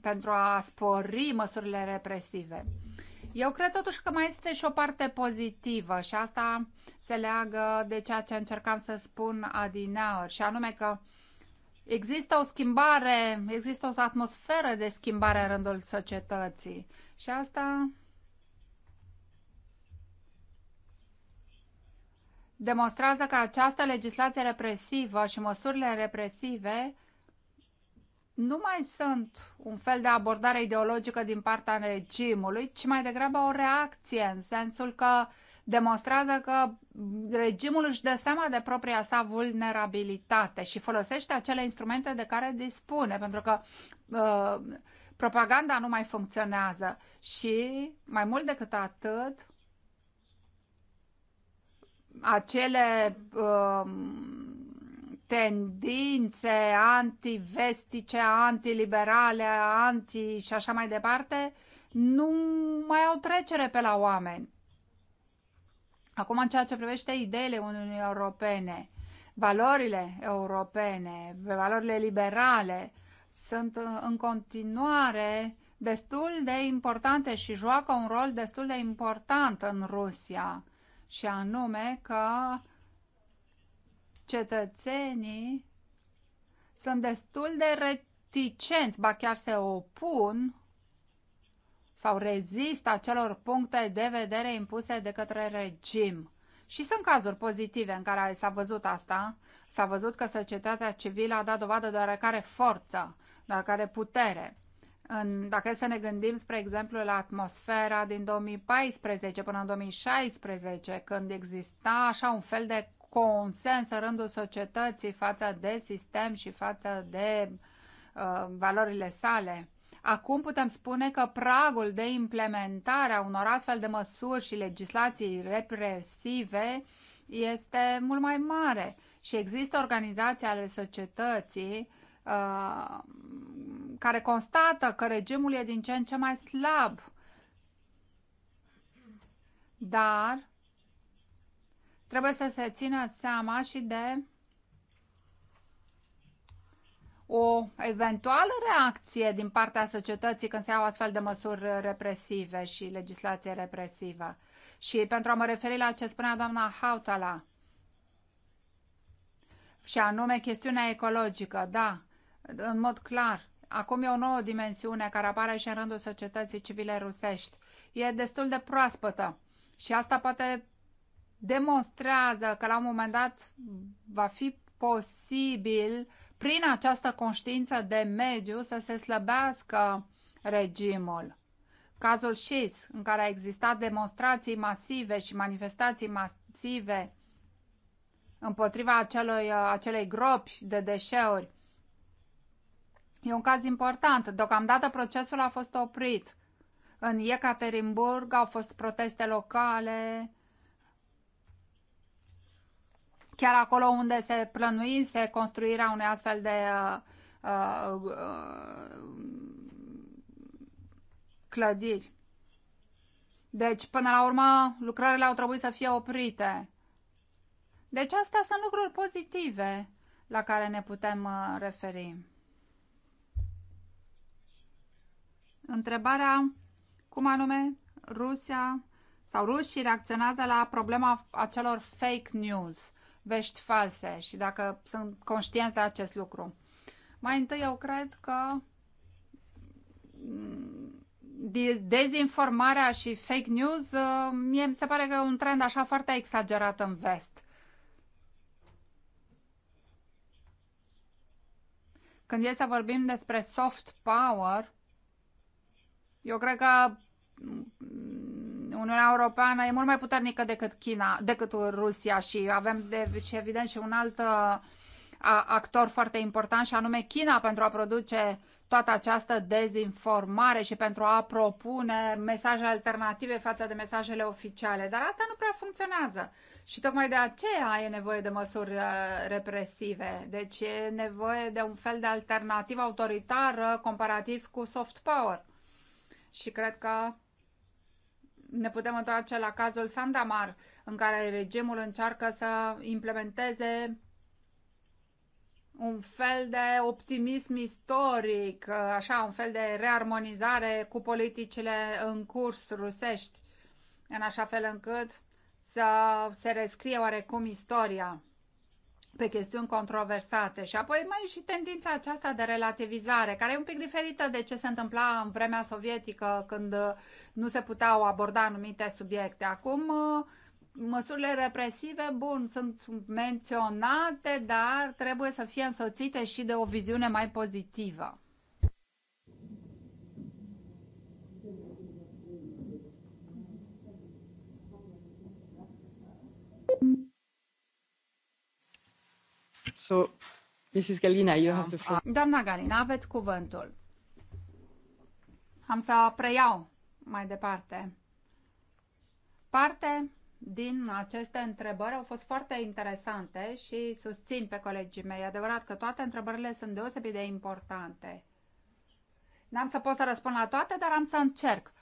pentru a spori măsurile represive. Eu cred totuși că mai este și o parte pozitivă și asta se leagă de ceea ce încercam să spun adineaori și anume că există o schimbare, există o atmosferă de schimbare în rândul societății și asta demonstrează că această legislație represivă și măsurile represive nu mai sunt un fel de abordare ideologică din partea regimului, ci mai degrabă o reacție, în sensul că demonstrează că regimul își dă seama de propria sa vulnerabilitate și folosește acele instrumente de care dispune, pentru că uh, propaganda nu mai funcționează și, mai mult decât atât, acele uh, tendințe antivestice, antiliberale, anti și așa mai departe, nu mai au trecere pe la oameni. Acum, în ceea ce privește ideile Uniunii Europene, valorile europene, valorile liberale, sunt în continuare destul de importante și joacă un rol destul de important în Rusia. Și anume că cetățenii sunt destul de reticenți, ba chiar se opun sau rezist acelor puncte de vedere impuse de către regim. Și sunt cazuri pozitive în care s-a văzut asta, s-a văzut că societatea civilă a dat dovadă de oarecare forță, de oarecare putere. În, dacă să ne gândim, spre exemplu, la atmosfera din 2014 până în 2016, când exista așa un fel de consens în rândul societății față de sistem și față de uh, valorile sale. Acum putem spune că pragul de implementare a unor astfel de măsuri și legislații represive este mult mai mare și există organizații ale societății uh, care constată că regimul e din ce în ce mai slab. Dar Trebuie să se țină seama și de o eventuală reacție din partea societății când se iau astfel de măsuri represive și legislație represivă. Și pentru a mă referi la ce spunea doamna Hautala, și anume chestiunea ecologică, da, în mod clar, acum e o nouă dimensiune care apare și în rândul societății civile rusești. E destul de proaspătă și asta poate demonstrează că la un moment dat va fi posibil prin această conștiință de mediu să se slăbească regimul. Cazul șis, în care a existat demonstrații masive și manifestații masive împotriva acelui, acelei gropi de deșeuri, e un caz important. Deocamdată procesul a fost oprit. În Yekaterinburg au fost proteste locale, chiar acolo unde se plănuise construirea unei astfel de uh, uh, clădiri. Deci, până la urmă, lucrările au trebuit să fie oprite. Deci, astea sunt lucruri pozitive la care ne putem uh, referi. Întrebarea, cum anume, Rusia sau rușii reacționează la problema acelor fake news vești false și dacă sunt conștienți de acest lucru. Mai întâi eu cred că mm, dezinformarea și fake news, uh, mie mi se pare că e un trend așa foarte exagerat în vest. Când e să vorbim despre soft power, eu cred că Uniunea Europeană e mult mai puternică decât China, decât Rusia și avem deci, evident și un alt actor foarte important și anume China pentru a produce toată această dezinformare și pentru a propune mesaje alternative față de mesajele oficiale. Dar asta nu prea funcționează. Și tocmai de aceea e nevoie de măsuri uh, represive. Deci e nevoie de un fel de alternativă autoritară comparativ cu soft power. Și cred că ne putem întoarce la cazul Sandamar, în care regimul încearcă să implementeze un fel de optimism istoric, așa, un fel de rearmonizare cu politicile în curs rusești, în așa fel încât să se rescrie oarecum istoria pe chestiuni controversate și apoi mai e și tendința aceasta de relativizare, care e un pic diferită de ce se întâmpla în vremea sovietică când uh, nu se puteau aborda anumite subiecte. Acum uh, măsurile represive, bun, sunt menționate, dar trebuie să fie însoțite și de o viziune mai pozitivă. So, Mrs. Galina, you have the floor. Um, uh, doamna Galina, aveți cuvântul. Am să preiau mai departe. Parte din aceste întrebări au fost foarte interesante și susțin pe colegii mei. E adevărat că toate întrebările sunt deosebit de importante. N-am să pot să răspund la toate, dar am să încerc.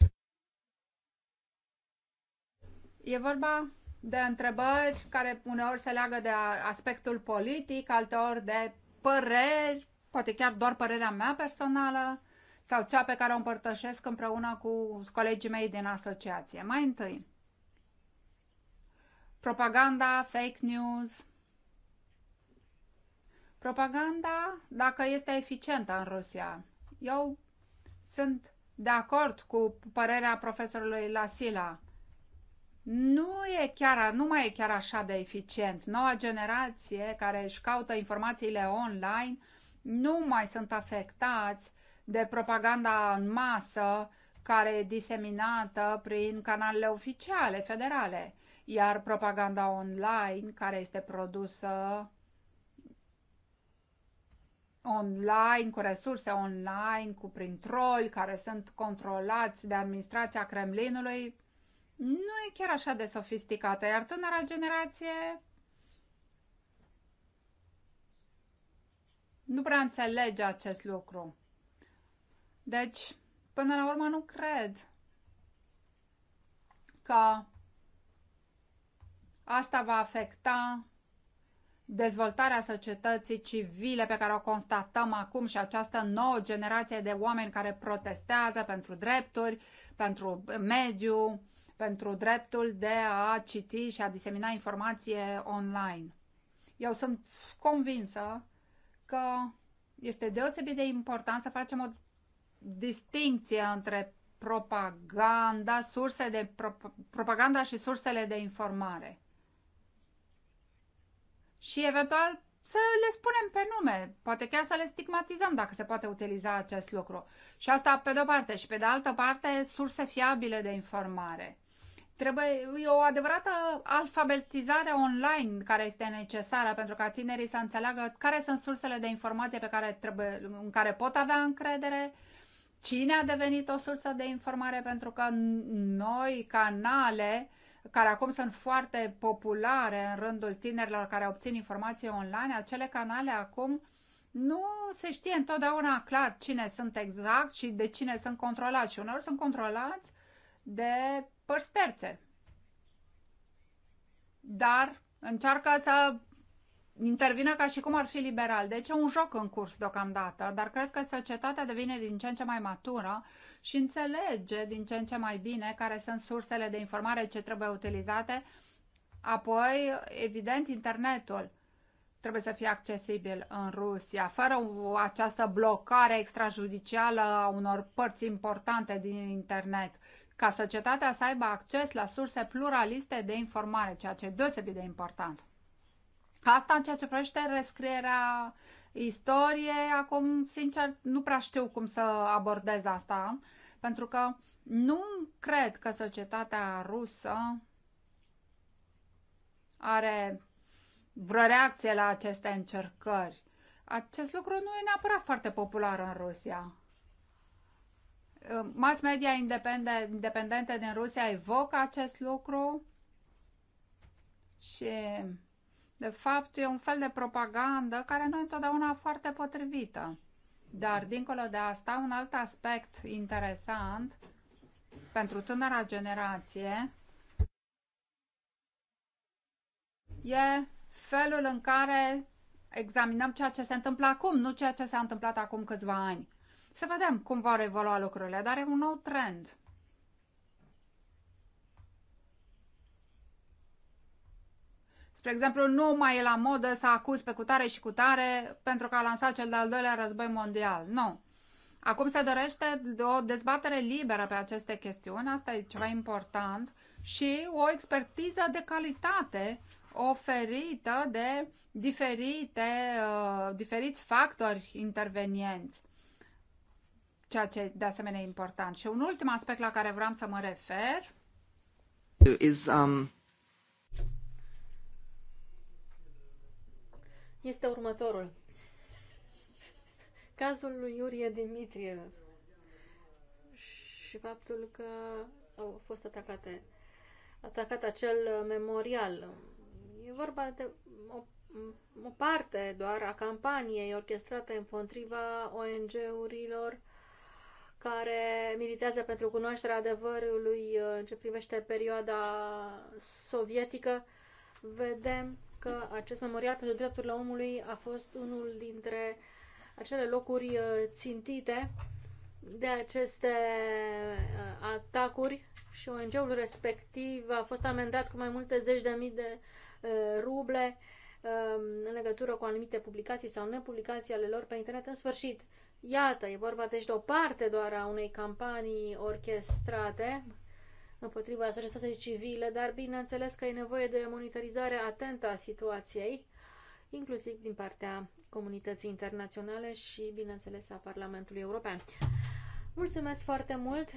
E vorba de întrebări care uneori se leagă de aspectul politic, alteori de păreri, poate chiar doar părerea mea personală sau cea pe care o împărtășesc împreună cu colegii mei din asociație. Mai întâi, propaganda, fake news. Propaganda, dacă este eficientă în Rusia. Eu sunt de acord cu părerea profesorului Lasila nu e chiar, nu mai e chiar așa de eficient. Noua generație care își caută informațiile online nu mai sunt afectați de propaganda în masă care e diseminată prin canalele oficiale federale, iar propaganda online care este produsă online, cu resurse online, cu prin troli care sunt controlați de administrația Kremlinului, nu e chiar așa de sofisticată, iar tânăra generație nu prea înțelege acest lucru. Deci, până la urmă, nu cred că asta va afecta dezvoltarea societății civile pe care o constatăm acum și această nouă generație de oameni care protestează pentru drepturi, pentru mediu, pentru dreptul de a citi și a disemina informație online. Eu sunt convinsă că este deosebit de important să facem o distinție între propaganda, surse de pro, propaganda și sursele de informare. Și eventual să le spunem pe nume, poate chiar să le stigmatizăm dacă se poate utiliza acest lucru. Și asta pe de-o parte și pe de altă parte surse fiabile de informare. Trebuie, e o adevărată alfabetizare online care este necesară pentru ca tinerii să înțeleagă care sunt sursele de informație pe care trebuie, în care pot avea încredere, cine a devenit o sursă de informare, pentru că noi, canale, care acum sunt foarte populare în rândul tinerilor care obțin informații online, acele canale acum nu se știe întotdeauna clar cine sunt exact și de cine sunt controlați. Și uneori sunt controlați de părți terțe. Dar încearcă să intervină ca și cum ar fi liberal. Deci e un joc în curs deocamdată, dar cred că societatea devine din ce în ce mai matură și înțelege din ce în ce mai bine care sunt sursele de informare ce trebuie utilizate. Apoi, evident, internetul trebuie să fie accesibil în Rusia, fără această blocare extrajudicială a unor părți importante din internet ca societatea să aibă acces la surse pluraliste de informare, ceea ce e deosebit de important. Asta în ceea ce privește rescrierea istoriei, acum, sincer, nu prea știu cum să abordez asta, pentru că nu cred că societatea rusă are vreo reacție la aceste încercări. Acest lucru nu e neapărat foarte popular în Rusia. Ehm, mass media independente, independente din Rusia evocă acest lucru și, de fapt, e un fel de propagandă care nu e întotdeauna foarte potrivită. Dar, dincolo de asta, un alt aspect interesant pentru tânăra generație e felul în care examinăm ceea ce se întâmplă acum, nu ceea ce s-a întâmplat acum câțiva ani. Să vedem cum vor evolua lucrurile, dar e un nou trend. Spre exemplu, nu mai e la modă să acuz pe cutare și cutare pentru că a lansat cel de-al doilea război mondial. Nu. Acum se dorește o dezbatere liberă pe aceste chestiuni, asta e ceva important, și o expertiză de calitate oferită de diferite, uh, diferiți factori intervenienți ceea ce de asemenea e important. Și un ultim aspect la care vreau să mă refer is, um... este următorul. Cazul lui Iurie Dimitrie și faptul că au fost atacate atacat acel memorial. E vorba de o, o parte doar a campaniei orchestrate împotriva ONG-urilor care militează pentru cunoașterea adevărului uh, în ce privește perioada sovietică, vedem că acest memorial pentru drepturile omului a fost unul dintre acele locuri uh, țintite de aceste uh, atacuri și ONG-ul respectiv a fost amendat cu mai multe zeci de mii de ruble um, în legătură cu anumite publicații sau nepublicații ale lor pe internet. În sfârșit, Iată, e vorba deci de o parte doar a unei campanii orchestrate împotriva societății civile, dar bineînțeles că e nevoie de monitorizare atentă a situației, inclusiv din partea comunității internaționale și, bineînțeles, a Parlamentului European. Mulțumesc foarte mult!